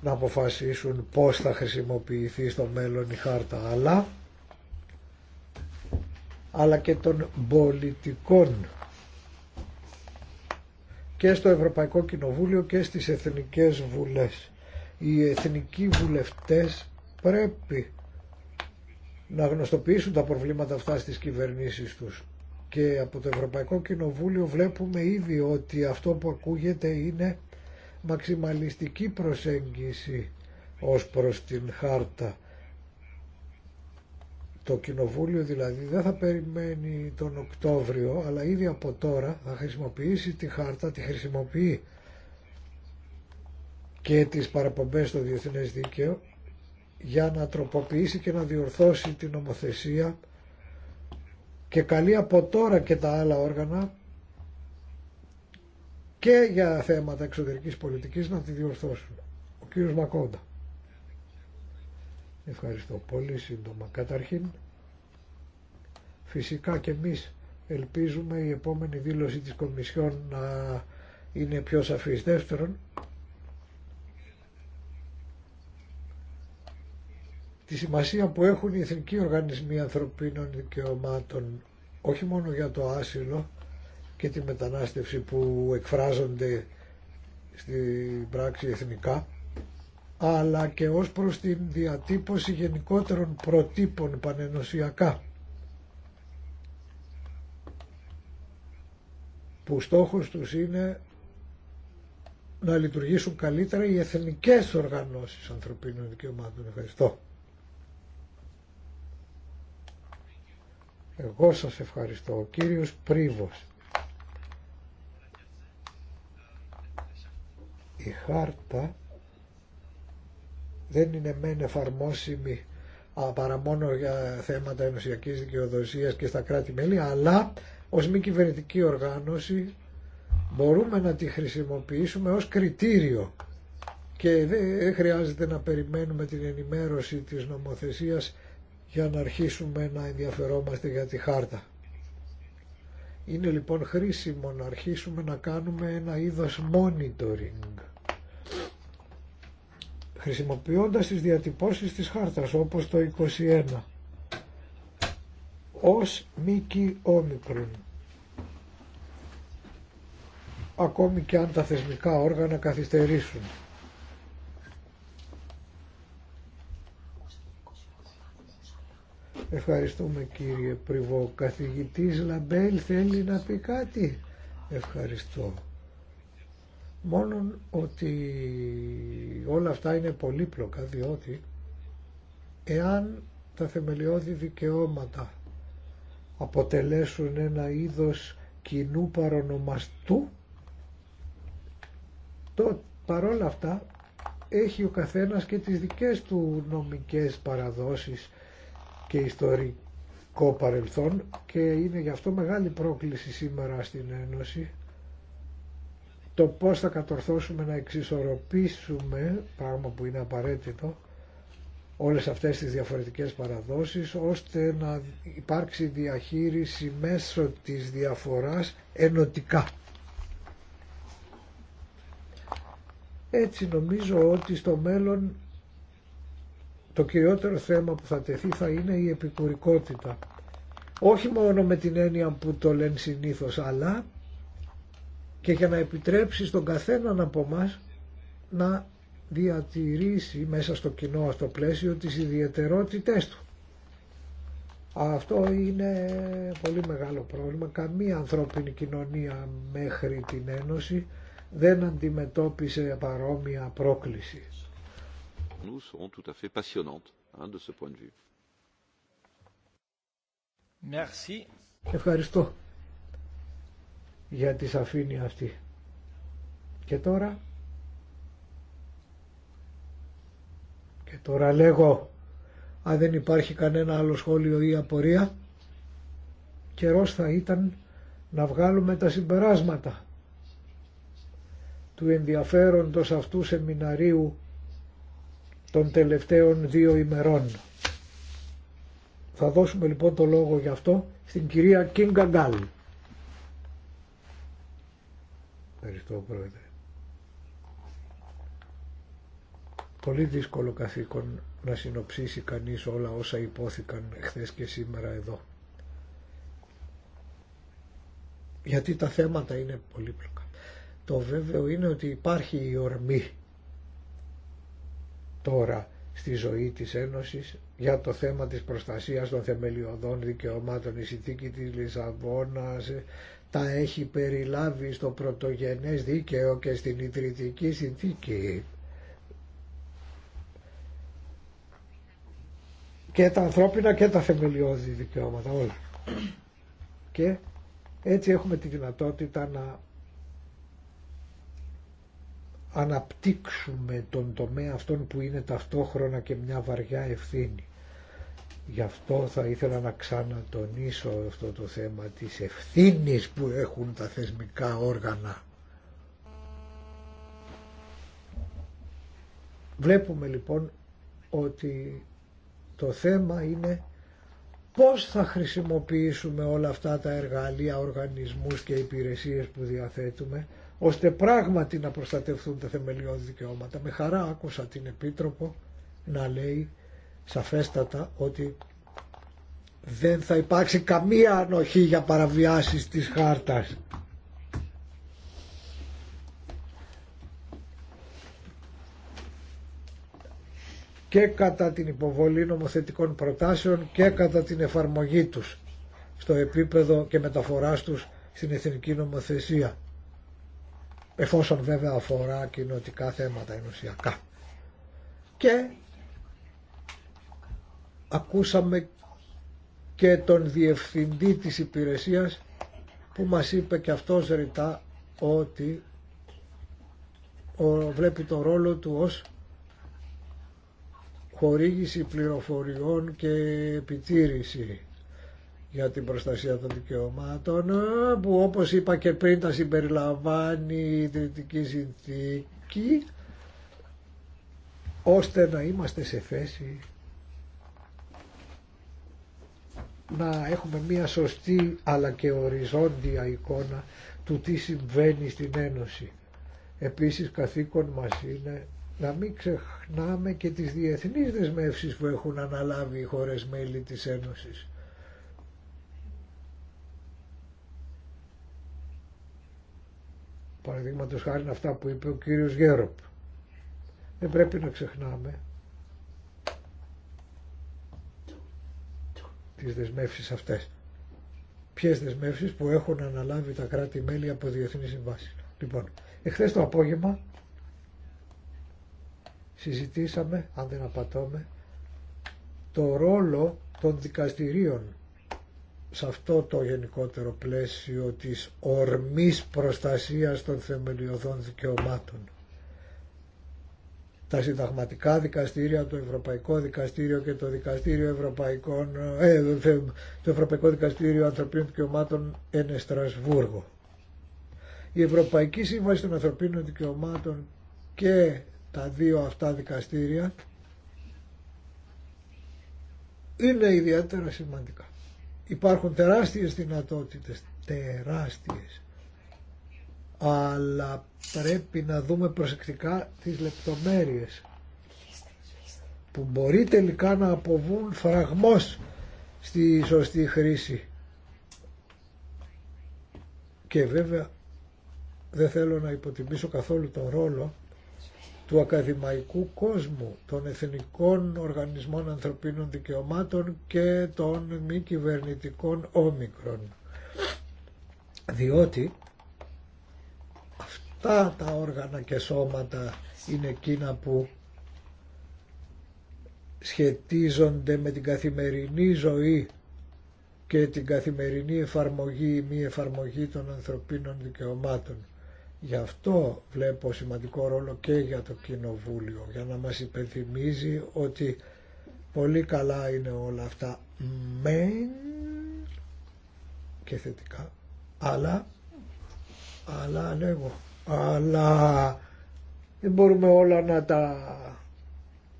να αποφασίσουν πώς θα χρησιμοποιηθεί στο μέλλον η χάρτα, αλλά, αλλά και των πολιτικών και στο Ευρωπαϊκό Κοινοβούλιο και στις Εθνικές Βουλές. Οι εθνικοί βουλευτές πρέπει να γνωστοποιήσουν τα προβλήματα αυτά στις κυβερνήσεις τους και από το Ευρωπαϊκό Κοινοβούλιο βλέπουμε ήδη ότι αυτό που ακούγεται είναι μαξιμαλιστική προσέγγιση ως προς την χάρτα. Το Κοινοβούλιο δηλαδή δεν θα περιμένει τον Οκτώβριο, αλλά ήδη από τώρα θα χρησιμοποιήσει τη χάρτα, τη χρησιμοποιεί και τις παραπομπές στο Διεθνές Δίκαιο για να τροποποιήσει και να διορθώσει την νομοθεσία και καλεί από τώρα και τα άλλα όργανα και για θέματα εξωτερικής πολιτικής να τη διορθώσουν. Ο κύριος Μακόντα. Ευχαριστώ πολύ σύντομα. Καταρχήν, φυσικά και εμείς ελπίζουμε η επόμενη δήλωση της Κομισιόν να είναι πιο σαφής. Δεύτερον, τη σημασία που έχουν οι εθνικοί οργανισμοί ανθρωπίνων δικαιωμάτων όχι μόνο για το άσυλο και τη μετανάστευση που εκφράζονται στην πράξη εθνικά αλλά και ως προς την διατύπωση γενικότερων προτύπων πανενοσιακά που στόχος τους είναι να λειτουργήσουν καλύτερα οι εθνικές οργανώσεις ανθρωπίνων δικαιωμάτων. Ευχαριστώ. Εγώ σας ευχαριστώ. Ο κύριος Πρίβος. Η χάρτα δεν είναι μεν εφαρμόσιμη παρά μόνο για θέματα ενωσιακής δικαιοδοσίας και στα κράτη-μέλη, αλλά ως μη κυβερνητική οργάνωση μπορούμε να τη χρησιμοποιήσουμε ως κριτήριο και δεν χρειάζεται να περιμένουμε την ενημέρωση της νομοθεσίας για να αρχίσουμε να ενδιαφερόμαστε για τη χάρτα. Είναι λοιπόν χρήσιμο να αρχίσουμε να κάνουμε ένα είδος monitoring χρησιμοποιώντας τις διατυπώσεις της χάρτας όπως το 21 ως μήκη όμικρον ακόμη και αν τα θεσμικά όργανα καθυστερήσουν. Ευχαριστούμε κύριε Πριβό. Καθηγητής Λαμπέλ θέλει να πει κάτι. Ευχαριστώ. Μόνον ότι όλα αυτά είναι πολύπλοκα διότι εάν τα θεμελιώδη δικαιώματα αποτελέσουν ένα είδος κοινού παρονομαστού το παρόλα αυτά έχει ο καθένας και τις δικές του νομικές παραδόσεις και ιστορικό παρελθόν και είναι γι' αυτό μεγάλη πρόκληση σήμερα στην Ένωση το πώς θα κατορθώσουμε να εξισορροπήσουμε, πράγμα που είναι απαραίτητο, όλες αυτές τις διαφορετικές παραδόσεις, ώστε να υπάρξει διαχείριση μέσω της διαφοράς ενωτικά. Έτσι νομίζω ότι στο μέλλον το κυριότερο θέμα που θα τεθεί θα είναι η επικουρικότητα. Όχι μόνο με την έννοια που το λένε συνήθως, αλλά και για να επιτρέψει στον καθέναν από εμά να διατηρήσει μέσα στο κοινό, αυτό πλαίσιο, τις ιδιαιτερότητές του. Αυτό είναι πολύ μεγάλο πρόβλημα. Καμία ανθρώπινη κοινωνία μέχρι την Ένωση δεν αντιμετώπισε παρόμοια πρόκληση nous Ευχαριστώ για τη σαφήνεια αυτή. Και τώρα και τώρα λέγω αν δεν υπάρχει κανένα άλλο σχόλιο ή απορία καιρός θα ήταν να βγάλουμε τα συμπεράσματα του ενδιαφέροντος αυτού σεμιναρίου των τελευταίων δύο ημερών. Θα δώσουμε λοιπόν το λόγο γι' αυτό στην κυρία Κίνγκα Γκάλ. Ευχαριστώ πρόεδρε. Πολύ δύσκολο καθήκον να συνοψίσει κανείς όλα όσα υπόθηκαν χθες και σήμερα εδώ. Γιατί τα θέματα είναι πολύπλοκα. Το βέβαιο είναι ότι υπάρχει η ορμή τώρα στη ζωή της Ένωσης για το θέμα της προστασίας των θεμελιωδών δικαιωμάτων. Η συνθήκη της Λισαβόνας τα έχει περιλάβει στο πρωτογενές δίκαιο και στην ιδρυτική συνθήκη. Και τα ανθρώπινα και τα θεμελιώδη δικαιώματα όλα. Και έτσι έχουμε τη δυνατότητα να αναπτύξουμε τον τομέα αυτόν που είναι ταυτόχρονα και μια βαριά ευθύνη. Γι' αυτό θα ήθελα να ξανατονίσω αυτό το θέμα της ευθύνης που έχουν τα θεσμικά όργανα. Βλέπουμε λοιπόν ότι το θέμα είναι πώς θα χρησιμοποιήσουμε όλα αυτά τα εργαλεία, οργανισμούς και υπηρεσίες που διαθέτουμε ώστε πράγματι να προστατευτούν τα θεμελιώδη δικαιώματα. Με χαρά άκουσα την Επίτροπο να λέει σαφέστατα ότι δεν θα υπάρξει καμία ανοχή για παραβιάσεις της χάρτας. και κατά την υποβολή νομοθετικών προτάσεων και κατά την εφαρμογή τους στο επίπεδο και μεταφοράς τους στην εθνική νομοθεσία εφόσον βέβαια αφορά κοινωτικά θέματα ενωσιακά. Και ακούσαμε και τον διευθυντή της υπηρεσίας που μας είπε και αυτός ρητά ότι βλέπει τον ρόλο του ως χορήγηση πληροφοριών και επιτήρηση για την προστασία των δικαιωμάτων που όπως είπα και πριν τα συμπεριλαμβάνει η Δυτική Συνθήκη ώστε να είμαστε σε θέση να έχουμε μία σωστή αλλά και οριζόντια εικόνα του τι συμβαίνει στην Ένωση. Επίσης καθήκον μας είναι να μην ξεχνάμε και τις διεθνείς δεσμεύσεις που έχουν αναλάβει οι χώρες μέλη της Ένωσης. Παραδείγματος χάρη αυτά που είπε ο κύριος Γέροπ. Δεν πρέπει να ξεχνάμε τις δεσμεύσεις αυτές. Ποιες δεσμεύσεις που έχουν αναλάβει τα κράτη-μέλη από διεθνή συμβάσεις. Λοιπόν, εχθές το απόγευμα συζητήσαμε, αν δεν απατώμε, το ρόλο των δικαστηρίων σε αυτό το γενικότερο πλαίσιο της ορμής προστασίας των θεμελιωδών δικαιωμάτων. Τα συνταγματικά δικαστήρια, το Ευρωπαϊκό Δικαστήριο και το Δικαστήριο Ευρωπαϊκών, ε, το Ευρωπαϊκό Δικαστήριο Ανθρωπίνων Δικαιωμάτων είναι Στρασβούργο. Η Ευρωπαϊκή Σύμβαση των Ανθρωπίνων Δικαιωμάτων και τα δύο αυτά δικαστήρια είναι ιδιαίτερα σημαντικά υπάρχουν τεράστιες δυνατότητες, τεράστιες. Αλλά πρέπει να δούμε προσεκτικά τις λεπτομέρειες που μπορεί τελικά να αποβούν φραγμός στη σωστή χρήση. Και βέβαια δεν θέλω να υποτιμήσω καθόλου τον ρόλο του ακαδημαϊκού κόσμου, των εθνικών οργανισμών ανθρωπίνων δικαιωμάτων και των μη κυβερνητικών όμικρων. Διότι αυτά τα όργανα και σώματα είναι εκείνα που σχετίζονται με την καθημερινή ζωή και την καθημερινή εφαρμογή ή μη εφαρμογή των ανθρωπίνων δικαιωμάτων. Γι' αυτό βλέπω σημαντικό ρόλο και για το Κοινοβούλιο, για να μας υπενθυμίζει ότι πολύ καλά είναι όλα αυτά μεν και θετικά, αλλά, αλλά ναι, αλλά δεν μπορούμε όλα να τα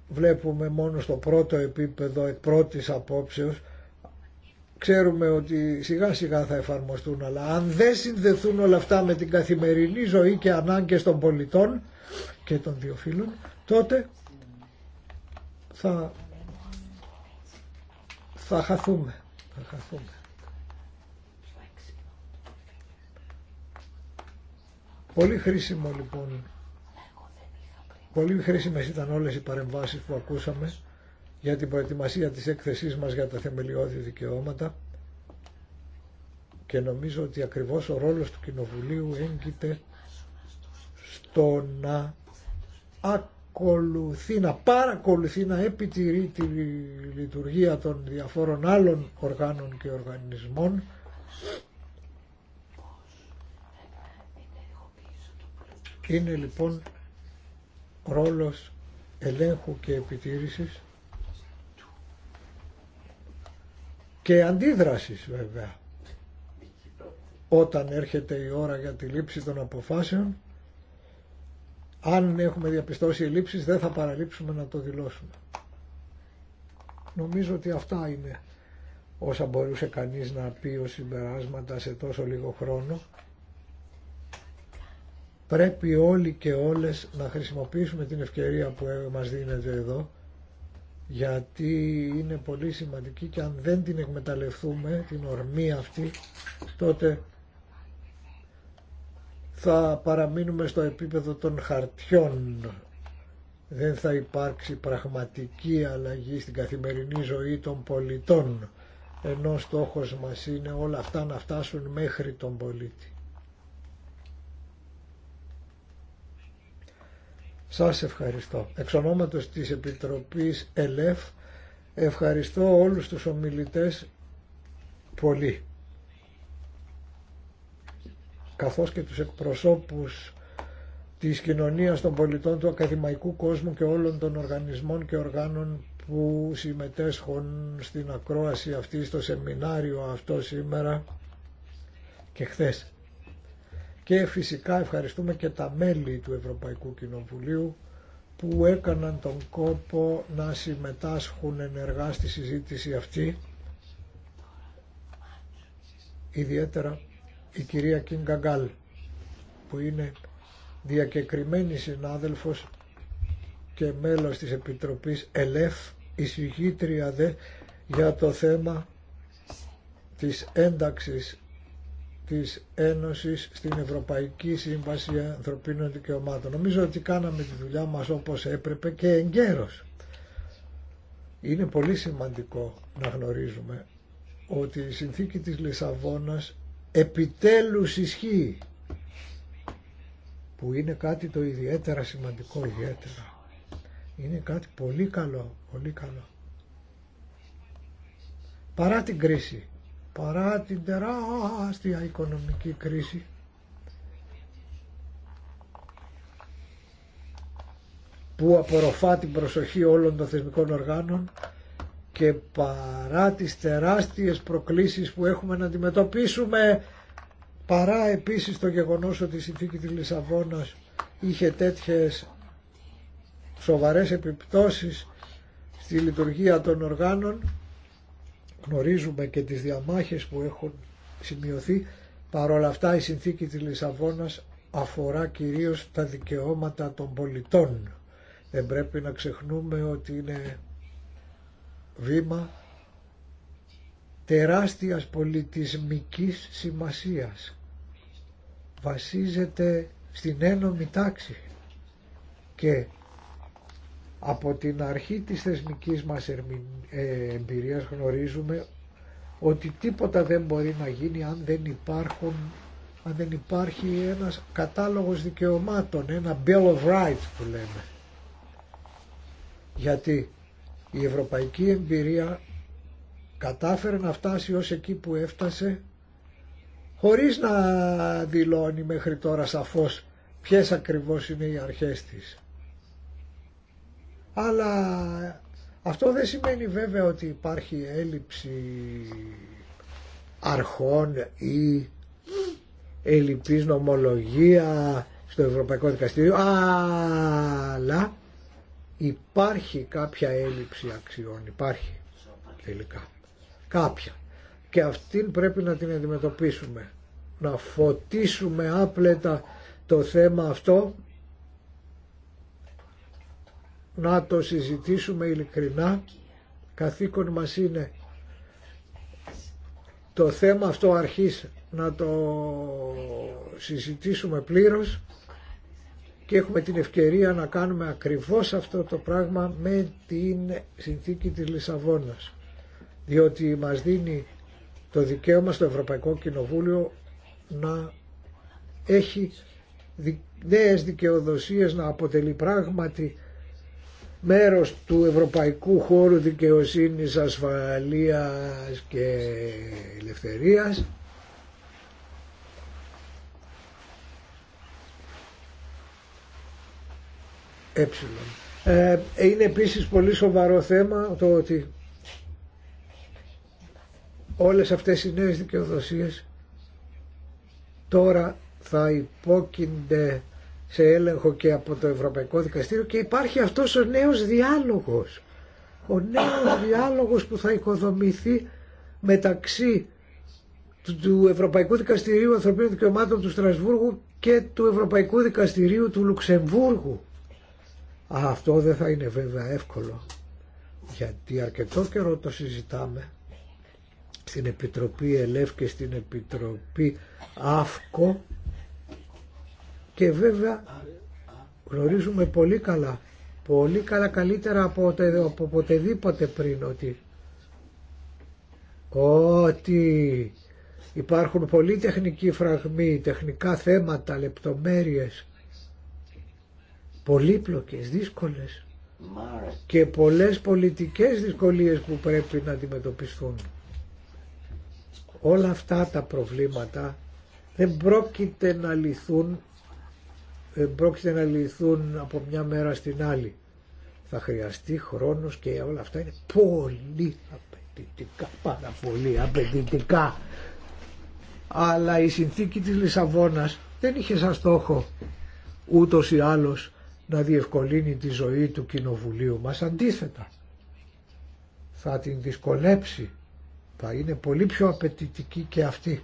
βλέπουμε μόνο στο πρώτο επίπεδο εκ πρώτης απόψεως Ξέρουμε ότι σιγά σιγά θα εφαρμοστούν, αλλά αν δεν συνδεθούν όλα αυτά με την καθημερινή ζωή και ανάγκες των πολιτών και των δύο φίλων, τότε θα, θα χαθούμε. Θα Πολύ χρήσιμο λοιπόν, πολύ χρήσιμες ήταν όλες οι παρεμβάσεις που ακούσαμε για την προετοιμασία της έκθεσής μας για τα θεμελιώδη δικαιώματα και νομίζω ότι ακριβώς ο ρόλος του Κοινοβουλίου έγκυται στο να ακολουθεί, να παρακολουθεί, να επιτηρεί τη λειτουργία των διαφόρων άλλων οργάνων και οργανισμών Είναι λοιπόν ρόλος ελέγχου και επιτήρησης και αντίδρασης βέβαια όταν έρχεται η ώρα για τη λήψη των αποφάσεων αν έχουμε διαπιστώσει ελλείψεις δεν θα παραλείψουμε να το δηλώσουμε. Νομίζω ότι αυτά είναι όσα μπορούσε κανείς να πει ως συμπεράσματα σε τόσο λίγο χρόνο. Πρέπει όλοι και όλες να χρησιμοποιήσουμε την ευκαιρία που μας δίνεται εδώ γιατί είναι πολύ σημαντική και αν δεν την εκμεταλλευτούμε την ορμή αυτή τότε θα παραμείνουμε στο επίπεδο των χαρτιών δεν θα υπάρξει πραγματική αλλαγή στην καθημερινή ζωή των πολιτών ενώ στόχος μας είναι όλα αυτά να φτάσουν μέχρι τον πολίτη. Σας ευχαριστώ. Εξ ονόματος της Επιτροπής ΕΛΕΦ ευχαριστώ όλους τους ομιλητές πολύ. Καθώς και τους εκπροσώπους της κοινωνίας των πολιτών του ακαδημαϊκού κόσμου και όλων των οργανισμών και οργάνων που συμμετέσχουν στην ακρόαση αυτή στο σεμινάριο αυτό σήμερα και χθες. Και φυσικά ευχαριστούμε και τα μέλη του Ευρωπαϊκού Κοινοβουλίου που έκαναν τον κόπο να συμμετάσχουν ενεργά στη συζήτηση αυτή. Ιδιαίτερα η κυρία Κίνγκα Γκάλ που είναι διακεκριμένη συνάδελφος και μέλος της Επιτροπής ΕΛΕΦ, εισηγήτρια δε για το θέμα της ένταξης της Ένωσης στην Ευρωπαϊκή Σύμβαση Ανθρωπίνων Δικαιωμάτων. Νομίζω ότι κάναμε τη δουλειά μας όπως έπρεπε και εγκαίρως. Είναι πολύ σημαντικό να γνωρίζουμε ότι η συνθήκη της Λισαβόνας επιτέλους ισχύει που είναι κάτι το ιδιαίτερα σημαντικό ιδιαίτερα. Είναι κάτι πολύ καλό, πολύ καλό. Παρά την κρίση παρά την τεράστια οικονομική κρίση που απορροφά την προσοχή όλων των θεσμικών οργάνων και παρά τις τεράστιες προκλήσεις που έχουμε να αντιμετωπίσουμε παρά επίσης το γεγονός ότι η συνθήκη της Λισαβόνας είχε τέτοιες σοβαρές επιπτώσεις στη λειτουργία των οργάνων γνωρίζουμε και τις διαμάχες που έχουν σημειωθεί, παρόλα αυτά η συνθήκη της Λισαβόνας αφορά κυρίως τα δικαιώματα των πολιτών. Δεν πρέπει να ξεχνούμε ότι είναι βήμα τεράστιας πολιτισμικής σημασίας. Βασίζεται στην ένωμη τάξη και από την αρχή της θεσμικής μας ε, εμπειρίας γνωρίζουμε ότι τίποτα δεν μπορεί να γίνει αν δεν, υπάρχουν, αν δεν υπάρχει ένας κατάλογος δικαιωμάτων, ένα Bill of Rights που λέμε. Γιατί η ευρωπαϊκή εμπειρία κατάφερε να φτάσει ως εκεί που έφτασε χωρίς να δηλώνει μέχρι τώρα σαφώς ποιες ακριβώς είναι οι αρχές της. Αλλά αυτό δεν σημαίνει βέβαια ότι υπάρχει έλλειψη αρχών ή ελλειπής νομολογία στο Ευρωπαϊκό Δικαστήριο, αλλά υπάρχει κάποια έλλειψη αξιών, υπάρχει τελικά, κάποια. Και αυτήν πρέπει να την αντιμετωπίσουμε, να φωτίσουμε άπλετα το θέμα αυτό να το συζητήσουμε ειλικρινά. Καθήκον μας είναι το θέμα αυτό αρχής να το συζητήσουμε πλήρως και έχουμε την ευκαιρία να κάνουμε ακριβώς αυτό το πράγμα με την συνθήκη της Λισαβόνας διότι μας δίνει το δικαίωμα στο Ευρωπαϊκό Κοινοβούλιο να έχει νέες δικαιοδοσίες να αποτελεί πράγματι μέρος του ευρωπαϊκού χώρου δικαιοσύνης, ασφαλείας και ελευθερίας. Ε, ε. Είναι επίσης πολύ σοβαρό θέμα το ότι όλες αυτές οι νέες δικαιοδοσίες τώρα θα υπόκεινται σε έλεγχο και από το Ευρωπαϊκό Δικαστήριο και υπάρχει αυτός ο νέος διάλογος. Ο νέος διάλογος που θα οικοδομηθεί μεταξύ του Ευρωπαϊκού Δικαστηρίου Ανθρωπίνων Δικαιωμάτων του Στρασβούργου και του Ευρωπαϊκού Δικαστηρίου του Λουξεμβούργου. Α, αυτό δεν θα είναι βέβαια εύκολο, γιατί αρκετό καιρό το συζητάμε στην Επιτροπή ΕΛΕΦ και στην Επιτροπή ΑΦΚΟ και βέβαια γνωρίζουμε πολύ καλά, πολύ καλά καλύτερα από, οτε, από ποτεδήποτε πριν ότι, ότι υπάρχουν πολλοί τεχνικοί φραγμοί, τεχνικά θέματα, λεπτομέρειες, πολύπλοκες, δύσκολες και πολλές πολιτικές δυσκολίες που πρέπει να αντιμετωπιστούν. Όλα αυτά τα προβλήματα δεν πρόκειται να λυθούν δεν πρόκειται να λυθούν από μια μέρα στην άλλη. Θα χρειαστεί χρόνος και όλα αυτά είναι πολύ απαιτητικά, πάρα πολύ απαιτητικά. Αλλά η συνθήκη της Λισαβόνας δεν είχε σαν στόχο ούτως ή άλλως να διευκολύνει τη ζωή του κοινοβουλίου μας αντίθετα. Θα την δυσκολέψει. Θα είναι πολύ πιο απαιτητική και αυτή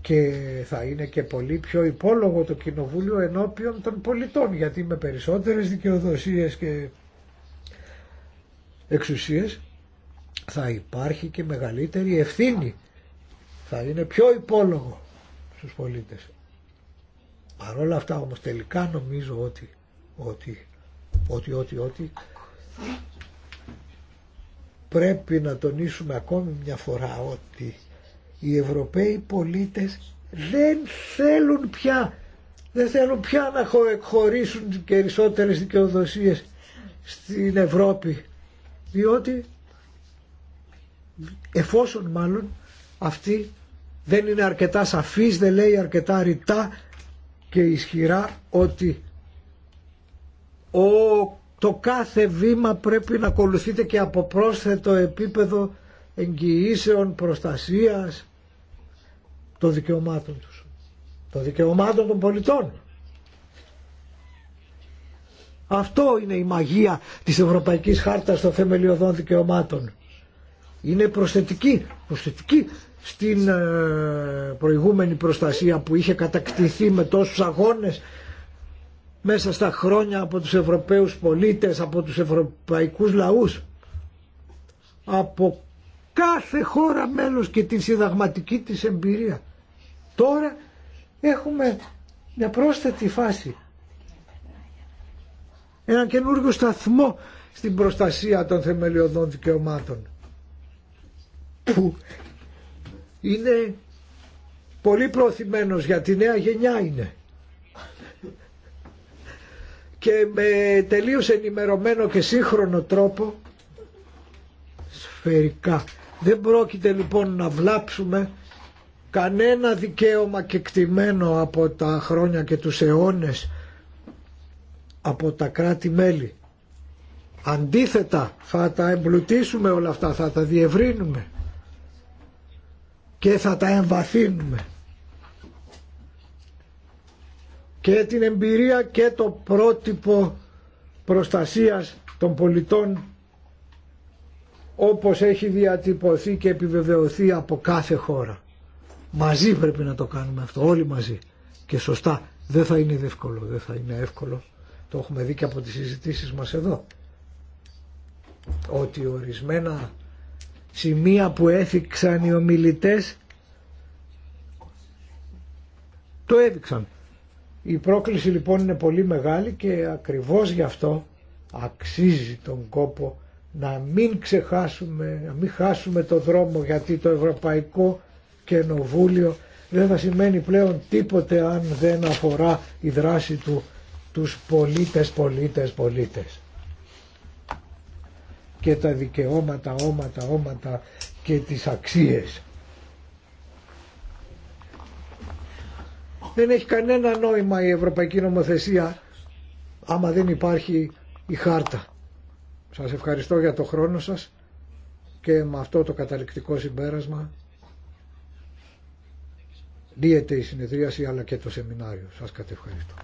και θα είναι και πολύ πιο υπόλογο το κοινοβούλιο ενώπιον των πολιτών γιατί με περισσότερες δικαιοδοσίες και εξουσίες θα υπάρχει και μεγαλύτερη ευθύνη θα είναι πιο υπόλογο στους πολίτες παρόλα αυτά όμως τελικά νομίζω ότι ότι ότι ότι, ότι πρέπει να τονίσουμε ακόμη μια φορά ότι οι Ευρωπαίοι πολίτες δεν θέλουν πια, δεν θέλουν πια να χωρίσουν περισσότερες δικαιοδοσίες στην Ευρώπη διότι εφόσον μάλλον αυτή δεν είναι αρκετά σαφής, δεν λέει αρκετά ρητά και ισχυρά ότι ο, το κάθε βήμα πρέπει να ακολουθείται και από πρόσθετο επίπεδο εγγυήσεων, προστασίας των δικαιωμάτων τους, των δικαιωμάτων των πολιτών. Αυτό είναι η μαγεία της Ευρωπαϊκής Χάρτας των Θεμελιωδών Δικαιωμάτων. Είναι προσθετική, προσθετική στην ε, προηγούμενη προστασία που είχε κατακτηθεί με τόσους αγώνες μέσα στα χρόνια από τους Ευρωπαίους πολίτες, από τους Ευρωπαϊκούς λαούς, από κάθε χώρα μέλος και την συνταγματική της εμπειρία. Τώρα έχουμε μια πρόσθετη φάση. Έναν καινούργιο σταθμό στην προστασία των θεμελιωδών δικαιωμάτων. Που είναι πολύ προωθημένος για τη νέα γενιά είναι. Και με τελείως ενημερωμένο και σύγχρονο τρόπο σφαιρικά. Δεν πρόκειται λοιπόν να βλάψουμε κανένα δικαίωμα κεκτημένο από τα χρόνια και τους αιώνες από τα κράτη-μέλη. Αντίθετα θα τα εμπλουτίσουμε όλα αυτά, θα τα διευρύνουμε και θα τα εμβαθύνουμε. Και την εμπειρία και το πρότυπο προστασίας των πολιτών όπως έχει διατυπωθεί και επιβεβαιωθεί από κάθε χώρα. Μαζί πρέπει να το κάνουμε αυτό, όλοι μαζί. Και σωστά, δεν θα είναι δύσκολο, δεν θα είναι εύκολο. Το έχουμε δει και από τις συζητήσεις μας εδώ. Ότι ορισμένα σημεία που έθιξαν οι ομιλητές το έδειξαν. Η πρόκληση λοιπόν είναι πολύ μεγάλη και ακριβώς γι' αυτό αξίζει τον κόπο να μην ξεχάσουμε, να μην χάσουμε το δρόμο γιατί το ευρωπαϊκό καινοβούλιο δεν θα σημαίνει πλέον τίποτε αν δεν αφορά η δράση του τους πολίτες, πολίτες, πολίτες. Και τα δικαιώματα, όματα, όματα και τις αξίες. Δεν έχει κανένα νόημα η Ευρωπαϊκή Νομοθεσία άμα δεν υπάρχει η χάρτα. Σας ευχαριστώ για το χρόνο σας και με αυτό το καταληκτικό συμπέρασμα λύεται η συνεδρίαση αλλά και το σεμινάριο. Σας κατευχαριστώ.